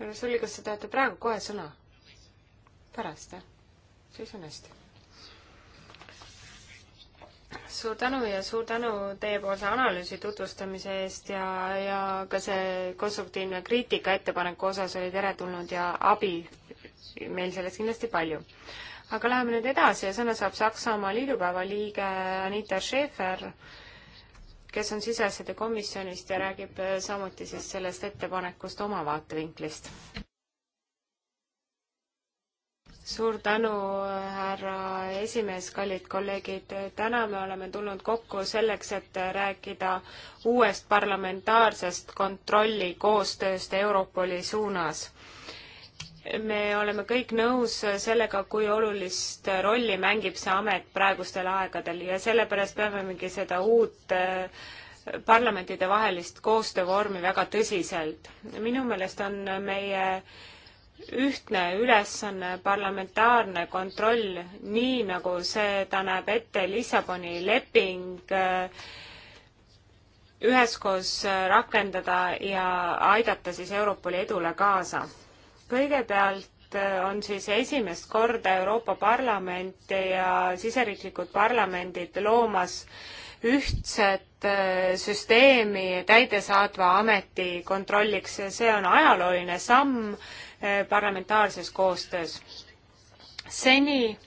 S2: härra Sulli, kas te tahate praegu kohe sõna? pärast, jah? siis on hästi. suur tänu ja suur tänu teiepoolse analüüsi tutvustamise eest ja, ja ka see konstruktiivne kriitika ettepaneku osas oli teretulnud ja abi meil sellest kindlasti palju. aga läheme nüüd edasi ja sõna saab Saksamaa liidupäeva liige Anita Schäfer, kes on siseasjade komisjonist ja räägib äh, samuti siis sellest ettepanekust oma vaatevinklist. suur tänu, härra esimees, kallid kolleegid, täna me oleme tulnud kokku selleks, et rääkida uuest parlamentaarsest kontrolli koostööst Europoli suunas me oleme kõik nõus sellega, kui olulist rolli mängib see amet praegustel aegadel ja sellepärast peamegi seda uut äh, parlamentidevahelist koostöövormi väga tõsiselt. minu meelest on meie ühtne ülesanne parlamentaarne kontroll, nii nagu seda näeb ette Lissaboni leping, äh, üheskoos äh, rakendada ja aidata siis Europoli edule kaasa kõigepealt äh, on siis esimest korda Euroopa Parlament ja siseriiklikud parlamendid loomas ühtset äh, süsteemi täidesaatva ameti kontrolliks, see on ajalooline samm äh, parlamentaarses koostöös. seni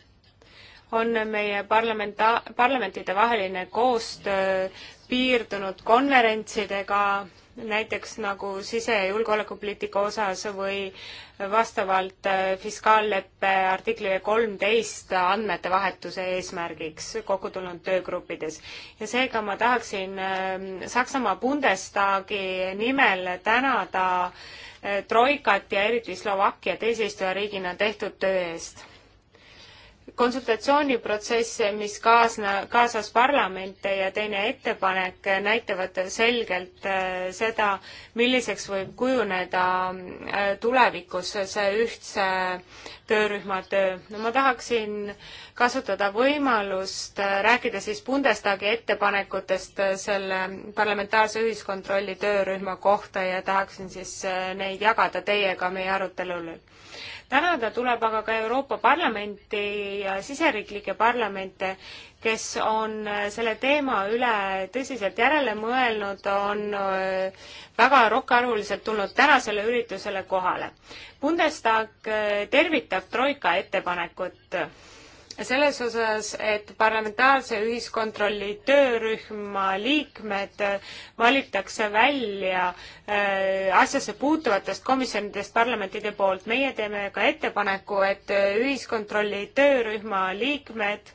S2: on meie parlamenta-, parlamentide vaheline koostöö piirdunud konverentsidega, näiteks nagu sise- ja julgeolekupoliitika osas või vastavalt äh, fiskaalleppe artiklile kolmteist andmete vahetuse eesmärgiks kokku tulnud töögruppides. ja seega ma tahaksin ähm, Saksamaa Bundestagi nimel tänada äh, Troikat ja eriti Slovakkiat eesistujariigina tehtud töö eest konsultatsiooniprotsess, mis kaasna, kaasas parlamente ja teine ettepanek, näitavad selgelt äh, seda, milliseks võib kujuneda äh, tulevikus see ühtse töörühma töö. no ma tahaksin kasutada võimalust äh, rääkida siis Bundestagi ettepanekutest selle parlamentaarse ühiskontrolli töörühma kohta ja tahaksin siis neid jagada teiega meie arutelul tänada tuleb aga ka Euroopa Parlamenti ja siseriiklikke parlamente, kes on äh, selle teema üle tõsiselt järele mõelnud, on äh, väga rokkarvuliselt tulnud tänasele üritusele kohale. Bundestag äh, tervitab Troika ettepanekut selles osas, et parlamentaarse ühiskontrolli töörühma liikmed valitakse välja äh, asjasse puutuvatest komisjonidest parlamentide poolt. meie teeme ka ettepaneku, et ühiskontrolli töörühma liikmed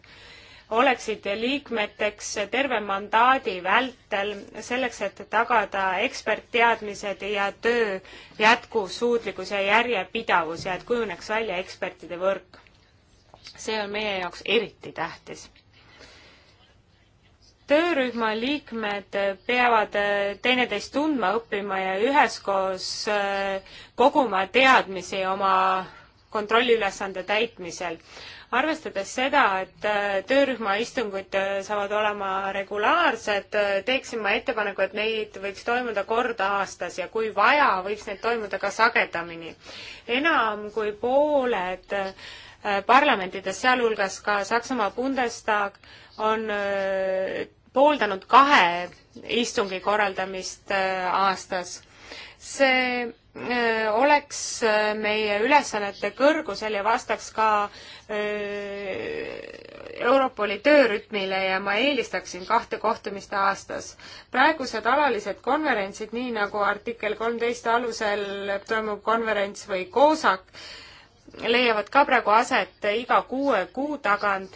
S2: oleksid liikmeteks terve mandaadi vältel selleks, et tagada ekspertteadmised ja töö jätkusuutlikkus ja järjepidavus ja et kujuneks välja ekspertide võrk see on meie jaoks eriti tähtis. töörühma liikmed peavad äh, teineteist tundma õppima ja üheskoos äh, koguma teadmisi oma kontrolliülesande täitmisel. arvestades seda, et äh, töörühma istungid saavad olema regulaarsed, teeksin ma ettepaneku, et neid võiks toimuda kord aastas ja kui vaja, võiks need toimuda ka sagedamini. enam kui pooled äh, Äh, parlamentides, sealhulgas ka Saksamaa Bundestag, on äh, pooldanud kahe istungi korraldamist äh, aastas. see oleks meie ülesannete kõrgusel ja vastaks ka Europoli töörütmile ja ma eelistaksin kahte kohtumist aastas. praegused alalised konverentsid, nii nagu artikkel kolmteist alusel toimub konverents või koosak, leiavad ka praegu aset iga kuue kuu tagant.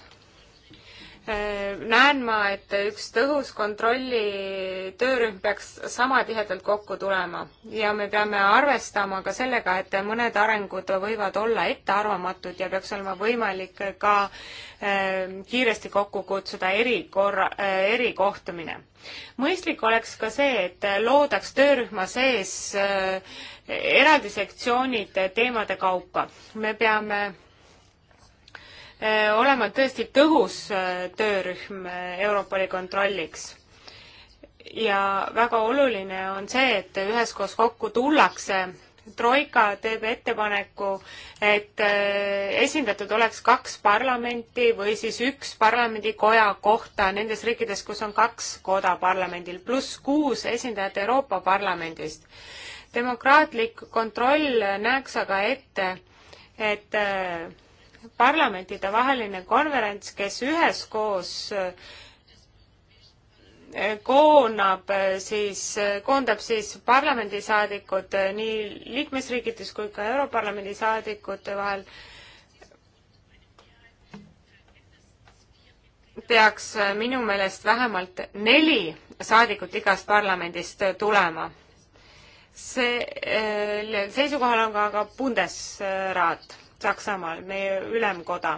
S2: Äh, näen ma, et üks tõhus kontrolli töörühm peaks sama tihedalt kokku tulema ja me peame arvestama ka sellega, et mõned arengud võivad olla ettearvamatud ja peaks olema võimalik ka äh, kiiresti kokku kutsuda erikorra, äh, erikohtumine. mõistlik oleks ka see, et loodaks töörühma sees eraldi sektsioonid teemade kaupa. me peame eh, olema tõesti tõhus eh, töörühm Europoli kontrolliks. ja väga oluline on see, et üheskoos kokku tullakse Troika teeb ettepaneku, et eh, esindatud oleks kaks parlamenti või siis üks parlamendikoja kohta nendes riikides, kus on kaks koda parlamendil, pluss kuus esindajat Euroopa Parlamendist demokraatlik kontroll näeks aga ette, et äh, parlamentide vaheline konverents, kes üheskoos äh, koonab äh, siis, koondab siis parlamendisaadikud nii liikmesriikides kui ka Europarlamendi saadikute vahel, peaks minu meelest vähemalt neli saadikut igast parlamendist tulema see äh, seisukohal on ka, ka Bundesrat Saksamaal, meie ülemkoda.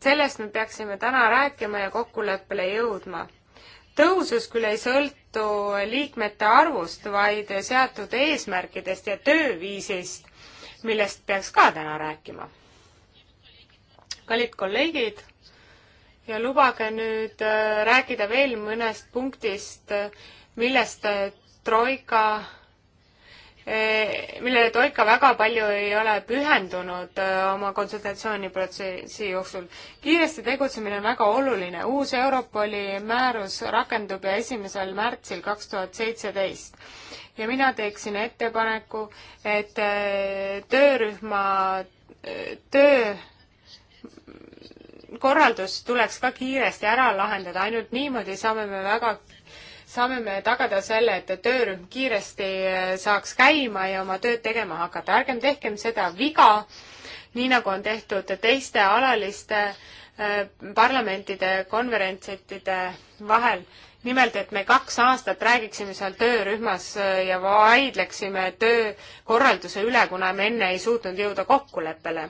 S2: sellest me peaksime täna rääkima ja kokkuleppele jõudma. tõusus küll ei sõltu liikmete arvust, vaid seatud eesmärkidest ja tööviisist, millest peaks ka täna rääkima. kallid kolleegid ja lubage nüüd äh, rääkida veel mõnest punktist, millest äh, Troika Eh, millele Toika väga palju ei ole pühendunud eh, oma konsultatsiooniprotsessi jooksul. kiiresti tegutsemine on väga oluline, uus Europoli määrus rakendub ja esimesel märtsil kaks tuhat seitseteist. ja mina teeksin ettepaneku, et eh, töörühma töö korraldus tuleks ka kiiresti ära lahendada, ainult niimoodi saame me väga saame me tagada selle, et töörühm kiiresti äh, saaks käima ja oma tööd tegema hakata. ärgem tehkem seda viga, nii nagu on tehtud teiste alaliste äh, parlamentide konverentside vahel. nimelt, et me kaks aastat räägiksime seal töörühmas äh, ja vaidleksime töökorralduse üle, kuna me enne ei suutnud jõuda kokkuleppele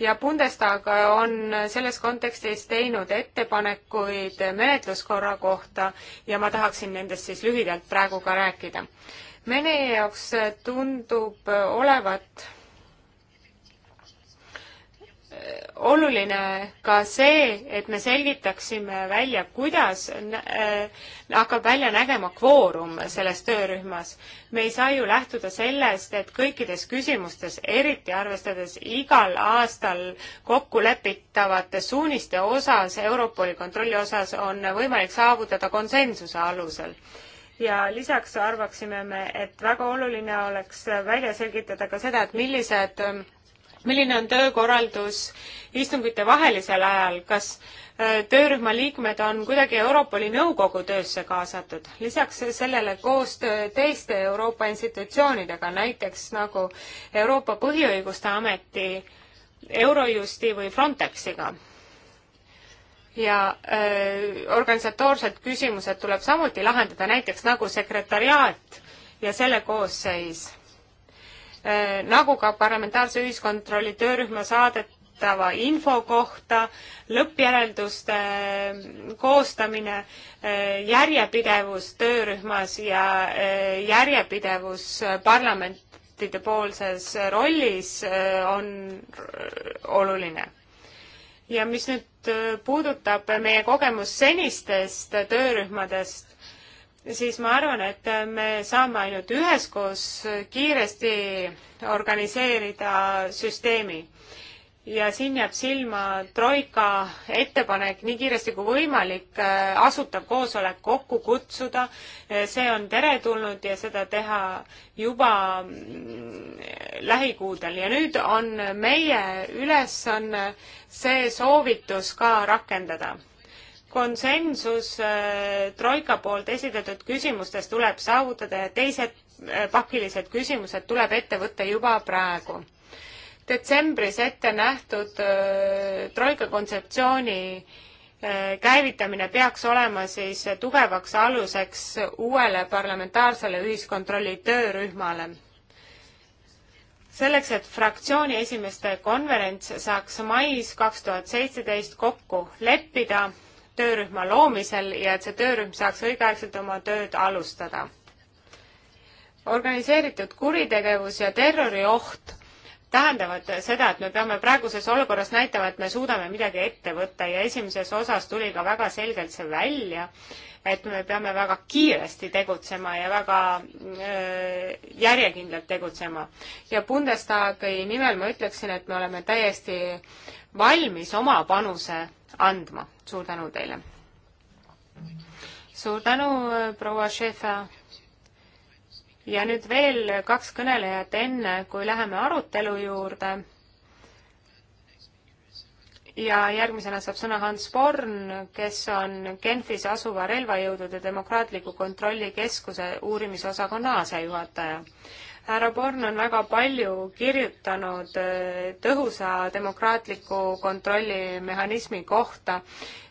S2: ja Bundestag on selles kontekstis teinud ettepanekuid menetluskorra kohta ja ma tahaksin nendest siis lühidalt praegu ka rääkida. meie jaoks tundub olevat oluline ka see, et me selgitaksime välja, kuidas äh, hakkab välja nägema kvoorum selles töörühmas. me ei saa ju lähtuda sellest, et kõikides küsimustes, eriti arvestades igal aastal kokku lepitavate suuniste osas, Europoli kontrolli osas, on võimalik saavutada konsensuse alusel ja lisaks arvaksime me, et väga oluline oleks välja selgitada ka seda, et millised ähm, milline on töökorraldus istungite vahelisel ajal, kas äh, töörühma liikmed on kuidagi Europoli nõukogu töösse kaasatud. lisaks sellele koostöö teiste Euroopa institutsioonidega, näiteks nagu Euroopa Põhiõiguste Ameti, Eurojusti või Frontexiga. ja öö, äh, organisatoorsed küsimused tuleb samuti lahendada, näiteks nagu sekretariaat ja selle koosseis Äh, nagu ka parlamentaarse ühiskontrolli töörühma saadetava info kohta, lõppjärelduste äh, koostamine, äh, järjepidevus töörühmas ja järjepidevus parlamentide poolses rollis on oluline ja mis nüüd puudutab meie kogemust senistest töörühmadest, siis ma arvan, et me saame ainult üheskoos kiiresti organiseerida süsteemi. ja siin jääb silma Troika ettepanek nii kiiresti kui võimalik äh, asutav koosolek kokku kutsuda. Äh, see on teretulnud ja seda teha juba mm, lähikuudel ja nüüd on meie ülesanne see soovitus ka rakendada konsensus äh, Troika poolt esitatud küsimustes tuleb saavutada ja teised äh, pakilised küsimused tuleb ette võtta juba praegu. detsembris ette nähtud äh, Troika kontseptsiooni käivitamine peaks olema siis tugevaks aluseks uuele parlamentaarsele ühiskontrolli töörühmale. selleks, et fraktsiooni esimeeste konverents saaks mais kaks tuhat seitseteist kokku leppida töörühma loomisel ja et see töörühm saaks õigeaegselt oma tööd alustada. organiseeritud kuritegevus ja terrorioht tähendavad seda, et me peame praeguses olukorras näitama, et me suudame midagi ette võtta ja esimeses osas tuli ka väga selgelt see välja, et me peame väga kiiresti tegutsema ja väga öö, järjekindlalt tegutsema. ja Bundestagi nimel ma ütleksin, et me oleme täiesti valmis oma panuse andma. suur tänu teile! suur tänu, äh, proua Šefa! ja nüüd veel kaks kõnelejat, enne kui läheme arutelu juurde. ja järgmisena saab sõna Hans Born, kes on Genfis asuva relvajõudude demokraatliku kontrolli keskuse uurimisosakonna asejuhataja härra Born on väga palju kirjutanud äh, tõhusa demokraatliku kontrollimehhanismi kohta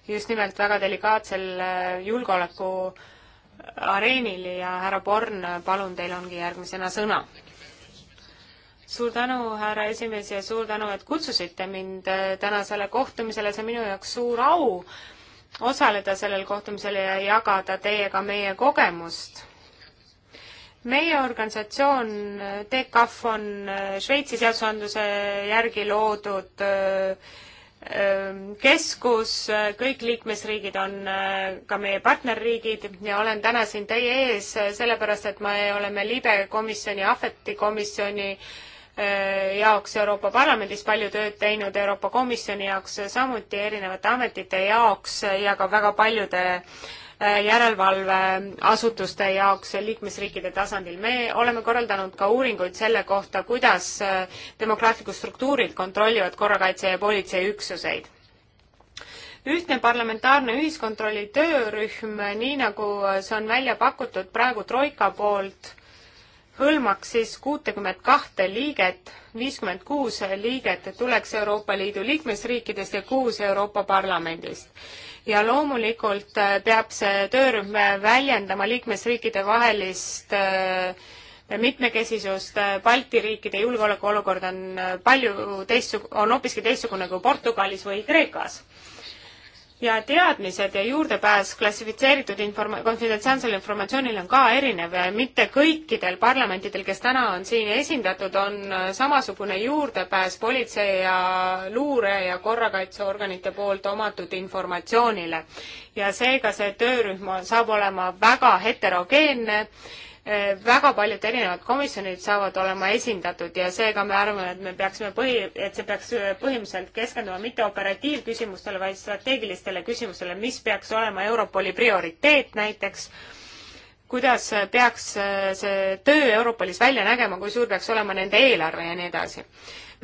S2: just nimelt väga delikaatsel äh, julgeoleku äh, areenil ja härra Born, palun, teil ongi järgmisena sõna. suur tänu, härra esimees, ja suur tänu, et kutsusite mind tänasele kohtumisele, see on minu jaoks suur au osaleda sellel kohtumisel ja jagada teiega meie kogemust meie organisatsioon TKF on äh, Šveitsi seadusandluse järgi loodud äh, ähm, keskus, äh, kõik liikmesriigid on ka meie partnerriigid ja olen täna siin teie ees sellepärast, et me oleme libe komisjoni, ahveti komisjoni jaoks Euroopa Parlamendis palju tööd teinud, Euroopa Komisjoni jaoks samuti, erinevate ametite jaoks ja ka väga paljude äh, Äh, järelevalveasutuste jaoks liikmesriikide tasandil. me oleme korraldanud ka uuringuid selle kohta, kuidas äh, demokraatlikud struktuurid kontrollivad korrakaitse- ja politseiüksuseid ühtne parlamentaarne ühiskontrolli töörühm, nii nagu see on välja pakutud praegu Troika poolt, hõlmaks siis kuutekümmet kahte liiget, viiskümmend kuus liiget tuleks Euroopa Liidu liikmesriikidest ja kuus Euroopa Parlamendist ja loomulikult äh, peab see töörühm väljendama liikmesriikide vahelist äh, mitmekesisust, Balti riikide julgeolekuolukord on äh, palju teistsug-, on hoopiski teistsugune kui Portugalis või Kreekas ja teadmised ja juurdepääs klassifitseeritud inform-, konfidentsiaalsele informatsioonile on ka erinev ja mitte kõikidel parlamentidel, kes täna on siin esindatud, on äh, samasugune juurdepääs politsei ja luure- ja korrakaitseorganite poolt omatud informatsioonile. ja seega see töörühm saab olema väga heterogeenne Eh, väga paljud erinevad komisjonid saavad olema esindatud ja seega me arvame, et me peaksime põhi, et see peaks eh, põhimõtteliselt keskenduma mitte operatiivküsimustele, vaid strateegilistele küsimustele, mis peaks olema Europoli prioriteet näiteks, kuidas eh, peaks see töö Europolis välja nägema, kui suur peaks olema nende eelarve ja nii edasi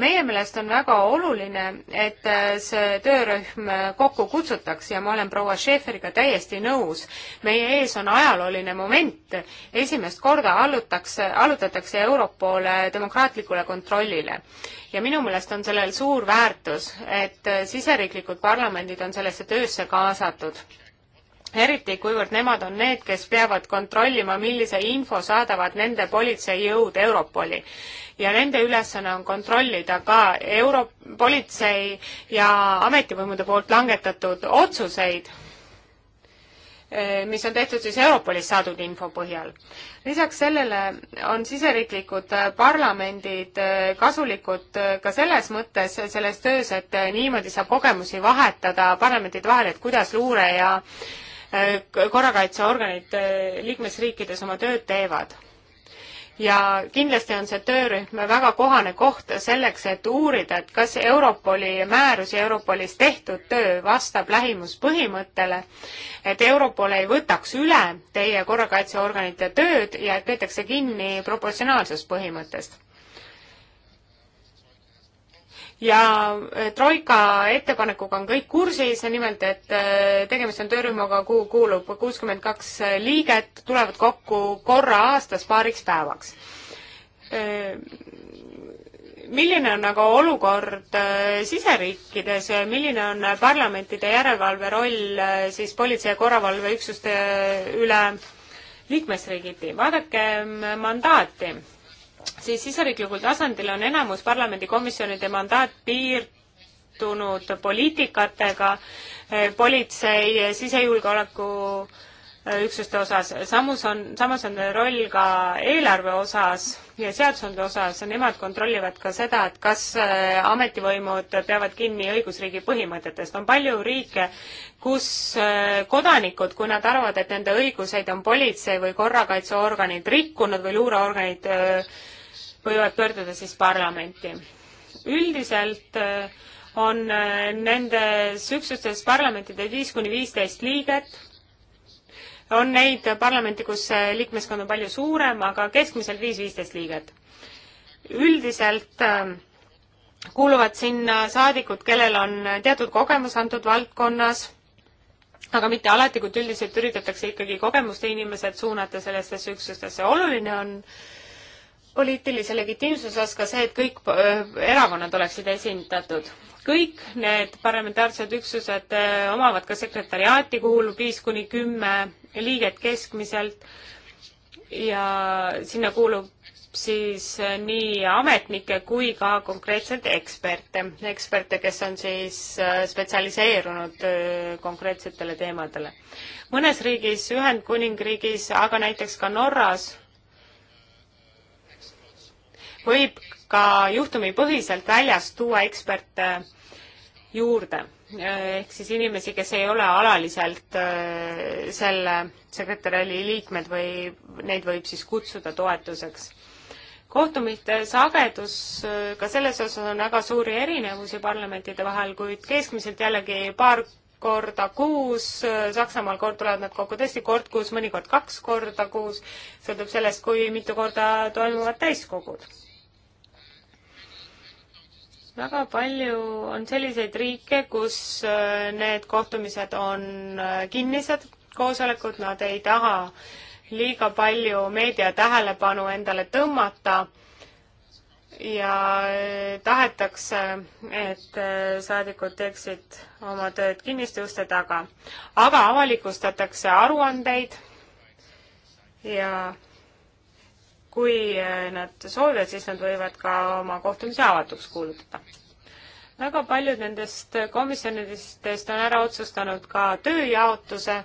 S2: meie meelest on väga oluline, et äh, see töörühm äh, kokku kutsutakse ja ma olen proua Schäferiga täiesti nõus. meie ees on ajalooline moment, esimest korda allutakse, allutatakse Europole demokraatlikule kontrollile. ja minu meelest on sellel suur väärtus, et äh, siseriiklikud parlamendid on sellesse töösse kaasatud eriti kuivõrd nemad on need, kes peavad kontrollima, millise info saadavad nende politseijõud Europoli. ja nende ülesanne on kontrollida ka euro-, politsei ja ametivõimude poolt langetatud otsuseid, eh, mis on tehtud siis Europolis saadud info põhjal. lisaks sellele on siseriiklikud eh, parlamendid eh, kasulikud ka selles mõttes selles töös, et niimoodi saab kogemusi vahetada parlamentide vahel, et kuidas luure ja äh, Äh, korrakaitseorganid äh, liikmesriikides oma tööd teevad ja kindlasti on see töörühm väga kohane koht selleks, et uurida, et kas Europoli määrus ja Europolis tehtud töö vastab lähimuspõhimõttele, et Europol ei võtaks üle teie korrakaitseorganite tööd ja et peetakse kinni proportsionaalsuspõhimõttest ja eh, Troika ettepanekuga on kõik kursis, nimelt et eh, tegemist on töörühmaga, kuhu kuulub kuuskümmend kaks eh, liiget, tulevad kokku korra aastas paariks päevaks. milline on aga olukord siseriikides, milline on parlamentide järelevalve roll siis politsei- ja korravalveüksuste üle liikmesriigiti? vaadake mm, mandaati siis siseriiklikul tasandil on enamus parlamendikomisjonide mandaat piirdunud poliitikatega eh, politsei sisejulgeoleku eh, üksuste osas, samus on, samas on roll ka eelarve osas ja seadusandluse osas, nemad kontrollivad ka seda, et kas eh, ametivõimud peavad kinni õigusriigi põhimõtetest. on palju riike, kus kodanikud, kui nad arvavad, et nende õiguseid on politsei või korrakaitseorganid rikkunud või luureorganid võivad pöörduda siis parlamenti. üldiselt äh, on äh, nendes üksustes parlamentide viis kuni viisteist liiget, on neid parlamente, kus äh, liikmeskond on palju suurem, aga keskmiselt viis-viisteist liiget. üldiselt kuuluvad sinna saadikud, kellel on teatud kogemus antud valdkonnas, aga mitte alati, kuid üldiselt üritatakse ikkagi kogemuste inimesed suunata sellistesse üksustesse. oluline on äh, poliitilise legitiimsuse osas ka see, et kõik äh, erakonnad oleksid esindatud. kõik need parlamentaarsed üksused äh, omavad ka sekretariaati, kuulub viis kuni kümme liiget keskmiselt ja sinna kuulub siis äh, nii ametnikke kui ka konkreetselt eksperte, eksperte, kes on siis spetsialiseerunud konkreetsetele teemadele. mõnes riigis, Ühendkuningriigis, aga näiteks ka Norras võib ka juhtumipõhiselt väljas tuua eksperte äh, juurde, äh, ehk siis inimesi, kes ei ole alaliselt äh, selle sekretäri liikmed või neid võib siis kutsuda toetuseks. kohtumiste sagedus ka selles osas on väga suuri erinevusi parlamentide vahel, kuid keskmiselt jällegi paar korda kuus, Saksamaal kord tulevad nad kokku tõesti kord kuus, mõnikord kaks korda kuus, sõltub sellest, kui mitu korda toimuvad täiskogud väga palju on selliseid riike, kus äh, need kohtumised on äh, kinnised koosolekud, nad ei taha liiga palju meedia tähelepanu endale tõmmata ja äh, tahetakse, et saadikud teeksid oma tööd kinniste uste taga. aga avalikustatakse aruandeid ja kui eh, nad soovivad, siis nad võivad ka oma kohtumise avatuks kuulutada. väga paljud nendest komisjonidest on ära otsustanud ka tööjaotuse,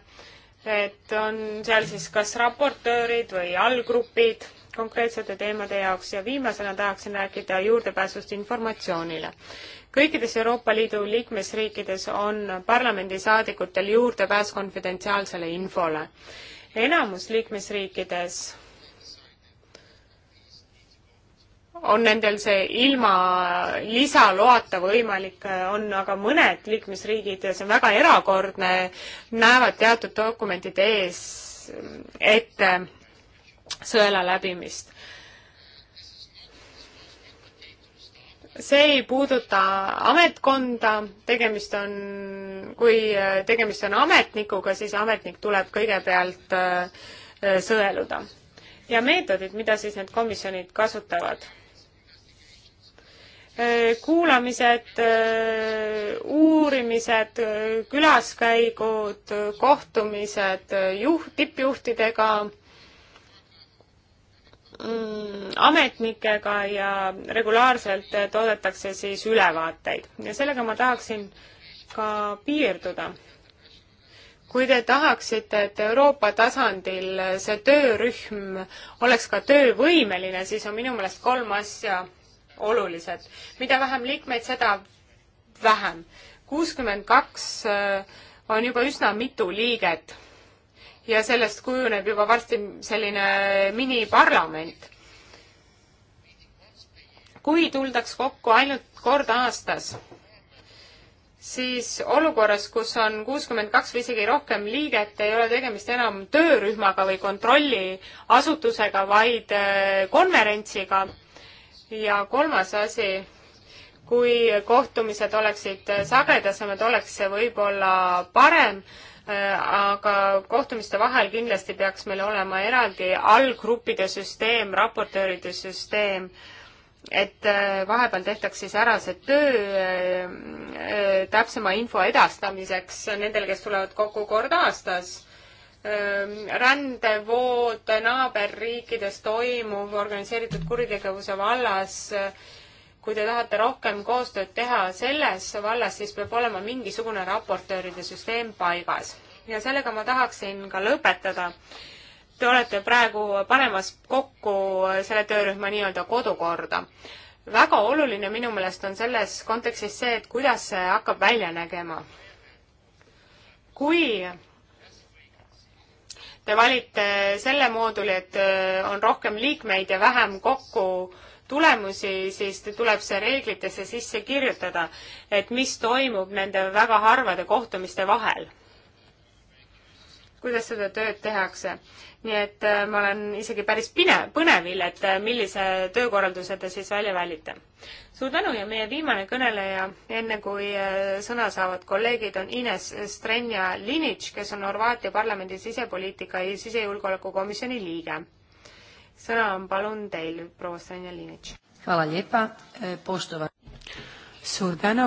S2: et on seal siis kas raportöörid või allgrupid konkreetsete teemade jaoks ja viimasena tahaksin rääkida juurdepääsust informatsioonile. kõikides Euroopa Liidu liikmesriikides on parlamendisaadikutel juurdepääs konfidentsiaalsele infole. enamus liikmesriikides on nendel see ilma lisaloata võimalik, on aga mõned liikmesriigid, see on väga erakordne, näevad teatud dokumentide ees ette sõela läbimist. see ei puuduta ametkonda, tegemist on, kui tegemist on ametnikuga, siis ametnik tuleb kõigepealt äh, sõeluda. ja meetodid, mida siis need komisjonid kasutavad Äh, kuulamised, äh, uurimised, äh, külaskäigud, kohtumised juht, tippjuhtidega, mm, ametnikega ja regulaarselt toodetakse siis ülevaateid ja sellega ma tahaksin ka piirduda. kui te tahaksite, et Euroopa tasandil see töörühm oleks ka töövõimeline, siis on minu meelest kolm asja olulised. mida vähem liikmeid, seda vähem. kuuskümmend kaks äh, on juba üsna mitu liiget ja sellest kujuneb juba varsti selline miniparlament. kui tuldaks kokku ainult kord aastas, siis olukorras, kus on kuuskümmend kaks või isegi rohkem liiget, ei ole tegemist enam töörühmaga või kontrolliasutusega, vaid äh, konverentsiga ja kolmas asi, kui kohtumised oleksid sagedasemad, oleks see võib-olla parem, äh, aga kohtumiste vahel kindlasti peaks meil olema eraldi allgruppide süsteem, raportööride süsteem et äh, vahepeal tehtaks siis ära see töö äh, täpsema info edastamiseks nendel, kes tulevad kokku kord aastas rändevood naaberriikides toimuv organiseeritud kuritegevuse vallas, kui te tahate rohkem koostööd teha selles vallas, siis peab olema mingisugune raportööride süsteem paigas. ja sellega ma tahaksin ka lõpetada. Te olete praegu panemas kokku selle töörühma nii-öelda kodukorda. väga oluline minu meelest on selles kontekstis see, et kuidas see hakkab välja nägema. kui Te valite selle mooduli, et äh, on rohkem liikmeid ja vähem kokku tulemusi, siis tuleb see reeglitesse sisse kirjutada, et mis toimub nende väga harvade kohtumiste vahel. kuidas seda tööd tehakse? nii et äh, ma olen isegi päris pine-, põnevil, et äh, millise töökorralduse te siis välja valite. suur tänu ja meie viimane kõneleja, enne kui äh, sõna saavad kolleegid, on Ines Strenja Linic, kes on Horvaatia parlamendi sisepoliitika ja sisejulgeolekukomisjoni liige.
S1: sõna on palun teil, proua Strenja Linic. E, suur tänu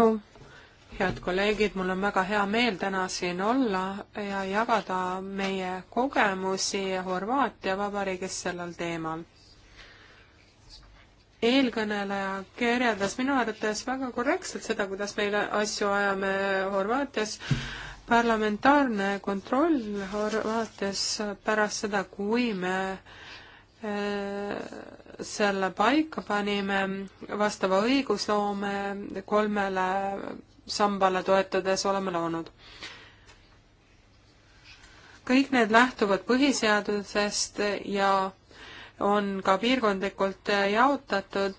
S1: head kolleegid, mul on väga hea meel täna siin olla ja jagada meie kogemusi Horvaatia Vabariigis sellel teemal. eelkõneleja kirjeldas minu arvates väga korrektselt seda, kuidas meile asju ajame Horvaatias parlamentaarne kontroll Horvaatias pärast seda, kui me äh, selle paika panime vastava õigusloome kolmele sambale toetades oleme loonud. kõik need lähtuvad põhiseadusest ja on ka piirkondlikult jaotatud,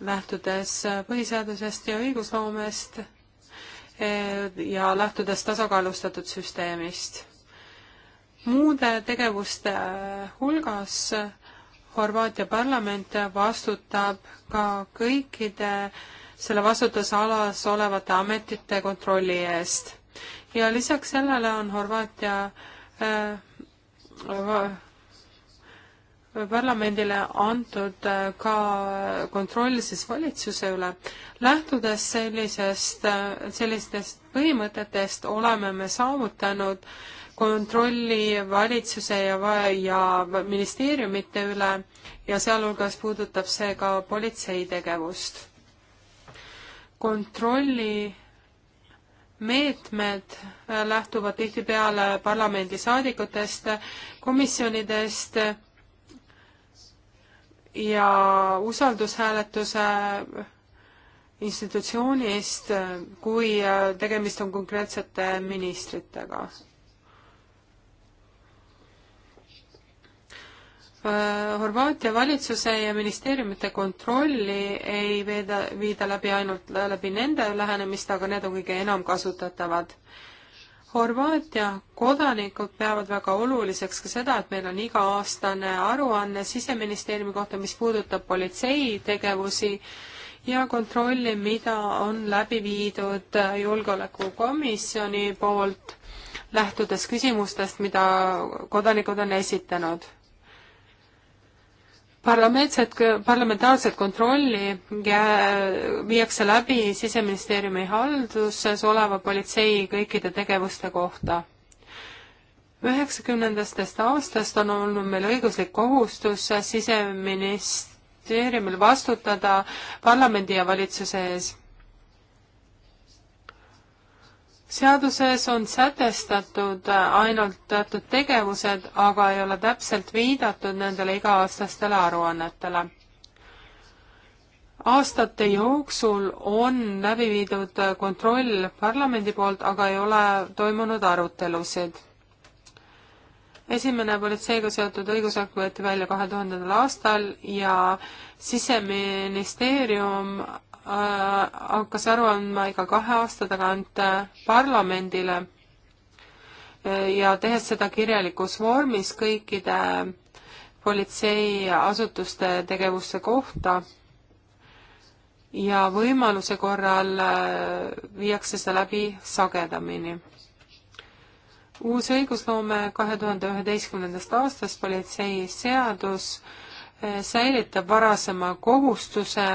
S1: lähtudes põhiseadusest ja õigusloomest eh, ja lähtudes tasakaalustatud süsteemist. muude tegevuste hulgas Horvaatia parlament vastutab ka kõikide selle vastutusalas olevate ametite kontrolli eest. ja lisaks sellele on Horvaatia äh, parlamendile antud äh, ka kontroll siis valitsuse üle. lähtudes sellisest, äh, sellistest põhimõtetest oleme me saavutanud kontrolli valitsuse ja, ja ministeeriumite üle ja sealhulgas puudutab see ka politsei tegevust kontrolli meetmed äh, lähtuvad tihtipeale parlamendisaadikutest, komisjonidest ja usaldushääletuse institutsioonist, äh, kui äh, tegemist on konkreetsete ministritega Äh, Horvaatia valitsuse ja ministeeriumite kontrolli ei veeda, viida läbi ainult läbi nende lähenemist, aga need on kõige enam kasutatavad. Horvaatia kodanikud peavad väga oluliseks ka seda, et meil on iga-aastane aruanne siseministeeriumi kohta, mis puudutab politsei tegevusi ja kontrolli, mida on läbi viidud julgeolekukomisjoni poolt, lähtudes küsimustest, mida kodanikud on esitanud parlamentsed, parlamentaarset kontrolli viiakse läbi Siseministeeriumi halduses oleva politsei kõikide tegevuste kohta. üheksakümnendastest aastast on olnud meil õiguslik kohustus siseministeeriumil vastutada parlamendi ja valitsuse ees seaduses on sätestatud ainult teatud tegevused, aga ei ole täpselt viidatud nendele iga-aastastele aruannetele. aastate jooksul on läbi viidud kontroll parlamendi poolt, aga ei ole toimunud arutelusid. esimene politseiga seotud õigusakt võeti välja kahe tuhandendal aastal ja siseministeerium Äh, hakkas aru andma iga kahe aasta tagant äh, parlamendile äh, ja tehes seda kirjalikus vormis kõikide politseiasutuste tegevuste kohta ja võimaluse korral viiakse see läbi sagedamini. uus õigusloome kahe tuhande üheteistkümnendast aastast politseiseadus säilitab varasema kohustuse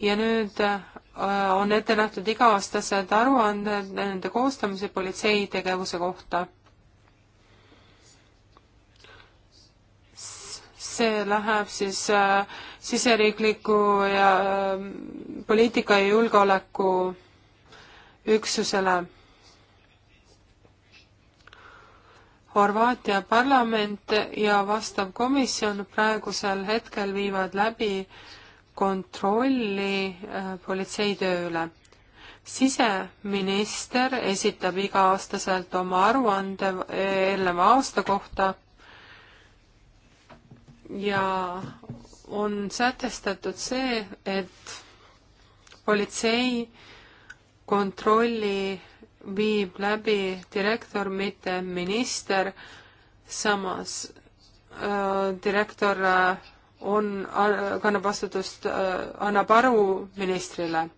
S1: ja nüüd äh, on ette nähtud iga-aastased aruanded nende koostamise politsei tegevuse kohta. see läheb siis äh, siseriikliku ja äh, poliitika ja julgeoleku üksusele. Horvaatia parlament ja vastav komisjon praegusel hetkel viivad läbi äh, kontrolli äh, politsei töö üle. siseminister esitab iga-aastaselt oma aruande äh, eelneva aasta kohta ja on sätestatud see, et politsei kontrolli viib läbi direktor, mitte minister, samas äh, direktor äh, on, kannab vastutust, äh, annab aru ministrile.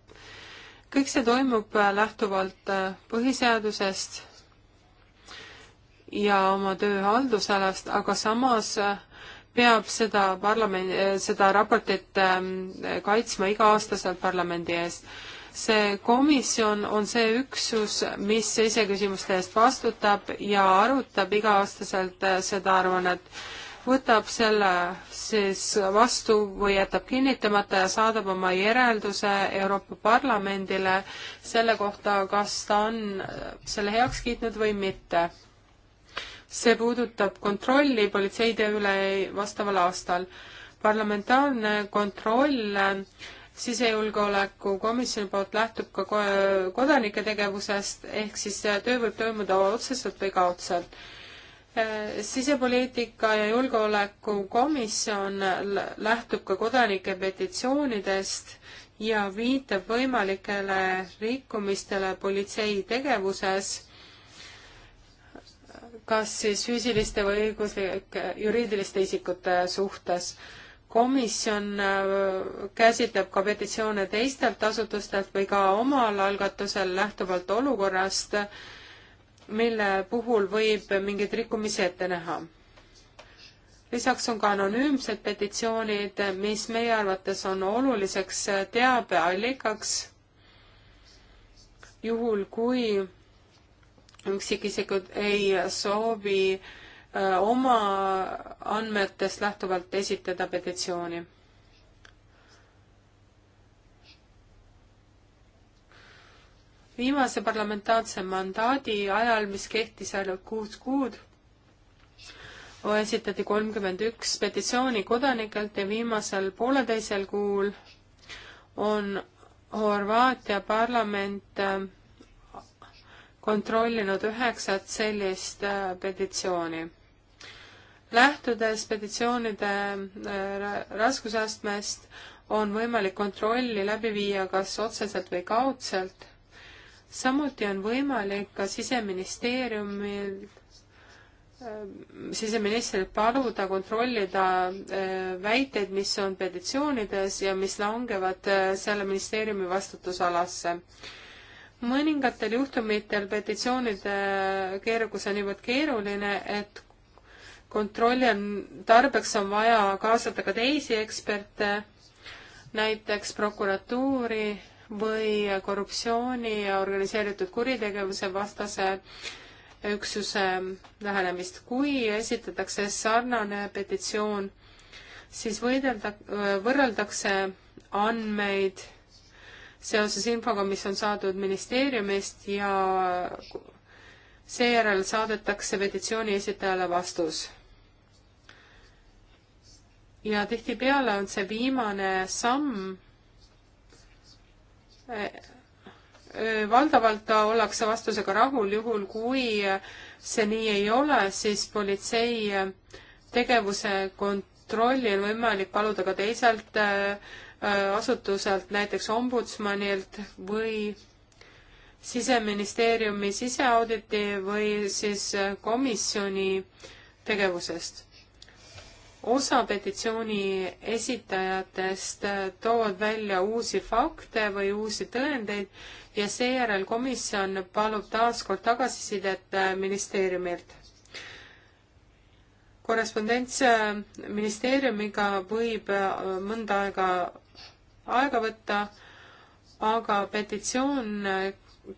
S1: kõik see toimub äh, lähtuvalt äh, põhiseadusest ja oma töö haldusalast, aga samas peab seda parlamendi, seda raportit ähm, kaitsma iga-aastaselt parlamendi ees. see komisjon on see üksus, mis siseküsimuste eest vastutab ja arutab iga-aastaselt seda aruannet võtab selle siis vastu või jätab kinnitamata ja saadab oma järelduse Euroopa Parlamendile selle kohta, kas ta on selle heaks kiitnud või mitte. see puudutab kontrolli politseitöö üle vastaval aastal. parlamentaarne kontroll sisejulgeoleku komisjoni poolt lähtub ka kodanike tegevusest, ehk siis töö võib toimuda otseselt või kaudselt Äh, sisepoliitika ja julgeolekukomisjon lähtub ka kodanike petitsioonidest ja viitab võimalikele rikkumistele politsei tegevuses, kas siis füüsiliste või õiguslike, juriidiliste isikute suhtes. komisjon äh, käsitleb ka petitsioone teistelt asutustelt või ka omal algatusel lähtuvalt olukorrast, mille puhul võib mingeid rikkumisi ette näha. lisaks on ka anonüümsed petitsioonid, mis meie arvates on oluliseks teabeallikaks, juhul kui üksikisikud ei soovi äh, oma andmetest lähtuvalt esitada petitsiooni viimase parlamentaarse mandaadi ajal, mis kehtis ainult kuus kuud, esitati kolmkümmend üks petitsiooni kodanikelt ja viimasel pooleteisel kuul on Horvaatia parlament äh, kontrollinud üheksat sellist äh, petitsiooni. lähtudes petitsioonide äh, raskusastmest, on võimalik kontrolli läbi viia kas otseselt või kaudselt samuti on võimalik ka siseministeeriumil ähm, siseministril paluda kontrollida äh, väiteid, mis on petitsioonides ja mis langevad äh, selle ministeeriumi vastutusalasse. mõningatel juhtumitel petitsioonide keerukus on niivõrd keeruline, et kontrolli on, tarbeks on vaja kaasata ka teisi eksperte, näiteks prokuratuuri või korruptsiooni ja organiseeritud kuritegevuse vastase üksuse lähenemist. kui esitatakse sarnane petitsioon, siis võidelda, võrreldakse andmeid seoses infoga, mis on saadud ministeeriumist ja seejärel saadetakse petitsiooni esitajale vastus ja tihtipeale on see viimane samm valdavalt ollakse vastusega rahul, juhul kui see nii ei ole, siis politsei tegevuse kontrolli on võimalik paluda ka teiselt äh, asutuselt, näiteks ombudsmanilt või siseministeeriumi siseauditi või siis äh, komisjoni tegevusest osa petitsiooni esitajatest äh, toovad välja uusi fakte või uusi tõendeid ja seejärel komisjon palub taaskord tagasisidet äh, ministeeriumilt. korrespondents äh, ministeeriumiga võib mõnda aega aega võtta, aga petitsioon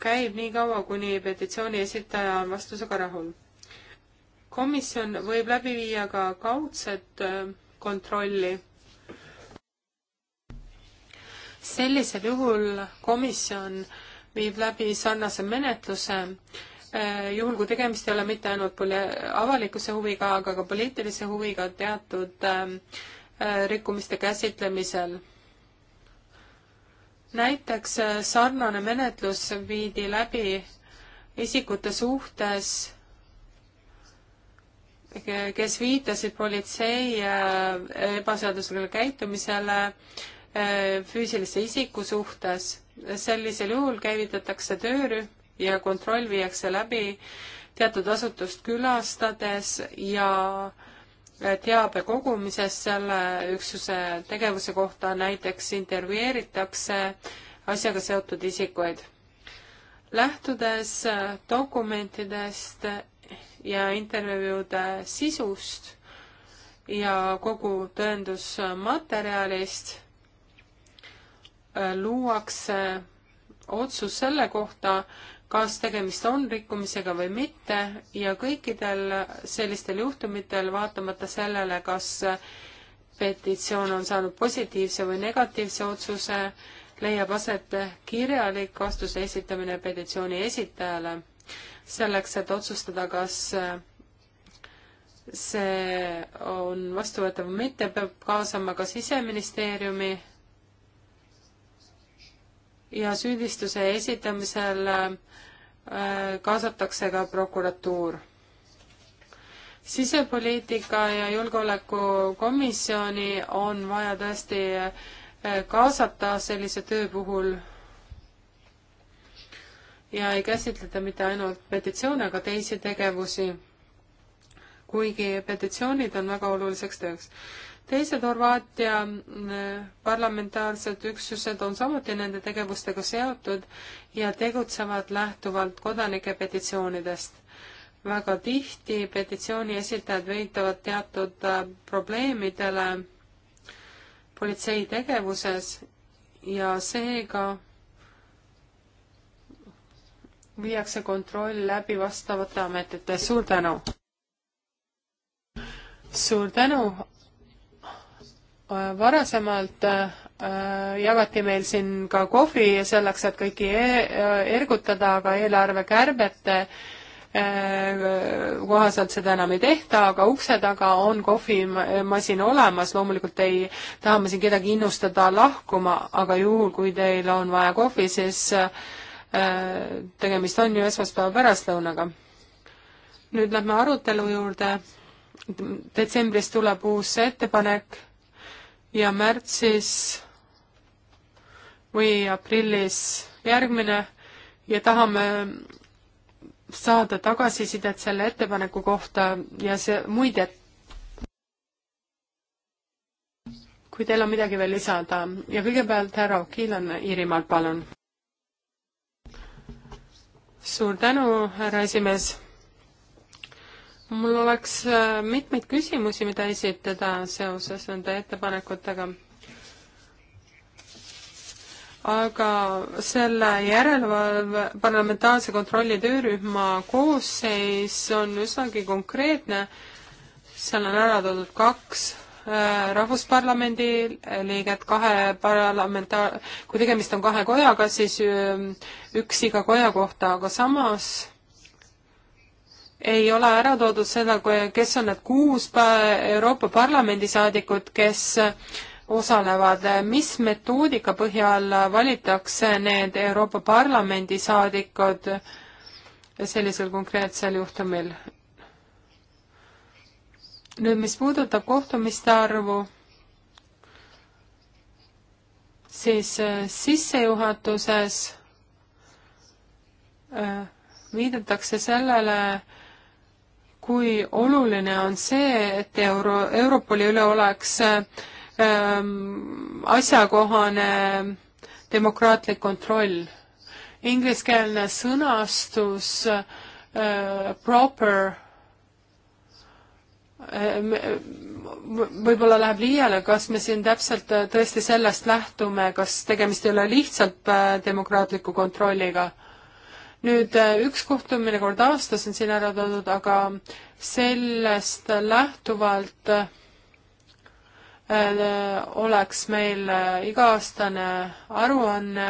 S1: käib nii kaua, kuni petitsiooni esitaja on vastusega rahul komisjon võib läbi viia ka kaudset äh, kontrolli. sellisel juhul komisjon viib läbi sarnase menetluse, äh, juhul kui tegemist ei ole mitte ainult poli-, avalikkuse huviga, aga ka poliitilise huviga teatud ähm, äh, rikkumiste käsitlemisel. näiteks sarnane menetlus viidi läbi isikute suhtes, kes viitasid politsei äh, ebaseaduslikule käitumisele äh, füüsilise isiku suhtes. sellisel juhul käivitatakse töörühm ja kontroll viiakse läbi teatud asutust külastades ja äh, teabe kogumises selle üksuse tegevuse kohta näiteks intervjueeritakse asjaga seotud isikuid lähtudes dokumentidest ja intervjuude sisust ja kogu tõendusmaterjalist äh, luuakse otsus selle kohta, kas tegemist on rikkumisega või mitte ja kõikidel sellistel juhtumitel, vaatamata sellele, kas petitsioon on saanud positiivse või negatiivse otsuse, leiab aset kirjalik vastuse esitamine petitsiooni esitajale selleks, et otsustada, kas äh, see on vastuvõetav või mitte, peab kaasama ka Siseministeeriumi ja süüdistuse esitamisel äh, kaasatakse ka prokuratuur. sisepoliitika ja julgeolekukomisjoni on vaja tõesti äh, kaasata sellise töö puhul ja ei käsitleta mitte ainult petitsioone, aga teisi tegevusi, kuigi petitsioonid on väga oluliseks tööks. teised Horvaatia mm, parlamentaarsed üksused on samuti nende tegevustega seotud ja tegutsevad lähtuvalt kodanike petitsioonidest. väga tihti petitsiooni esitajad viitavad teatud äh, probleemidele politsei tegevuses ja seega viiakse kontroll läbi vastavate ametite, suur tänu! suur tänu! Äh, varasemalt äh, jagati meil siin ka kohvi selleks, et kõiki e-, äh, ergutada, aga eelarvekärbete kohaselt seda enam ei tehta, aga ukse taga on kohvimasin olemas, loomulikult ei taha ma siin kedagi innustada lahkuma, aga juhul, kui teil on vaja kohvi, siis äh, tegemist on ju esmaspäeva pärastlõunaga. nüüd lähme arutelu juurde, detsembris tuleb uus ettepanek ja märtsis või aprillis järgmine ja tahame saada tagasisidet selle ettepaneku kohta ja see muide, kui teil on midagi veel lisada ja kõigepealt härra Okilan Iirimaalt, palun suur tänu, härra esimees. mul oleks äh, mitmeid küsimusi, mida esitada seoses nende ettepanekutega. aga selle järelevalve, parlamentaarse kontrolli töörühma koosseis on üsnagi konkreetne, seal on ära toodud kaks Äh, rahvusparlamendi liiget kahe parlamenta-, kui tegemist on kahe kojaga, siis ähm, üks iga koja kohta, aga samas ei ole ära toodud seda, kes on need kuus Euroopa Parlamendi saadikut, kes osalevad, mis metoodika põhjal valitakse need Euroopa Parlamendi saadikud sellisel konkreetsel juhtumil? nüüd, mis puudutab kohtumiste arvu, siis äh, sissejuhatuses äh, viidatakse sellele, kui oluline on see, et euro, Europoli üle oleks äh, ähm, asjakohane demokraatlik kontroll. ingliskeelne sõnastus äh, proper võib-olla läheb liiale, kas me siin täpselt äh, tõesti sellest lähtume, kas tegemist ei ole lihtsalt äh, demokraatliku kontrolliga? nüüd äh, üks kohtumine kord aastas on siin ära toodud, aga sellest lähtuvalt oleks meil iga-aastane aruanne,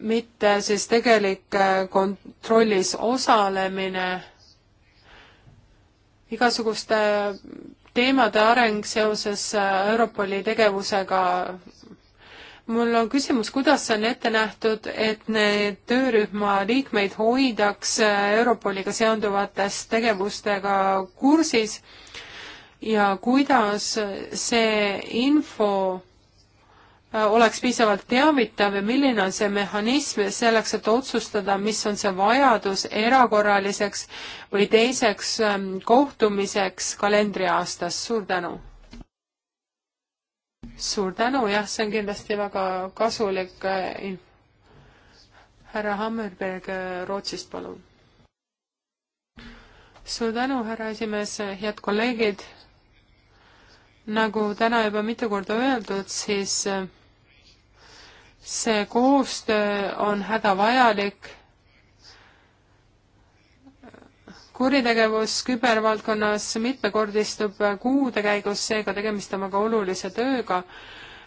S1: mitte siis tegelik kontrollis osalemine igasuguste teemade areng seoses äh, Europoli tegevusega. mul on küsimus, kuidas on ette nähtud, et need töörühma liikmeid hoidaks äh, Europoliga seonduvatest tegevustega kursis ja kuidas see info oleks piisavalt teavitav ja milline on see mehhanism selleks, et otsustada, mis on see vajadus erakorraliseks või teiseks ähm, kohtumiseks kalendriaastas, suur tänu! suur tänu, jah, see on kindlasti väga kasulik äh, info. härra Hammerberg äh, Rootsist, palun! suur tänu, härra esimees, äh, head kolleegid! nagu täna juba mitu korda öeldud, siis see koostöö on hädavajalik. kuritegevus kübervaldkonnas mitmekordistub kuude käigus, seega tegemist on väga olulise tööga.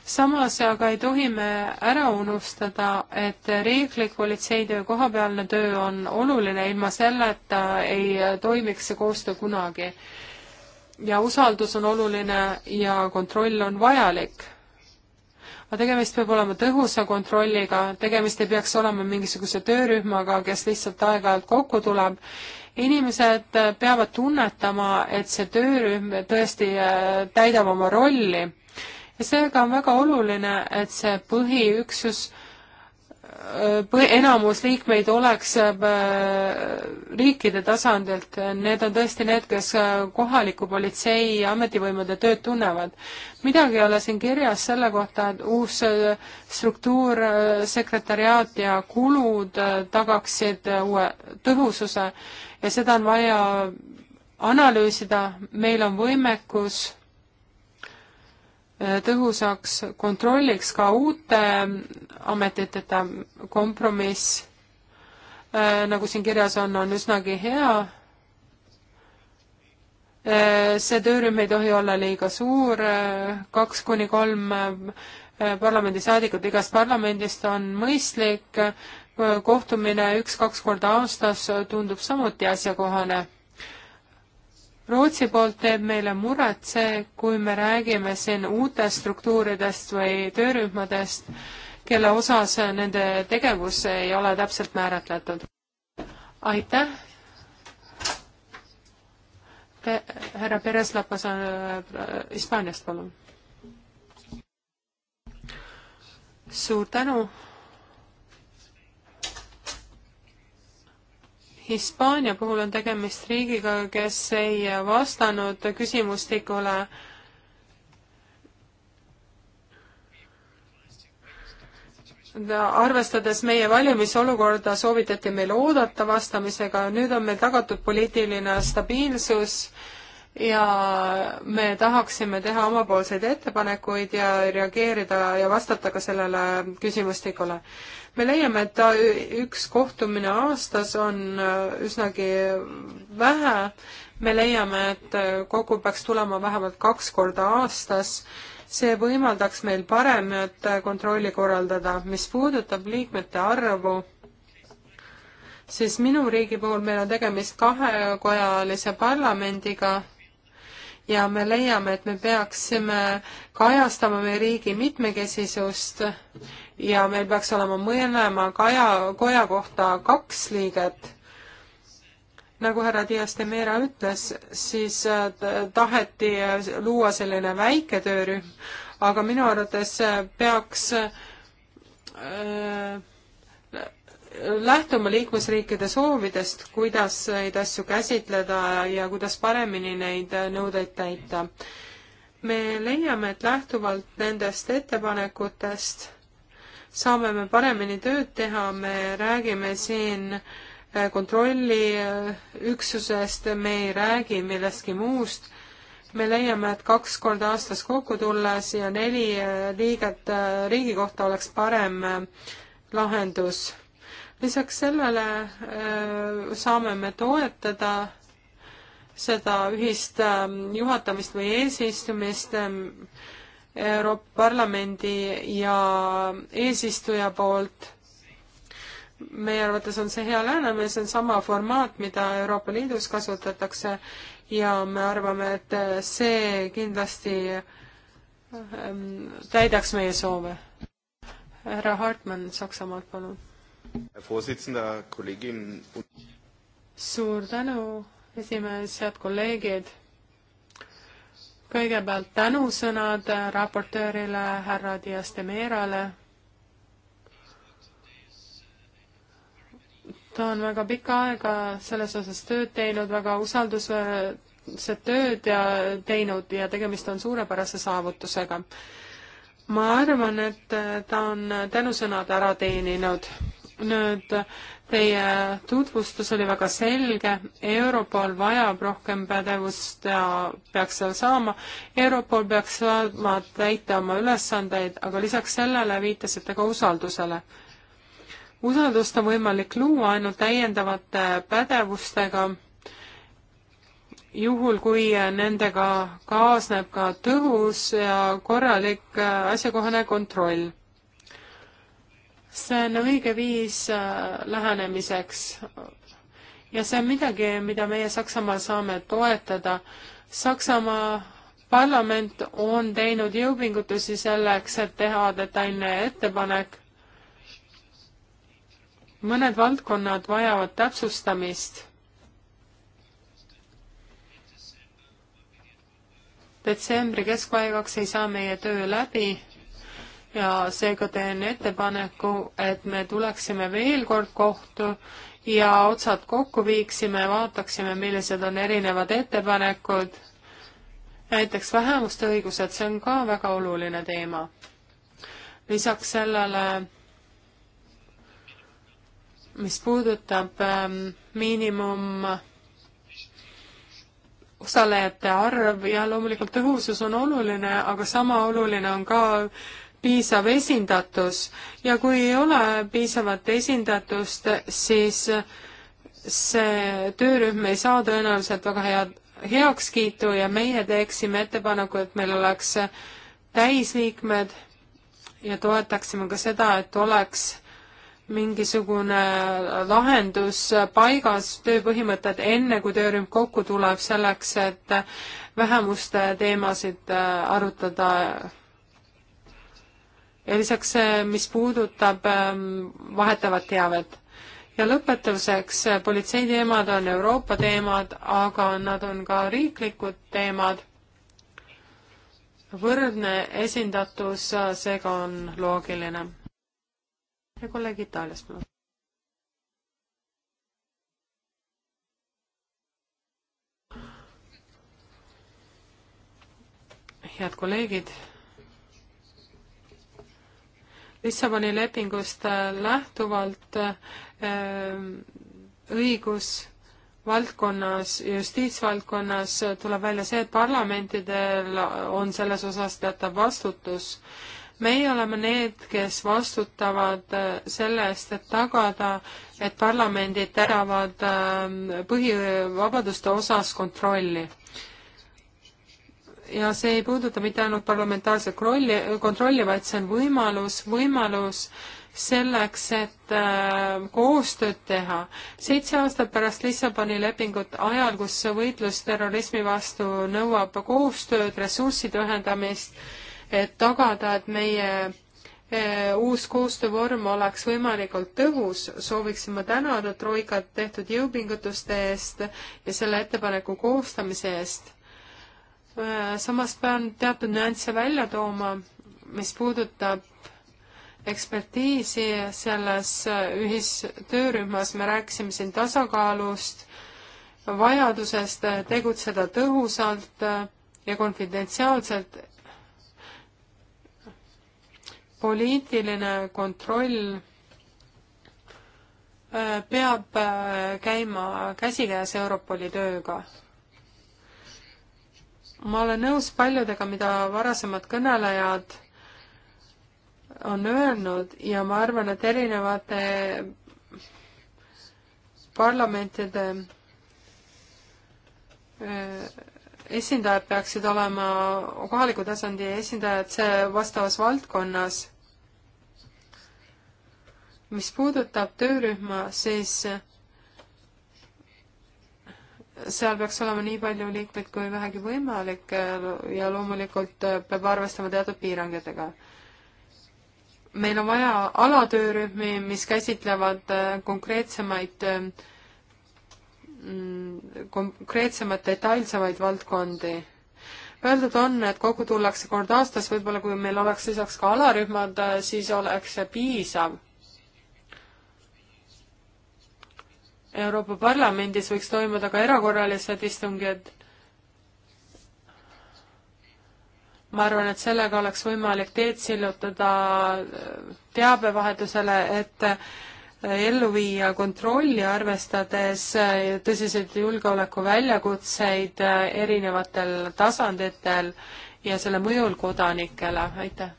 S1: samas aga ei tohi me ära unustada, et riiklik politseitöö, kohapealne töö on oluline, ilma selleta ei toimiks see koostöö kunagi. ja usaldus on oluline ja kontroll on vajalik aga tegemist peab olema tõhusa kontrolliga, tegemist ei peaks olema mingisuguse töörühmaga, kes lihtsalt aeg-ajalt kokku tuleb. inimesed äh, peavad tunnetama, et see töörühm tõesti äh, täidab oma rolli ja seega on väga oluline, et see põhiüksus äh, enamus liikmeid oleks äh, riikide tasandilt, need on tõesti need, kes äh, kohaliku politsei ja ametivõimude tööd tunnevad. midagi ei ole siin kirjas selle kohta, et uus äh, struktuur, sekretäriaat ja kulud tagaksid uue tõhususe ja seda on vaja analüüsida, meil on võimekus tõhusaks kontrolliks ka uute ametiteta kompromiss, äh, nagu siin kirjas on, on üsnagi hea. Äh, see töörühm ei tohi olla liiga suur, äh, kaks kuni kolm parlamendisaadikut igast parlamendist on mõistlik, kohtumine üks-kaks korda aastas tundub samuti asjakohane Rootsi poolt teeb meile muret see, kui me räägime siin uutest struktuuridest või töörühmadest, kelle osas nende tegevus ei ole täpselt määratletud. aitäh. härra Pereslapas äh, Hispaaniast, palun. suur tänu Hispaania puhul on tegemist riigiga, kes ei vastanud küsimustikule arvestades meie valimisolukorda, soovitati meil oodata vastamisega, nüüd on meil tagatud poliitiline stabiilsus ja me tahaksime teha omapoolseid ettepanekuid ja reageerida ja vastata ka sellele küsimustikule me leiame, et ta, üks kohtumine aastas on äh, üsnagi vähe, me leiame, et äh, kogu peaks tulema vähemalt kaks korda aastas, see võimaldaks meil paremat äh, kontrolli korraldada. mis puudutab liikmete arvu, siis minu riigi puhul meil on tegemist kahekojalise parlamendiga ja me leiame, et me peaksime kajastama meie riigi mitmekesisust ja meil peaks olema mõlema kaja, koja kohta kaks liiget. nagu härra Dias de Mera ütles, siis äh, taheti äh, luua selline väike töörühm, aga minu arvates äh, peaks öö, lähtuma liikmesriikide soovidest, kuidas neid asju käsitleda ja kuidas paremini neid nõudeid täita. me leiame, et lähtuvalt nendest ettepanekutest saame me paremini tööd teha, me räägime siin kontrolliüksusest, me ei räägi millestki muust me leiame, et kaks korda aastas kokku tulles ja neli liiget riigi kohta oleks parem lahendus lisaks sellele äh, saame me toetada seda ühist ähm, juhatamist või eesistumist ähm, Euroopa Parlamendi ja eesistuja poolt. meie arvates on see hea lähenemine, see on sama formaat, mida Euroopa Liidus kasutatakse ja me arvame, et äh, see kindlasti ähm, täidaks meie soove. härra Hartmann Saksamaalt, palun suur tänu, esimees, head kolleegid. kõigepealt tänusõnad raportöörile härra Dias de Merale ta on väga pikka aega selles osas tööd teinud, väga usaldusväärset tööd ja teinud ja tegemist on suurepärase saavutusega. ma arvan, et ta on tänusõnad ära teeninud nüüd teie tutvustus oli väga selge, Europol vajab rohkem pädevust ja peaks seda saama, Europol peaks saama täita oma ülesandeid, aga lisaks sellele viitasite ka usaldusele. usaldust on võimalik luua ainult täiendavate pädevustega, juhul kui nendega kaasneb ka tõhus ja korralik asjakohane kontroll see on õige viis äh, lähenemiseks ja see on midagi, mida meie Saksamaal saame toetada. Saksamaa parlament on teinud jõupingutusi selleks, et teha detailne ettepanek. mõned valdkonnad vajavad täpsustamist. detsembri keskpaigaks ei saa meie töö läbi ja seega teen ettepaneku, et me tuleksime veel kord kohtu ja otsad kokku viiksime, vaataksime, millised on erinevad ettepanekud, näiteks vähemuste õigused, see on ka väga oluline teema. lisaks sellele, mis puudutab ähm, miinimum osalejate arv ja loomulikult tõhusus on oluline, aga sama oluline on ka äh, piisav esindatus ja kui ei ole piisavat esindatust, siis see töörühm ei saa tõenäoliselt väga head heakskiitu ja meie teeksime ettepaneku, et meil oleks täisliikmed ja toetaksime ka seda, et oleks mingisugune lahendus paigas, tööpõhimõtted, enne kui töörühm kokku tuleb, selleks et vähemuste teemasid arutada ja lisaks see, eh, mis puudutab ehm, vahetavat teavet. ja lõpetuseks, eh, politsei teemad on Euroopa teemad, aga nad on ka riiklikud teemad. võrdne esindatus, eh, seega on loogiline. ja kolleeg Itaaliast mul on. head kolleegid Lissaboni lepingust lähtuvalt ähm, õigus valdkonnas, justiitsvaldkonnas tuleb välja see, et parlamentidel on selles osas teatav vastutus. meie oleme need, kes vastutavad äh, selle eest, et tagada, et parlamendid teravad ähm, põhivabaduste osas kontrolli ja see ei puuduta mitte ainult parlamentaarset rolli, kontrolli, vaid see on võimalus, võimalus selleks, et äh, koostööd teha. seitse aastat pärast Lissaboni lepingut, ajal, kus võitlus terrorismi vastu nõuab koostööd, ressursside ühendamist, et tagada, et meie äh, uus koostöövorm oleks võimalikult tõhus, sooviksin ma tänada Troikat tehtud jõupingutuste eest ja selle ettepaneku koostamise eest Äh, samas pean teatud nüansse välja tooma, mis puudutab ekspertiisi selles äh, ühistöörühmas, me rääkisime siin tasakaalust, vajadusest äh, tegutseda tõhusalt ja konfidentsiaalselt. poliitiline kontroll peab käima käsikäes Europoli tööga ma olen nõus paljudega, mida varasemad kõnelejad on öelnud ja ma arvan, et erinevate parlamentide äh, esindajad peaksid olema kohaliku tasandi esindajad see vastavas valdkonnas. mis puudutab töörühma, siis seal peaks olema nii palju liikmeid kui vähegi võimalik äh, ja loomulikult äh, peab arvestama teatud piirangudega. meil on vaja alatöörühmi, mis käsitlevad äh, konkreetsemaid, mm, konkreetsemaid detailsemaid valdkondi. Öeldud on, et kokku tullakse kord aastas, võib-olla kui meil oleks lisaks ka alarühmad, siis oleks see piisav Euroopa Parlamendis võiks toimuda ka erakorralised istungid. ma arvan, et sellega oleks võimalik teed sillutada äh, teabevahetusele, et äh, ellu viia kontrolli, arvestades äh, tõsiseid julgeoleku väljakutseid erinevatel tasanditel ja selle mõjul kodanikele, aitäh!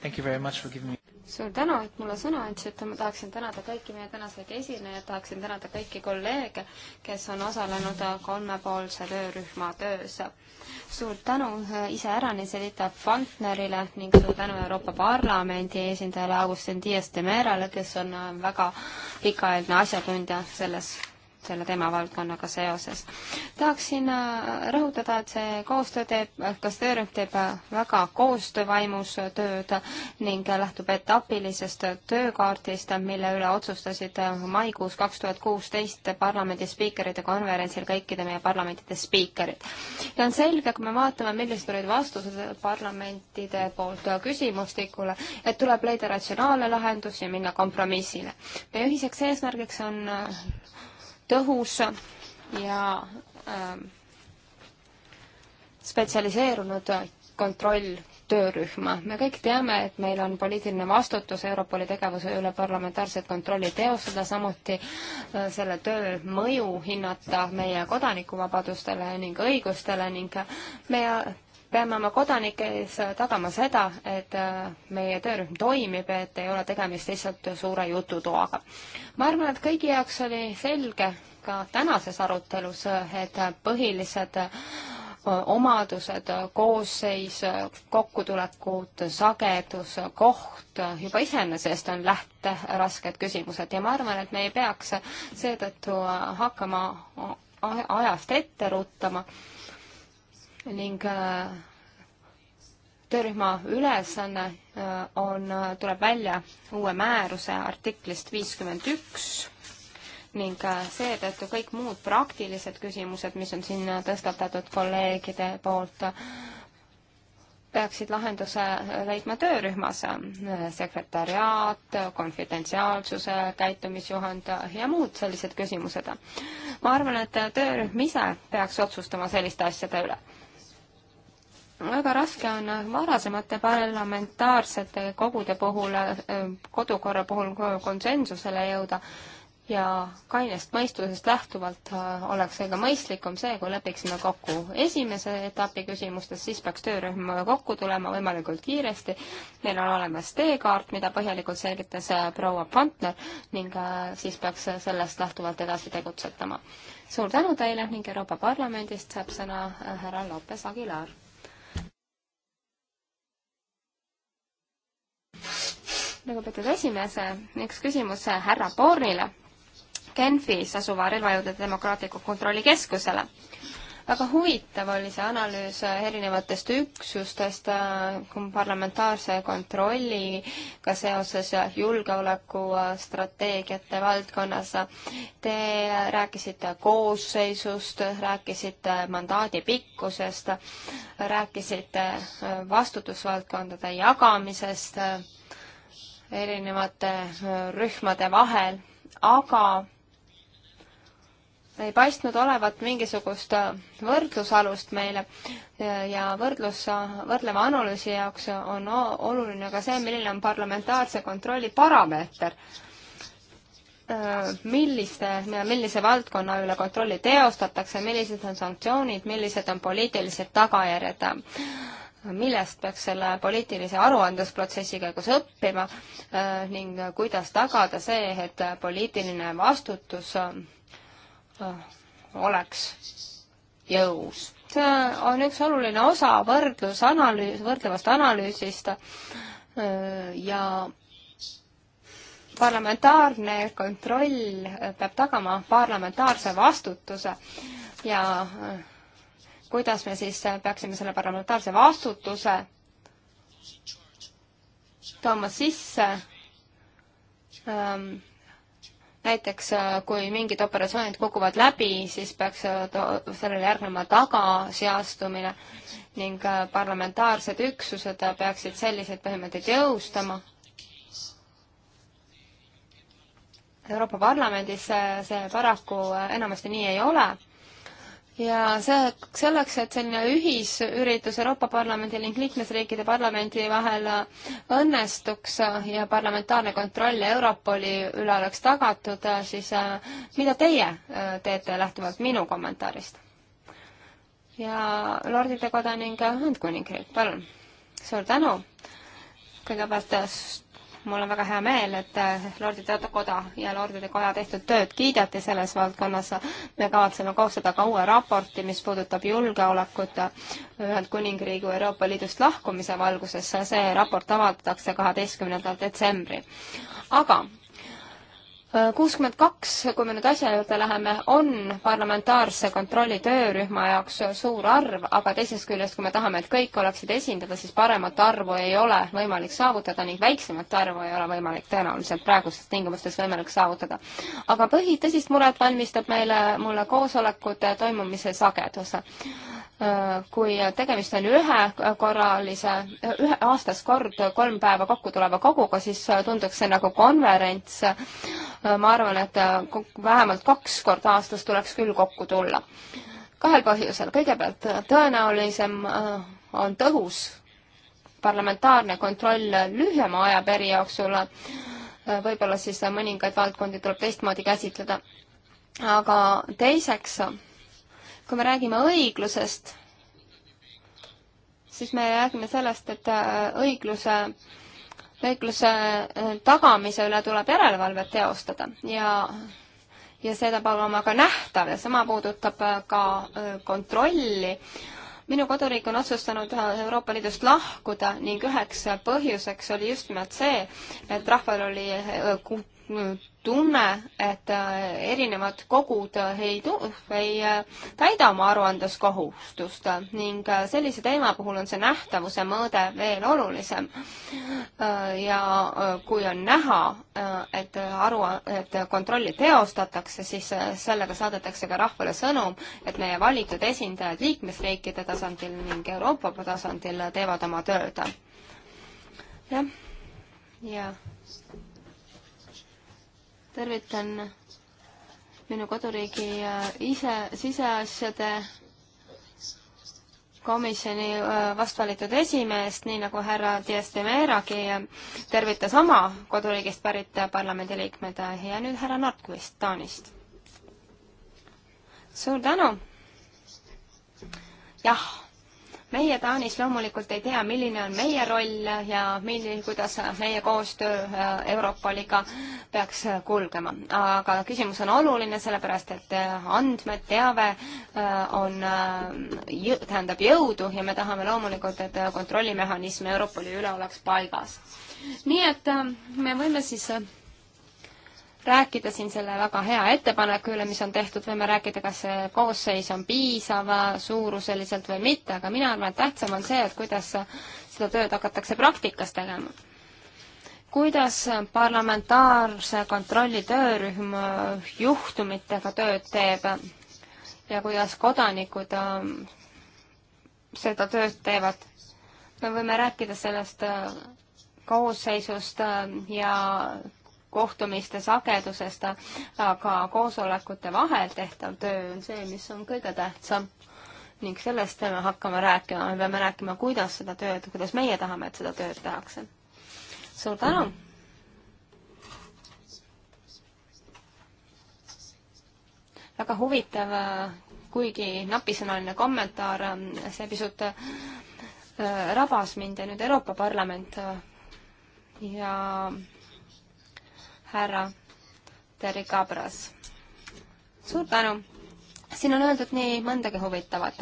S1: Thank you very much for giving me suur tänu,
S3: et mulle sõna andsite, ma tahaksin tänada kõiki meie tänaseid esinejaid, tahaksin tänada kõiki kolleege, kes on osalenud kolmepoolse töörühma töös. suur tänu äh, iseäranis Edita Fantnerile ning suur tänu Euroopa Parlamendi esindajale Augustin Dias de Merale, kes on äh, väga pikaajaline asjatundja selles selle teemavaldkonnaga seoses. tahaksin äh, rõhutada, et see koostöö teeb, äh, kas töörühm teeb äh, väga koostöövaimus tööd ning lähtub etapilisest töökaardist, mille üle otsustasid maikuus kaks tuhat kuusteist parlamendi spiikerite konverentsil kõikide meie parlamentide spiikerid. ja on selge, kui me vaatame, millised olid vastused parlamentide poolt küsimustikule, et tuleb leida ratsionaalne lahendus ja minna kompromissile. meie ühiseks eesmärgiks on tõhus ja ähm, spetsialiseerunud kontroll töörühma. me kõik teame, et meil on poliitiline vastutus Europoli tegevuse üle parlamentaarset kontrolli teostada, samuti äh, selle töö mõju hinnata meie kodanikuvabadustele ning õigustele ning me peame oma kodanike ees tagama seda, et äh, meie töörühm toimib, et ei ole tegemist lihtsalt suure jututoaga. ma arvan, et kõigi jaoks oli selge ka tänases arutelus, et põhilised äh, omadused, koosseis, kokkutulekud, sagedus, koht, juba iseenesest on lähterasked küsimused ja ma arvan, et me ei peaks seetõttu hakkama ajast ette ruttama ning äh, töörühma ülesanne äh, on, äh, tuleb välja uue määruse artiklist viiskümmend üks ning seetõttu kõik muud praktilised küsimused, mis on siin tõstatatud kolleegide poolt, peaksid lahenduse leidma töörühmas. sekretäriaat, konfidentsiaalsuse käitumisjuhend ja muud sellised küsimused. ma arvan, et töörühm ise peaks otsustama selliste asjade üle väga raske on varasemate parlamentaarsete kogude puhul, kodukorra puhul konsensusele jõuda ja kainest mõistusest lähtuvalt oleks seega mõistlikum see, kui lepiksime kokku esimese etapi küsimustes, siis peaks töörühm kokku tulema võimalikult kiiresti. meil on olemas teekaart, mida põhjalikult selgitas proua Pantner ning siis peaks sellest lähtuvalt edasi tegutsetama. suur tänu teile ning Euroopa Parlamendist saab sõna härra Lopes Aguilar. lugupeetud esimees, üks küsimus eh, härra Bornile, Genfis asuva relvajõudude demokraatliku kontrolli keskusele. väga huvitav oli see analüüs eh, erinevatest üksustest eh, parlamentaarse kontrolliga seoses julgeolekustrateegiate valdkonnas. Te rääkisite koosseisust, rääkisite mandaadi pikkusest, rääkisite vastutusvaldkondade jagamisest erinevate äh, rühmade vahel, aga ei paistnud olevat mingisugust äh, võrdlusalust meile ja võrdlus, äh, võrdleva analüüsi jaoks on oluline ka see, milline on parlamentaarse kontrolli parameeter. milliste, millise valdkonna üle kontrolli teostatakse, millised on sanktsioonid, millised on poliitilised tagajärjed millest peaks selle poliitilise aruandlusprotsessi käigus õppima äh, ning kuidas tagada see, et poliitiline vastutus äh, oleks jõus. see on üks oluline osa võrdlusanalüüs, võrdlevast analüüsist äh, ja parlamentaarne kontroll peab tagama parlamentaarse vastutuse ja kuidas me siis peaksime selle parlamentaarse vastutuse tooma sisse ähm, näiteks äh, kui mingid operatsioonid kukuvad läbi, siis peaks äh, sellele järgnema tagasiastumine ning äh, parlamentaarsed üksused peaksid selliseid põhimõtteid jõustama. Euroopa Parlamendis see, see paraku enamasti nii ei ole ja see, selleks, et selline ühisüritus Euroopa Parlamendi ning liikmesriikide parlamendi vahel õnnestuks ja parlamentaarne kontroll Europoli üle oleks tagatud, siis äh, mida teie äh, teete lähtuvalt minu kommentaarist? ja Lordide Koda ning Ühendkuningriik, palun. suur tänu kõigepealt äh, mul on väga hea meel, et eh, Lordide Koda ja Lordide Koja tehtud tööd kiideti selles valdkonnas. me kavatseme koostada ka uue raporti, mis puudutab julgeolekut Ühendkuningriigi Euroopa Liidust lahkumise valguses. see raport avaldatakse kaheteistkümnendal detsembril. aga kuuskümmend kaks, kui me nüüd asja juurde läheme, on parlamentaarse kontrolli töörühma jaoks suur arv, aga teisest küljest, kui me tahame, et kõik oleksid esindada, siis paremat arvu ei ole võimalik saavutada ning väiksemat arvu ei ole võimalik tõenäoliselt praegustes tingimustes võimalik saavutada. aga põhitõsist muret valmistab meile, mulle koosolekute toimumise sagedus kui tegemist on ühekorralise, ühe aastas kord kolm päeva kokku tuleva koguga, siis tunduks see nagu konverents. ma arvan, et vähemalt kaks korda aastas tuleks küll kokku tulla. kahel põhjusel, kõigepealt tõenäolisem äh, on tõhus parlamentaarne kontroll lühema ajaperi jooksul, äh, võib-olla siis mõningaid valdkondi tuleb teistmoodi käsitleda. aga teiseks kui me räägime õiglusest, siis me räägime sellest, et äh, õigluse, õigluse äh, tagamise üle tuleb järelevalvet teostada ja ja see peab olema ka nähtav ja sama puudutab äh, ka kontrolli. minu koduriik on otsustanud Euroopa Liidust lahkuda ning üheks põhjuseks oli just nimelt see, et rahval oli tunne, et äh, erinevad kogud äh, ei tu-, ei äh, täida oma aruandluskohustust ning sellise teema puhul on see nähtavuse mõõde veel olulisem. ja kui on näha, et aru, et kontrolli teostatakse, siis sellega saadetakse ka rahvale sõnum, et meie valitud esindajad liikmesriikide tasandil ning Euroopa tasandil teevad oma tööd. jah, ja, ja tervitan minu koduriigi ise, siseasjade komisjoni äh, vastvalitud esimeest, nii nagu härra Dias de Meragi tervitas oma koduriigist pärit parlamendiliikmed ja nüüd härra Nordqvist Taanist. suur tänu! jah meie Taanis loomulikult ei tea, milline on meie roll ja milline, kuidas meie koostöö äh, Europoliga peaks äh, kulgema. aga küsimus on oluline, sellepärast et äh, andmed, teave on, tähendab jõudu ja me tahame loomulikult, et kontrollimehhanism Europoli üle oleks paigas. nii et me võime siis rääkida siin selle väga hea ettepaneku üle, mis on tehtud, võime rääkida, kas see koosseis on piisav suuruseliselt või mitte, aga mina arvan, et tähtsam on see, et kuidas seda tööd hakatakse praktikas tegema. kuidas parlamentaarse kontrolli töörühm juhtumitega tööd teeb ja kuidas kodanikud ähm, seda tööd teevad? me võime rääkida sellest äh, koosseisust äh, ja kohtumiste sagedusest, aga koosolekute vahel tehtav töö on see, mis on kõige tähtsam. ning sellest me hakkame rääkima, me peame rääkima, kuidas seda tööd, kuidas meie tahame, et seda tööd tehakse. suur tänu! väga huvitav, kuigi napisõnaline kommentaar, see pisut äh, rabas mind ja nüüd Euroopa Parlament ja härra Terri Kabras. suur tänu! siin on öeldud nii mõndagi huvitavat.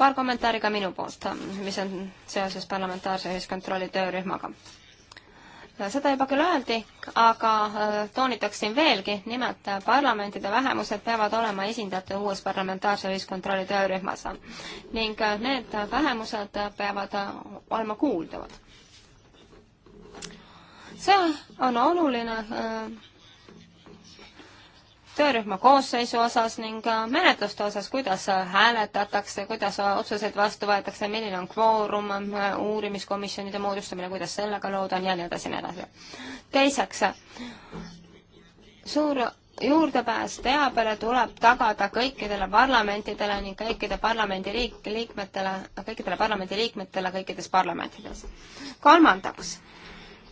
S3: paar kommentaari ka minu poolt, mis on seoses parlamentaarse ühiskontrolli töörühmaga. seda juba küll öeldi, aga äh, toonitaksin veelgi, nimelt parlamentide vähemused peavad olema esindatud uues parlamentaarse ühiskontrolli töörühmas ning äh, need vähemused peavad äh, olema kuuldavad see on oluline äh, töörühma koosseisu osas ning äh, menetluste osas, kuidas äh, hääletatakse, kuidas otsuseid vastu võetakse, milline on kvoorum, uurimiskomisjonide moodustamine, kuidas sellega lood on ja nii edasi, nii edasi. teiseks, suur juurdepääs teabele tuleb tagada kõikidele parlamentidele ning kõikide parlamendiliik-, liikmetele, kõikidele parlamendiliikmetele kõikides parlamentides. kolmandaks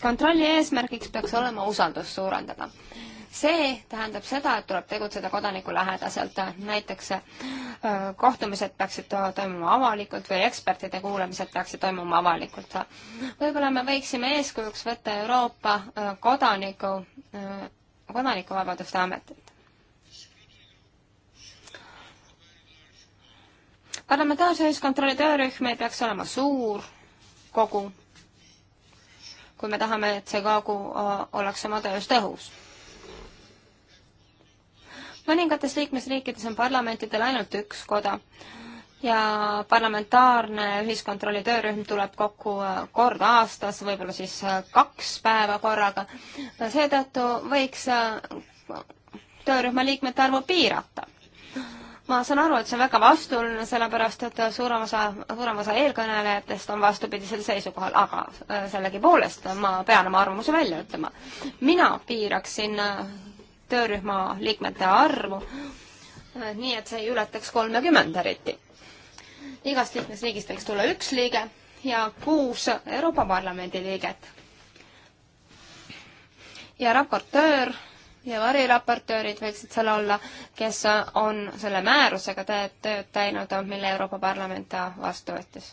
S3: kontrolli eesmärgiks peaks olema usaldust suurendada. see tähendab seda, et tuleb tegutseda kodaniku lähedaselt, näiteks äh, kohtumised peaksid toimuma avalikult või ekspertide kuulamised peaksid toimuma avalikult. võib-olla me võiksime eeskujuks võtta Euroopa äh, kodaniku, äh, kodanikuvabaduste ametit. parlamentaarse ühiskontrolli töörühm ei peaks olema suur kogu kui me tahame, et see kaagu äh, oleks oma töös tõhus. mõningates liikmesriikides on parlamentidel ainult üks koda ja parlamentaarne ühiskontrolli töörühm tuleb kokku äh, kord aastas, võib-olla siis äh, kaks päeva korraga. seetõttu võiks töörühma liikmete arvu piirata ma saan aru, et see on väga vastuoluline, sellepärast et suurem osa, suurem osa eelkõnelejatest on vastupidisel seisukohal, aga äh, sellegipoolest ma pean oma arvamuse välja ütlema. mina piiraksin äh, töörühma liikmete arvu äh, nii, et see ei ületaks kolmekümmend eriti. igast liikmesriigist võiks tulla üks liige ja kuus Euroopa Parlamendi liiget. ja raportöör ja variraportöörid võiksid seal olla, kes on selle määrusega tööd teinud, mille Euroopa Parlament vastu võttis.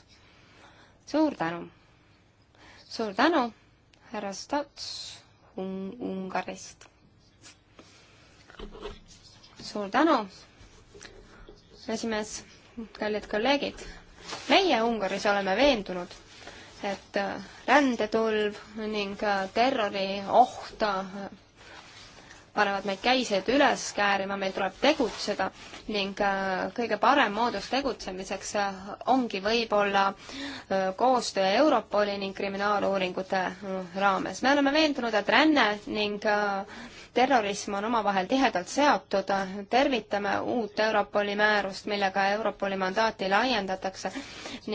S3: suur tänu! suur tänu, härra Stats un Ungarist! suur tänu, esimees, kallid kolleegid! meie Ungaris oleme veendunud, et rändetulv ning terrorioht panevad meid käised üles käärima, meil tuleb tegutseda ning äh, kõige parem moodus tegutsemiseks äh, ongi võib-olla äh, koostöö Europoli ning kriminaaluuringute raames. me oleme veendunud, et ränne ning terrorism on omavahel tihedalt seotud, tervitame uut Europoli määrust, millega Europoli mandaati laiendatakse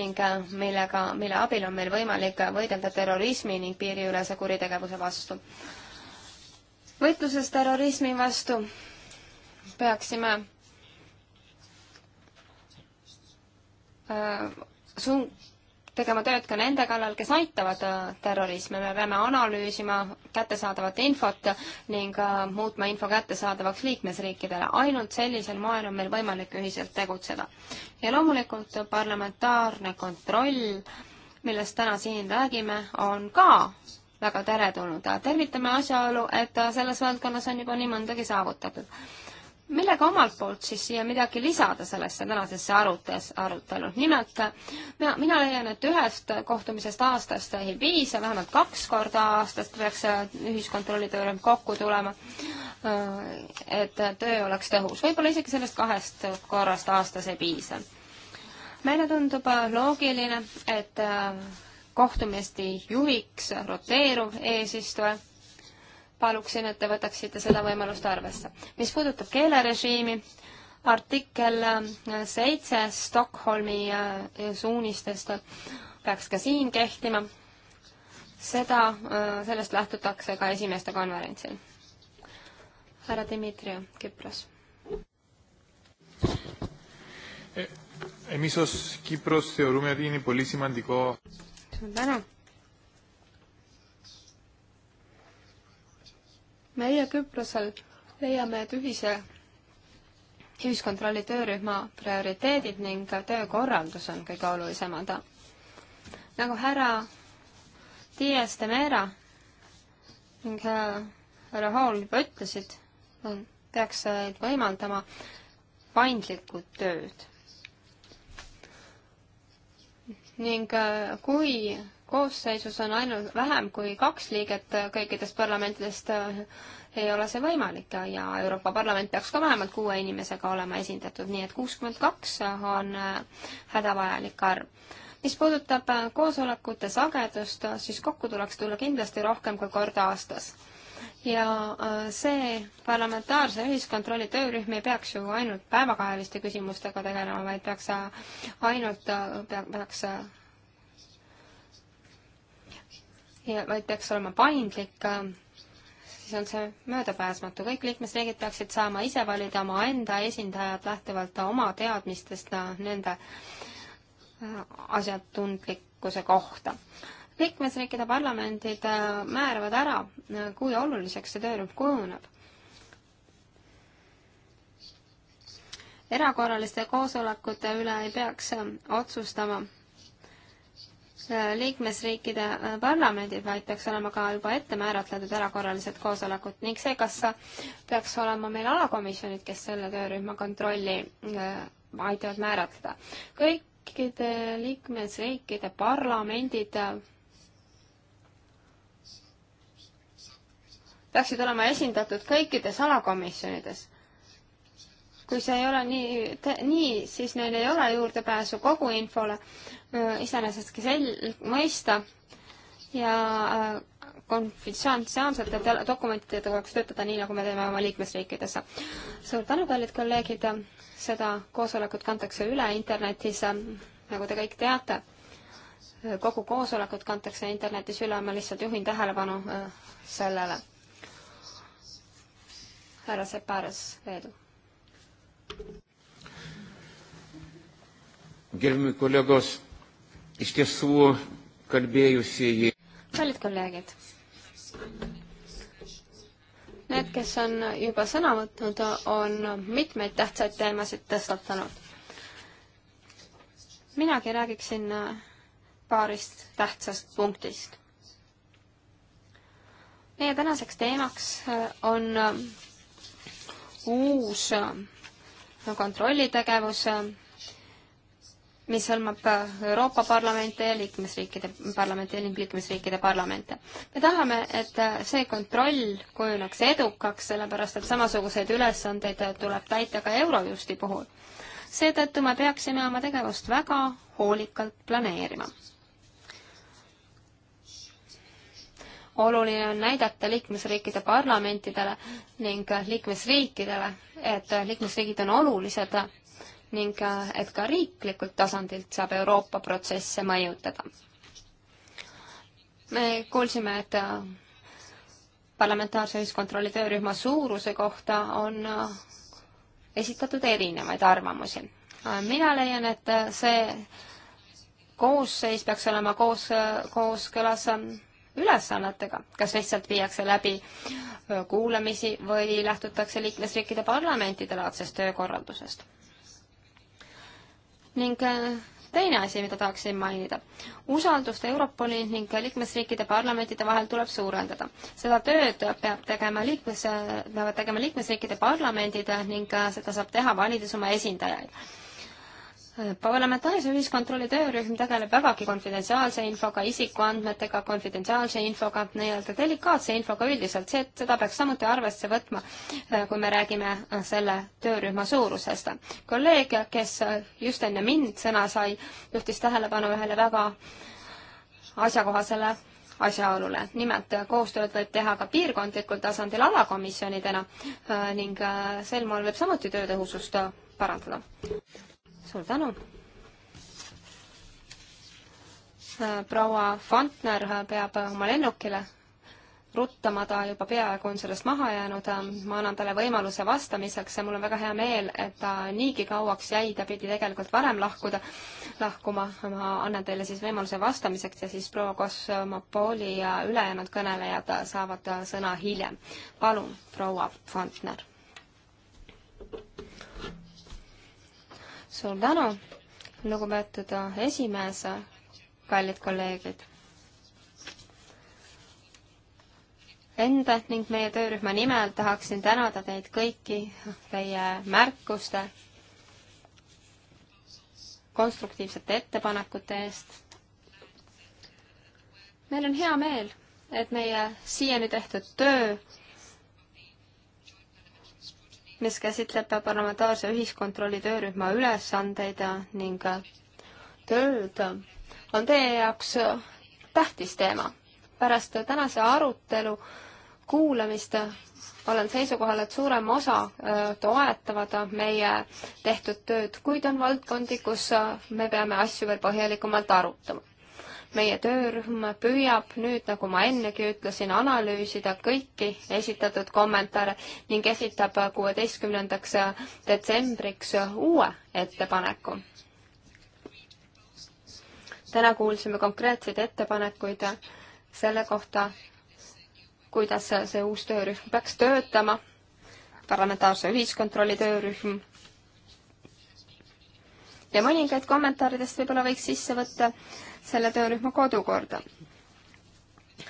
S3: ning millega, mille abil on meil võimalik võidelda terrorismi ning piiriülese kuritegevuse vastu võitluses terrorismi vastu peaksime äh, sun-, tegema tööd ka nende kallal, kes aitavad äh, terrorismi, me peame analüüsima kättesaadavat infot ning äh, muutma info kättesaadavaks liikmesriikidele. ainult sellisel moel on meil võimalik ühiselt tegutseda. ja loomulikult parlamentaarne kontroll, millest täna siin räägime, on ka väga teretulnud. tervitame asjaolu, et selles valdkonnas on juba nii mõndagi saavutatud. millega omalt poolt siis siia midagi lisada sellesse tänasesse arutas, arutelu? nimelt mina, mina leian, et ühest kohtumisest aastast ei piisa, vähemalt kaks korda aastas peaks ühiskontrolli töörühm kokku tulema et töö oleks tõhus. võib-olla isegi sellest kahest korrast aastas ei piisa. meile tundub loogiline, et kohtumiste juhiks roteeruv eesistuja. paluksin, et te võtaksite seda võimalust arvesse. mis puudutab keelerežiimi, artikkel seitse Stockholmi äh, suunistest peaks ka siin kehtima. seda, äh, sellest lähtutakse ka esimeste konverentsil. härra Dmitri Kipros
S1: Εμείς ως Κύπρος θεωρούμε ότι είναι πολύ σημαντικό
S3: suur tänu. meie Küprosel leiame, et ühise ühiskontrolli töörühma prioriteedid ning töökorraldus on kõige olulisemad. nagu härra Dias de Mera ning härra Hall juba ütlesid, on, peaks võimaldama paindlikku tööd ning äh, kui koosseisus on ainult vähem kui kaks liiget äh, kõikidest parlamentidest, äh, ei ole see võimalik ja Euroopa Parlament peaks ka vähemalt kuue inimesega olema esindatud, nii et kuuskümmend kaks on hädavajalik arv. mis puudutab koosolekute sagedust, siis kokku tuleks tulla kindlasti rohkem kui kord aastas ja äh, see parlamentaarse ühiskontrolli töörühm ei peaks ju ainult päevakajaliste küsimustega tegelema, vaid peaks äh, ainult, äh, peaks ja vaid peaks olema paindlik, siis on see möödapääsmatu. kõik liikmesriigid peaksid saama ise valida omaenda esindajad lähtuvalt oma teadmistest nende asjatundlikkuse kohta liikmesriikide parlamendid äh, määravad ära, äh, kui oluliseks see töörühm kujuneb. erakorraliste koosolekute üle ei peaks äh, otsustama liikmesriikide parlamendid, vaid peaks olema ka juba ette määratletud erakorralised koosolekud ning see, kas peaks olema meil alakomisjonid, kes selle töörühma kontrolli aitavad määratleda. kõikide liikmesriikide parlamendid peaksid olema esindatud kõikides alakomisjonides. kui see ei ole nii, nii, siis neil ei ole juurdepääsu kogu infole, äh, iseenesestki sel-, mõista ja äh, konfidentsiaalsete dokumentidega tuleks töötada nii, nagu me teeme oma liikmesriikidesse. suur tänu, kallid kolleegid, seda koosolekut kantakse üle internetis, äh, nagu te kõik teate. kogu koosolekut kantakse internetis üle, ma lihtsalt juhin tähelepanu sellele härra Separas, Leedu.
S1: Gerbiami kolegos, iš tiesų kalbėjusieji.
S3: kallid kolleegid. Need, kes on juba sõna võtnud, on mitmeid tähtsaid teemasid tõstatanud. minagi räägiksin paarist tähtsast punktist meie tänaseks teemaks on uus äh, kontrollitegevus, äh, mis hõlmab äh, Euroopa Parlamente ja liikmesriikide parlamente ja liikmesriikide parlamente. me tahame, et see kontroll kujuneks edukaks, sellepärast et samasuguseid ülesandeid tuleb täita ka Eurojusti puhul. seetõttu me peaksime oma tegevust väga hoolikalt planeerima oluline on näidata liikmesriikide parlamentidele ning liikmesriikidele, et liikmesriigid on olulised ning äh, et ka riiklikult tasandilt saab Euroopa protsesse mõjutada. me kuulsime, et äh, parlamentaarse ühiskontrolli töörühma suuruse kohta on äh, esitatud erinevaid arvamusi. mina leian, et see koosseis peaks olema koos, kooskõlas ülesannetega, kas lihtsalt viiakse läbi kuulamisi või lähtutakse liikmesriikide parlamentide laadsest töökorraldusest. ning teine asi, mida tahaksin mainida. usaldust Europoli ning liikmesriikide parlamentide vahel tuleb suurendada. seda tööd peab tegema liikmes, peavad tegema liikmesriikide parlamendid ning seda saab teha, valides oma esindajaid parlamentaarse ühiskontrolli töörühm tegeleb vägagi konfidentsiaalse infoga, isikuandmetega, konfidentsiaalse infoga, nii-öelda delikaatse infoga üldiselt, see, et seda peaks samuti arvesse võtma, äh, kui me räägime äh, selle töörühma suurusest. kolleeg, kes äh, just enne mind sõna sai, juhtis tähelepanu ühele väga asjakohasele asjaolule. nimelt koostööd võib teha ka piirkondlikul tasandil alakomisjonidena ning sel moel võib samuti töö tõhusust parandada suur tänu. Äh, proua Fantner äh, peab äh, oma lennukile ruttama, ta juba peaaegu on sellest maha jäänud. ma annan talle võimaluse vastamiseks ja mul on väga hea meel, et ta niigi kauaks jäi, ta pidi tegelikult varem lahkuda, lahkuma. ma annan teile siis võimaluse vastamiseks ja siis proua Kosmopooli ja ülejäänud kõnelejad saavad sõna hiljem. palun, proua Fantner suur tänu, lugupeetud esimees, kallid kolleegid. Enda ning meie töörühma nimel tahaksin tänada teid kõiki teie märkuste, konstruktiivsete ettepanekute eest. meil on hea meel, et meie siiani tehtud töö mis käsitleb parlamentaarse ühiskontrolli töörühma ülesandeid ning tööd, on teie jaoks tähtis teema. pärast tänase arutelu kuulamist olen seisukohal, et suurem osa äh, toetavad meie tehtud tööd, kuid on valdkondi, kus äh, me peame asju veel põhjalikumalt arutama meie töörühm püüab nüüd, nagu ma ennegi ütlesin, analüüsida kõiki esitatud kommentaare ning esitab kuueteistkümnendaks detsembriks uue ettepaneku. täna kuulsime konkreetseid ettepanekuid selle kohta, kuidas see uus töörühm peaks töötama, parlamentaarse ühiskontrolli töörühm. ja mõningaid kommentaaridest võib-olla võiks sisse võtta äh, selle töörühma kodukorda.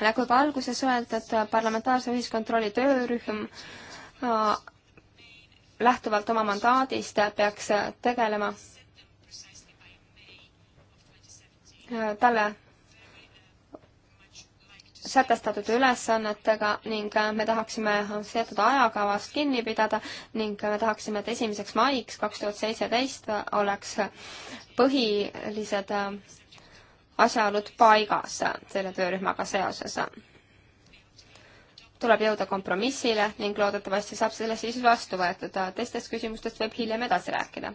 S3: nagu juba alguses öeldud, et parlamentaarse ühiskontrolli töörühm äh, lähtuvalt oma mandaadist peaks tegelema äh, talle sätestatud ülesannetega ning äh, me tahaksime seatud ajakavast kinni pidada ning me tahaksime, et esimeseks maiks kaks tuhat seitseteist oleks põhilised asjaolud paigas selle töörühmaga seoses. tuleb jõuda kompromissile ning loodetavasti saab selle siis vastu võetud, teistest küsimustest võib hiljem edasi rääkida.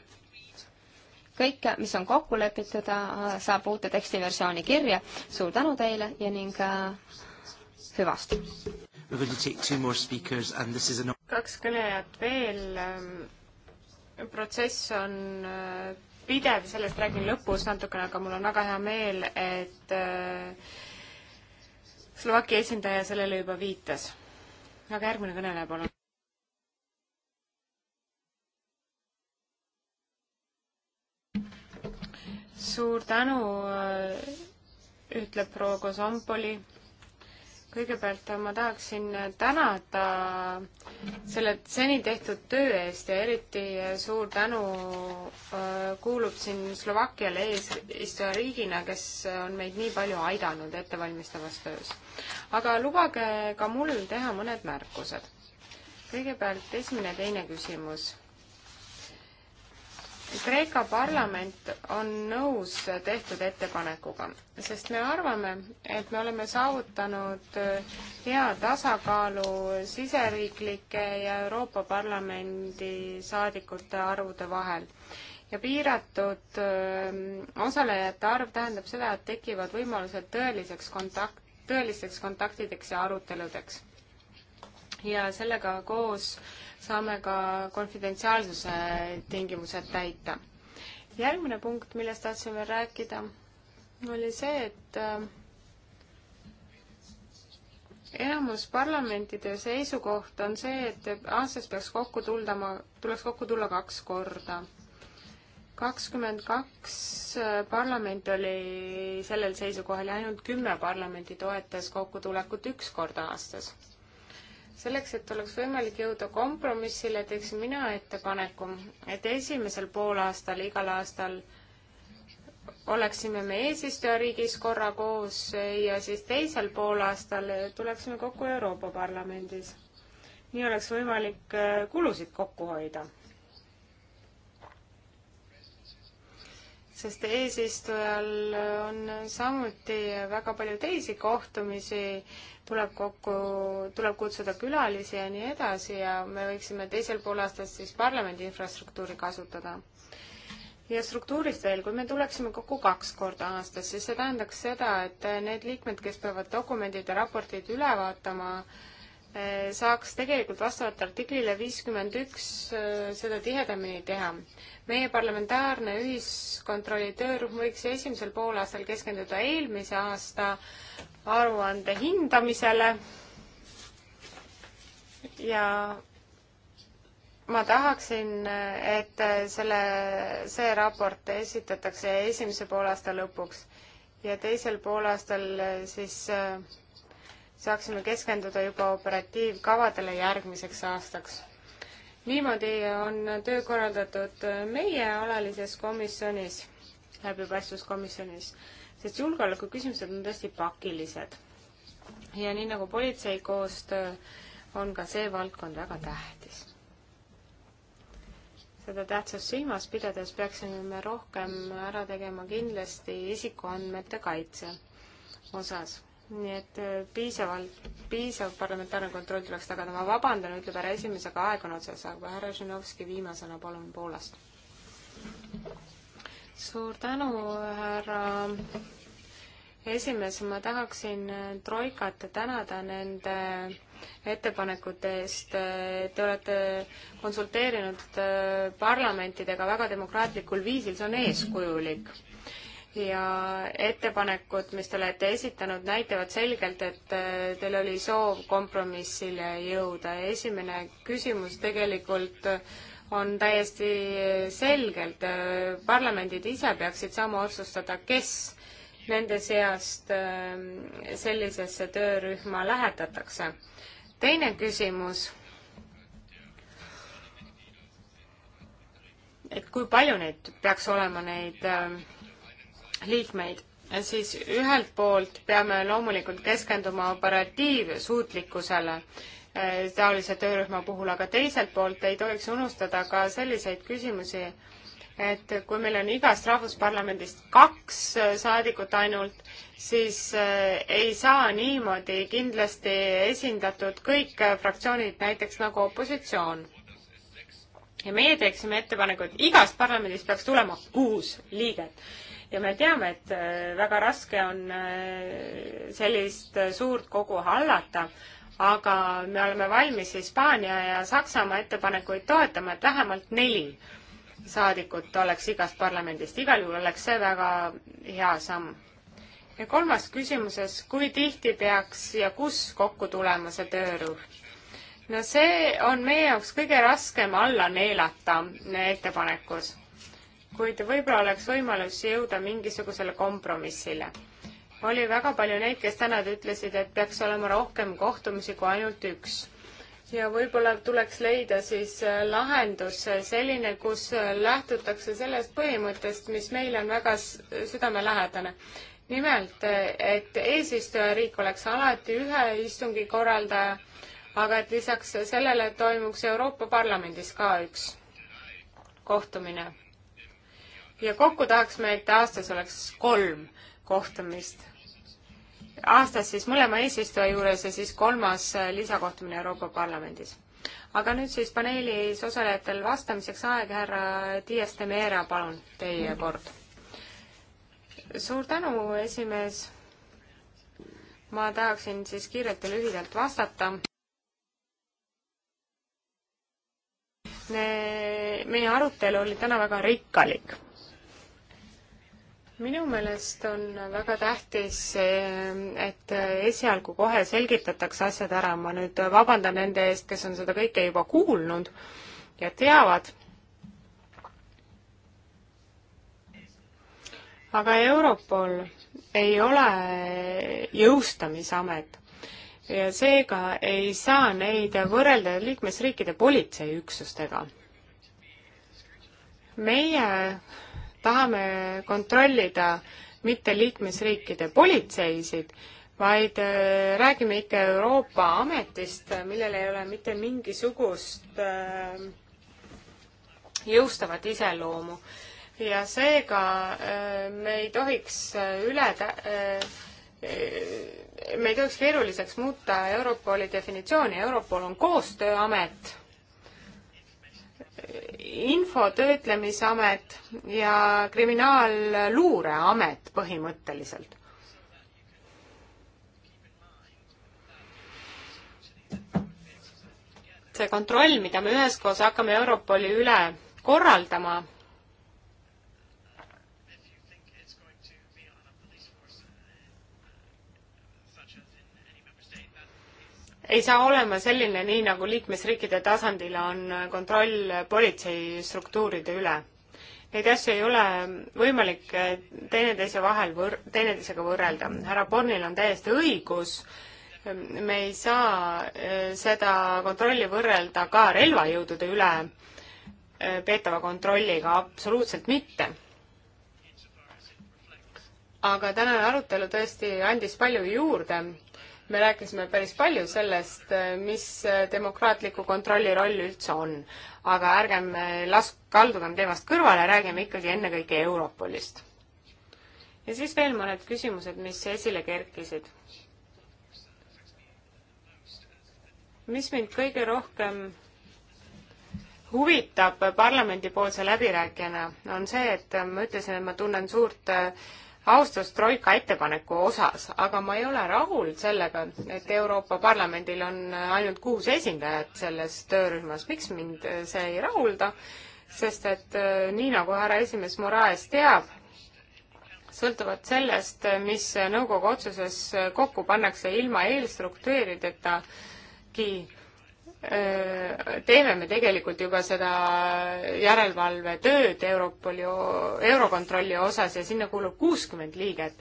S3: kõik, mis on kokku lepitud, saab uute tekstiversiooni kirja. suur tänu teile ja ning hüvast!
S2: kaks kõnejat veel. protsess on pidev, sellest räägin lõpus natukene, aga mul on väga hea meel, et äh, Slovakkia esindaja sellele juba viitas. aga järgmine kõneleja, palun. suur tänu, äh, ütleb proua Kosompoli kõigepealt äh, ma tahaksin äh, tänada selle seni tehtud töö eest ja eriti äh, suur tänu kuulub siin Slovakkiale eesistujariigina, kes on meid nii palju aidanud ettevalmistavas töös. aga lubage ka mul teha mõned märkused. kõigepealt esimene, teine küsimus Kreeka parlament on nõus tehtud ettepanekuga, sest me arvame, et me oleme saavutanud äh, hea tasakaalu siseriiklike ja Euroopa Parlamendi saadikute arvude vahel. ja piiratud äh, osalejate arv tähendab seda, et tekivad võimalused tõeliseks kontakt, tõelisteks kontaktideks ja aruteludeks. ja sellega koos äh, saame ka konfidentsiaalsuse tingimused täita. järgmine punkt, millest tahtsin veel rääkida, oli see, et äh, enamus parlamentide seisukoht on see, et aastas peaks kokku tuldama, tuleks kokku tulla kaks korda kakskümmend kaks äh, parlamenti oli sellel seisukohal ja ainult kümme parlamenti toetas kokkutulekut üks kord aastas selleks, et oleks võimalik jõuda kompromissile, teeksin mina ettepaneku, et esimesel poolaastal igal aastal oleksime me eesistujariigis korra koos ja siis teisel poolaastal tuleksime kokku Euroopa Parlamendis. nii oleks võimalik äh, kulusid kokku hoida. sest eesistujal on samuti väga palju teisi kohtumisi tuleb kokku, tuleb kutsuda külalisi ja nii edasi ja me võiksime teisel poolaastal siis parlamendi infrastruktuuri kasutada. ja struktuurist veel, kui me tuleksime kokku kaks korda aastas, siis see tähendaks seda, et need liikmed, kes peavad dokumendid ja raportid üle vaatama, saaks tegelikult vastavalt artiklile viiskümmend üks äh, seda tihedamini teha. meie parlamentaarne ühiskontrolli töörühm võiks esimesel poolaastal keskenduda eelmise aasta aruande hindamisele ja ma tahaksin, et selle, see raport esitatakse esimese poolaasta lõpuks ja teisel poolaastal siis äh, saaksime keskenduda juba operatiivkavadele järgmiseks aastaks. niimoodi on töö korraldatud meie alalises komisjonis, läbipaistvuskomisjonis, sest julgeolekuküsimused on tõesti pakilised. ja nii nagu politsei koostöö, on ka see valdkond väga tähtis. seda tähtsust silmas pidades peaksime me rohkem ära tegema kindlasti isikuandmete kaitse osas nii et äh, piisavalt, piisav parlamentaarne kontroll tuleks tagada. ma vabandan, ütleb härra esimees, aga aeg on otsas, aga härra Žinovski viimasena, palun, Poolast. suur tänu, härra esimees, ma tahaksin äh, Troikat tänada nende ettepanekute eest. Äh, te olete konsulteerinud parlamentidega väga demokraatlikul viisil, see on eeskujulik ja ettepanekud, mis te olete esitanud, näitavad selgelt, et äh, teil oli soov kompromissile jõuda. esimene küsimus tegelikult on täiesti selgelt, äh, parlamendid ise peaksid saama otsustada, kes nende seast äh, sellisesse töörühma lähetatakse. teine küsimus et kui palju neid peaks olema, neid liikmeid, siis ühelt poolt peame loomulikult keskenduma operatiivsuutlikkusele eh, taolise töörühma puhul, aga teiselt poolt ei tohiks unustada ka selliseid küsimusi, et kui meil on igast rahvusparlamendist kaks eh, saadikut ainult, siis eh, ei saa niimoodi kindlasti esindatud kõik fraktsioonid, näiteks nagu opositsioon. ja meie teeksime ettepaneku, et igast parlamendist peaks tulema kuus liiget ja me teame, et äh, väga raske on äh, sellist äh, suurt kogu hallata, aga me oleme valmis Hispaania ja Saksamaa ettepanekuid toetama, et vähemalt neli saadikut oleks igast parlamendist, igal juhul oleks see väga hea samm. ja kolmas küsimuses, kui tihti peaks ja kus kokku tulema see töörühm? no see on meie jaoks kõige raskem alla neelata ettepanekus kuid võib-olla oleks võimalus jõuda mingisugusele kompromissile. oli väga palju neid, kes täna ütlesid, et peaks olema rohkem kohtumisi kui ainult üks ja võib-olla tuleks leida siis äh, lahendus selline, kus äh, lähtutakse sellest põhimõttest, mis meile on väga südamelähedane. nimelt, äh, et eesistujariik oleks alati ühe istungi korraldaja, aga et lisaks sellele toimuks Euroopa Parlamendis ka üks kohtumine ja kokku tahaks me, et aastas oleks kolm kohtumist. aastas siis mõlema eesistuja juures ja siis kolmas äh, lisakohtumine Euroopa Parlamendis. aga nüüd siis paneelis osalejatel vastamiseks aeg, härra Dias de Meera, palun, teie kord. suur tänu, esimees. ma tahaksin siis kiirelt ja lühidalt vastata meie arutelu oli täna väga rikkalik minu meelest on väga tähtis, et esialgu kohe selgitatakse asjad ära, ma nüüd vabandan nende eest, kes on seda kõike juba kuulnud ja teavad. aga Europol ei ole jõustamisamet ja seega ei saa neid võrrelda liikmesriikide politseiüksustega. meie tahame kontrollida mitte liikmesriikide politseisid, vaid äh, räägime ikka Euroopa ametist, millel ei ole mitte mingisugust äh, jõustavat iseloomu. ja seega äh, me ei tohiks üle tä-, me ei tohiks keeruliseks muuta Europoli definitsiooni, Europol on koostööamet infotöötlemisamet ja kriminaalluureamet põhimõtteliselt. see kontroll, mida me üheskoos hakkame Europoli üle korraldama,
S1: ei saa olema selline, nii
S2: nagu liikmesriikide tasandil on kontroll politseistruktuuride üle. Neid asju ei ole võimalik teineteise vahel võr-, teineteisega võrrelda. härra Bornil on täiesti õigus, me ei saa äh, seda kontrolli võrrelda ka relvajõudude üle äh, peetava kontrolliga, absoluutselt mitte aga tänane arutelu tõesti andis palju juurde me rääkisime päris palju sellest, mis demokraatliku kontrolli roll üldse on. aga ärgem las-, kaldugem teemast kõrvale, räägime ikkagi ennekõike Europolist. ja siis veel mõned küsimused, mis esile kerkisid. mis mind kõige rohkem huvitab parlamendipoolse läbirääkijana, on see, et ma ütlesin, et ma tunnen suurt äh, austus Troika ettepaneku osas, aga ma ei ole rahul sellega, et Euroopa Parlamendil on ainult kuus esindajat selles töörühmas, miks mind see ei rahulda, sest et äh, nii, nagu härra esimees Moraes teab, sõltuvalt sellest, mis nõukogu otsuses kokku pannakse ilma eelstruktureeridetagi, teeme me tegelikult juba seda järelevalvetööd Europoli, Eurokontrolli osas ja sinna kuulub kuuskümmend liiget.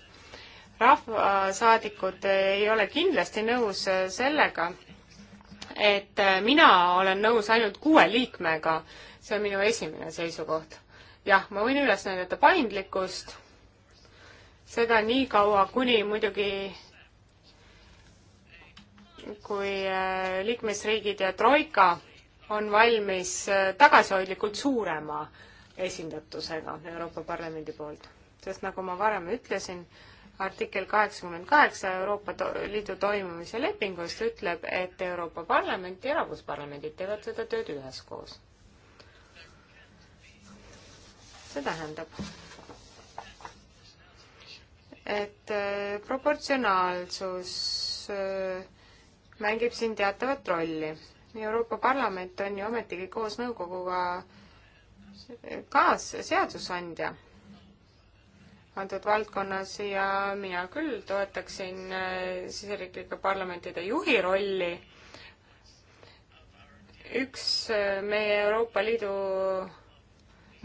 S2: rahvasaadikud ei ole kindlasti nõus sellega, et mina olen nõus ainult kuue liikmega, see on minu esimene seisukoht. jah, ma võin üles näidata paindlikkust, seda nii kaua, kuni muidugi kui äh, liikmesriigid ja Troika on valmis äh, tagasihoidlikult suurema esindatusega Euroopa Parlamendi poolt. sest nagu ma varem ütlesin, artikkel kaheksakümmend kaheksa Euroopa Liidu toimimise lepingust ütleb, et Euroopa Parlament ja Rahvusparlamendid teevad seda tööd üheskoos. see tähendab, et äh, proportsionaalsus äh, mängib siin teatavat rolli. Euroopa Parlament on ju ometigi koos nõukoguga kaasseadusandja antud valdkonnas ja mina küll toetaksin äh, siseriiklike parlamentide juhi rolli. üks äh, meie Euroopa Liidu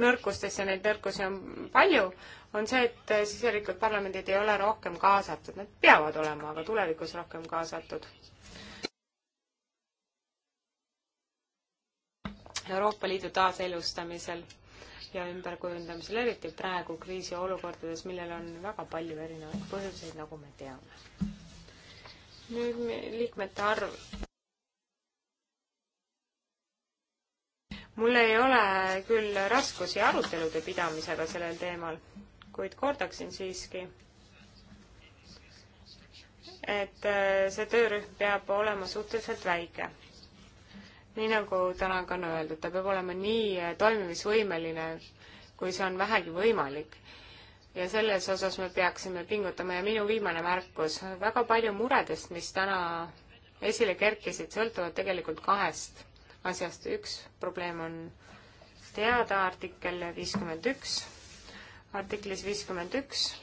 S2: nõrkustest ja neid nõrkusi on palju, on see, et äh, siseriiklikud parlamendid ei ole rohkem kaasatud, nad peavad olema aga tulevikus rohkem kaasatud Euroopa Liidu taaselustamisel ja ümberkujundamisel, eriti praegu kriisiolukordades, millel on väga palju erinevaid põhjuseid, nagu me teame. nüüd liikmete arv. mul ei ole küll raskusi arutelude pidamisega sellel teemal, kuid kordaksin siiski, et äh, see töörühm peab olema suhteliselt väike nii nagu täna ka on öeldud, ta peab olema nii äh, toimimisvõimeline, kui see on vähegi võimalik. ja selles osas me peaksime pingutama ja minu viimane märkus, väga palju muredest, mis täna esile kerkisid, sõltuvad tegelikult kahest asjast. üks probleem on teada artikkel viiskümmend üks, artiklis viiskümmend üks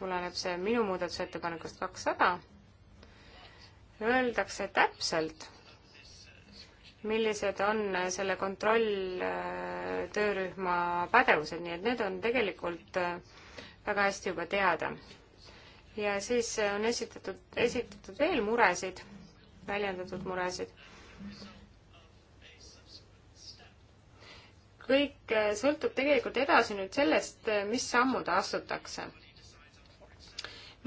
S2: tuleneb see minu muudatusettepanekust kakssada öeldakse täpselt, millised on selle kontrolltöörühma äh, pädevused, nii et need on tegelikult äh, väga hästi juba teada. ja siis äh, on esitatud, esitatud veel muresid, väljendatud muresid. kõik sõltub tegelikult edasi nüüd sellest, mis sammud astutakse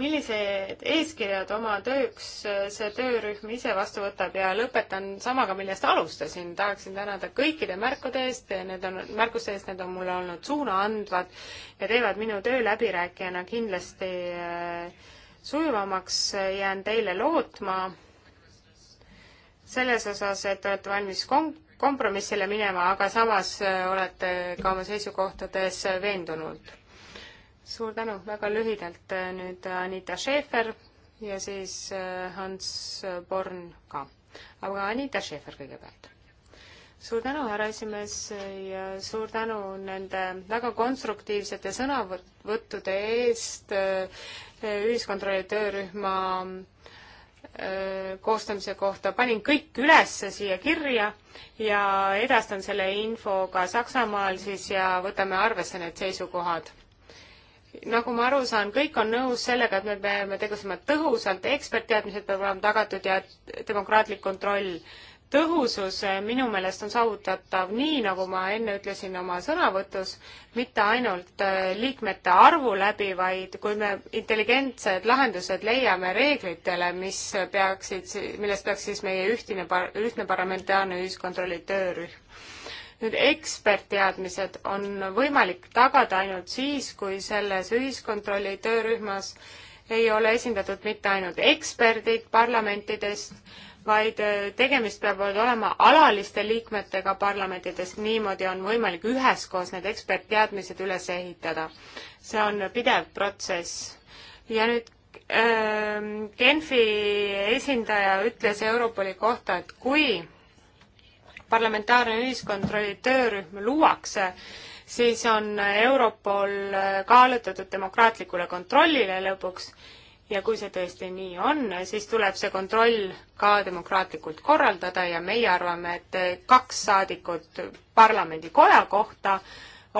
S2: millised eeskirjad oma tööks see töörühm ise vastu võtab ja lõpetan samaga, millest alustasin. tahaksin tänada kõikide märkude eest, need on, märkuste eest, need on mulle olnud suunaandvad ja teevad minu töö läbirääkijana kindlasti äh, sujuvamaks. jään teile lootma selles osas, et olete valmis kon-, kompromissile minema, aga samas äh, olete ka oma seisukohtades veendunud suur tänu, väga lühidalt äh, nüüd äh, Anita Schäfer ja siis äh, Hans Born ka. aga Anita Schäfer kõigepealt. suur tänu, härra esimees, ja suur tänu nende väga konstruktiivsete sõnavõttude eest ühiskontrolli töörühma koostamise kohta panin kõik üles siia kirja ja edastan selle info ka Saksamaal siis ja võtame arvesse need seisukohad nagu ma aru saan, kõik on nõus sellega, et me peame tegutsema tõhusalt, ekspertteadmised peavad olema tagatud ja demokraatlik kontroll. tõhusus eh, minu meelest on saavutatav nii, nagu ma enne ütlesin oma sõnavõtus, mitte ainult eh, liikmete arvu läbi, vaid kui me intelligentsed lahendused leiame reeglitele, mis peaksid, millest peaks siis meie ühtine, ühtne parlamentaarne ühiskontrolli töörühm nüüd ekspertteadmised on võimalik tagada ainult siis, kui selles ühiskontrolli töörühmas ei ole esindatud mitte ainult eksperdid parlamentidest, vaid äh, tegemist peab olema alaliste liikmetega parlamentidest, niimoodi on võimalik üheskoos need ekspertteadmised üles ehitada. see on pidev protsess. ja nüüd äh, Genfi esindaja ütles Europoli kohta, et kui parlamentaarne ühiskontrolli töörühm luuakse, siis on Europol kaalutletud demokraatlikule kontrollile lõpuks ja kui see tõesti nii on, siis tuleb see kontroll ka demokraatlikult korraldada ja meie arvame, et kaks saadikut parlamendikoja kohta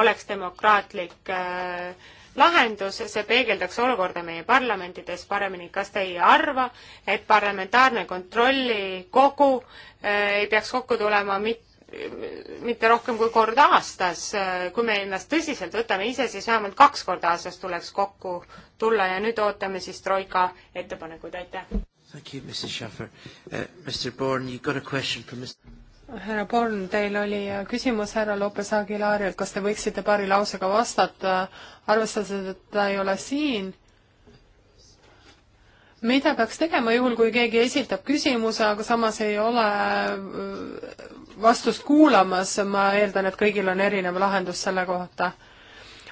S2: oleks demokraatlik äh, lahendus, see peegeldaks olukorda meie parlamentides paremini. kas te ei arva, et parlamentaarne kontrollikogu äh, ei peaks kokku tulema mitte mitte rohkem kui kord aastas, äh, kui me ennast tõsiselt võtame ise, siis vähemalt kaks korda aastas tuleks kokku tulla ja nüüd ootame siis Troika ettepanekuid, aitäh! Thank you, Mrs Schaffer uh,. Mr Bourne, you got a question from Mr
S1: härra Born, teil oli äh, küsimus härra Lopez Aguilarilt, kas te võiksite paari lausega vastata, arvestades, et ta ei ole siin mida peaks tegema juhul, kui keegi esitab küsimuse, aga samas ei ole äh, vastust kuulamas, ma eeldan, et kõigil on erinev lahendus selle kohta.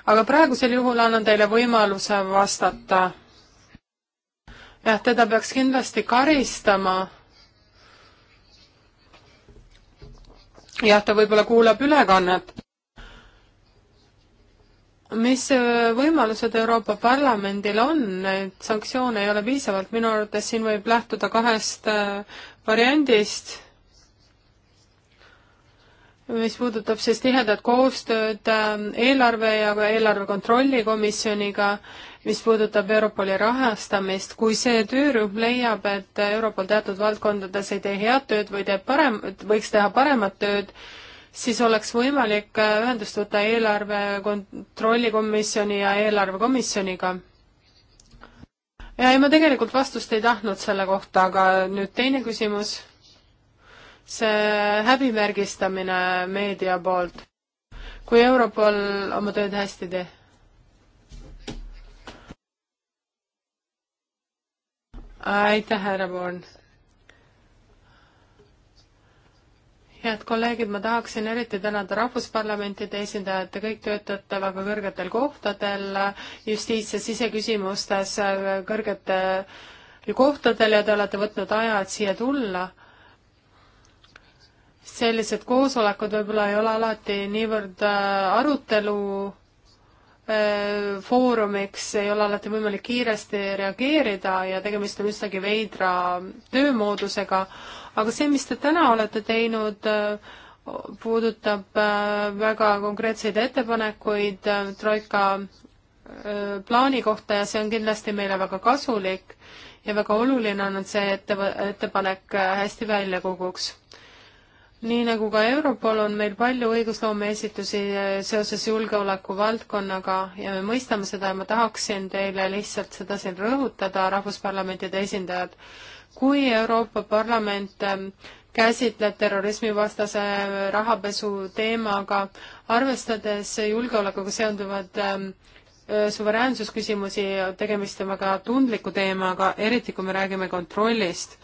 S1: aga praegusel juhul annan teile võimaluse vastata. jah, teda peaks kindlasti karistama jah, ta võib-olla kuulab ülekannet. mis äh, võimalused Euroopa Parlamendil on, et sanktsioone ei ole piisavalt, minu arvates siin võib lähtuda kahest äh, variandist mis puudutab siis tihedat koostööd äh, eelarve ja ka eelarve kontrolli komisjoniga mis puudutab Europoli rahastamist, kui see töörühm leiab, et Europol teatud valdkondades ei tee head tööd või teeb parem, võiks teha paremat tööd, siis oleks võimalik äh, ühendust võtta eelarve kontrollikomisjoni ja eelarvekomisjoniga. ja ei, ma tegelikult vastust ei tahtnud selle kohta, aga nüüd teine küsimus. see häbimärgistamine meedia poolt. kui Europol oma tööd hästi teeb aitäh, härra Born. head kolleegid, ma tahaksin eriti tänada rahvusparlamentide esindajad, te kõik töötate väga kõrgetel kohtadel justiits- ja siseküsimustes äh, kõrgetel kohtadel ja te olete võtnud aja, et siia tulla sellised koosolekud võib-olla ei ole alati niivõrd äh, arutelu Äh, foorumiks, ei ole alati võimalik kiiresti reageerida ja tegemist on üsnagi veidra töömoodusega, aga see, mis te täna olete teinud, äh, puudutab äh, väga konkreetseid ettepanekuid Troika plaani kohta ja see on kindlasti meile väga kasulik ja väga oluline on see ette, ettepanek hästi välja koguks nii nagu ka Europol on meil palju õigusloome esitusi eh, seoses julgeoleku valdkonnaga ja me mõistame seda ja ma tahaksin teile lihtsalt seda siin rõhutada, rahvusparlamentide esindajad. kui Euroopa Parlament eh, käsitleb terrorismivastase rahapesu teemaga, arvestades julgeolekuga seonduvad eh, suveräänsusküsimusi, tegemist on väga tundliku teemaga, eriti kui me räägime kontrollist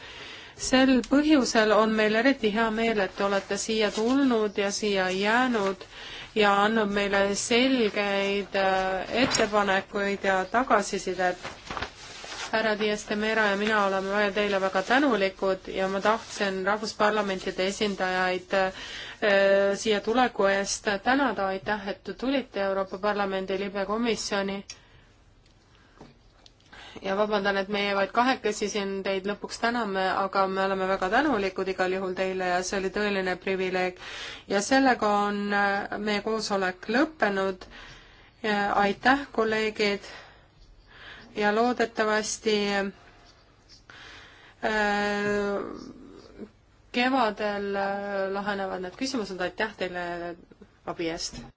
S1: sel põhjusel on meil eriti hea meel, et te olete siia tulnud ja siia jäänud ja annab meile selgeid äh, ettepanekuid ja tagasisidet. härra Diestemera ja mina oleme teile väga tänulikud ja ma tahtsin rahvusparlamentide esindajaid äh, siia tuleku eest tänada, aitäh, et tulite Euroopa Parlamendi libekomisjoni ja vabandan, et meie vaid kahekesi siin teid lõpuks täname, aga me oleme väga tänulikud igal juhul teile ja see oli tõeline privileeg. ja sellega on äh, meie koosolek lõppenud. aitäh, kolleegid. ja loodetavasti äh, kevadel äh, lahenevad need küsimused, aitäh teile abi eest!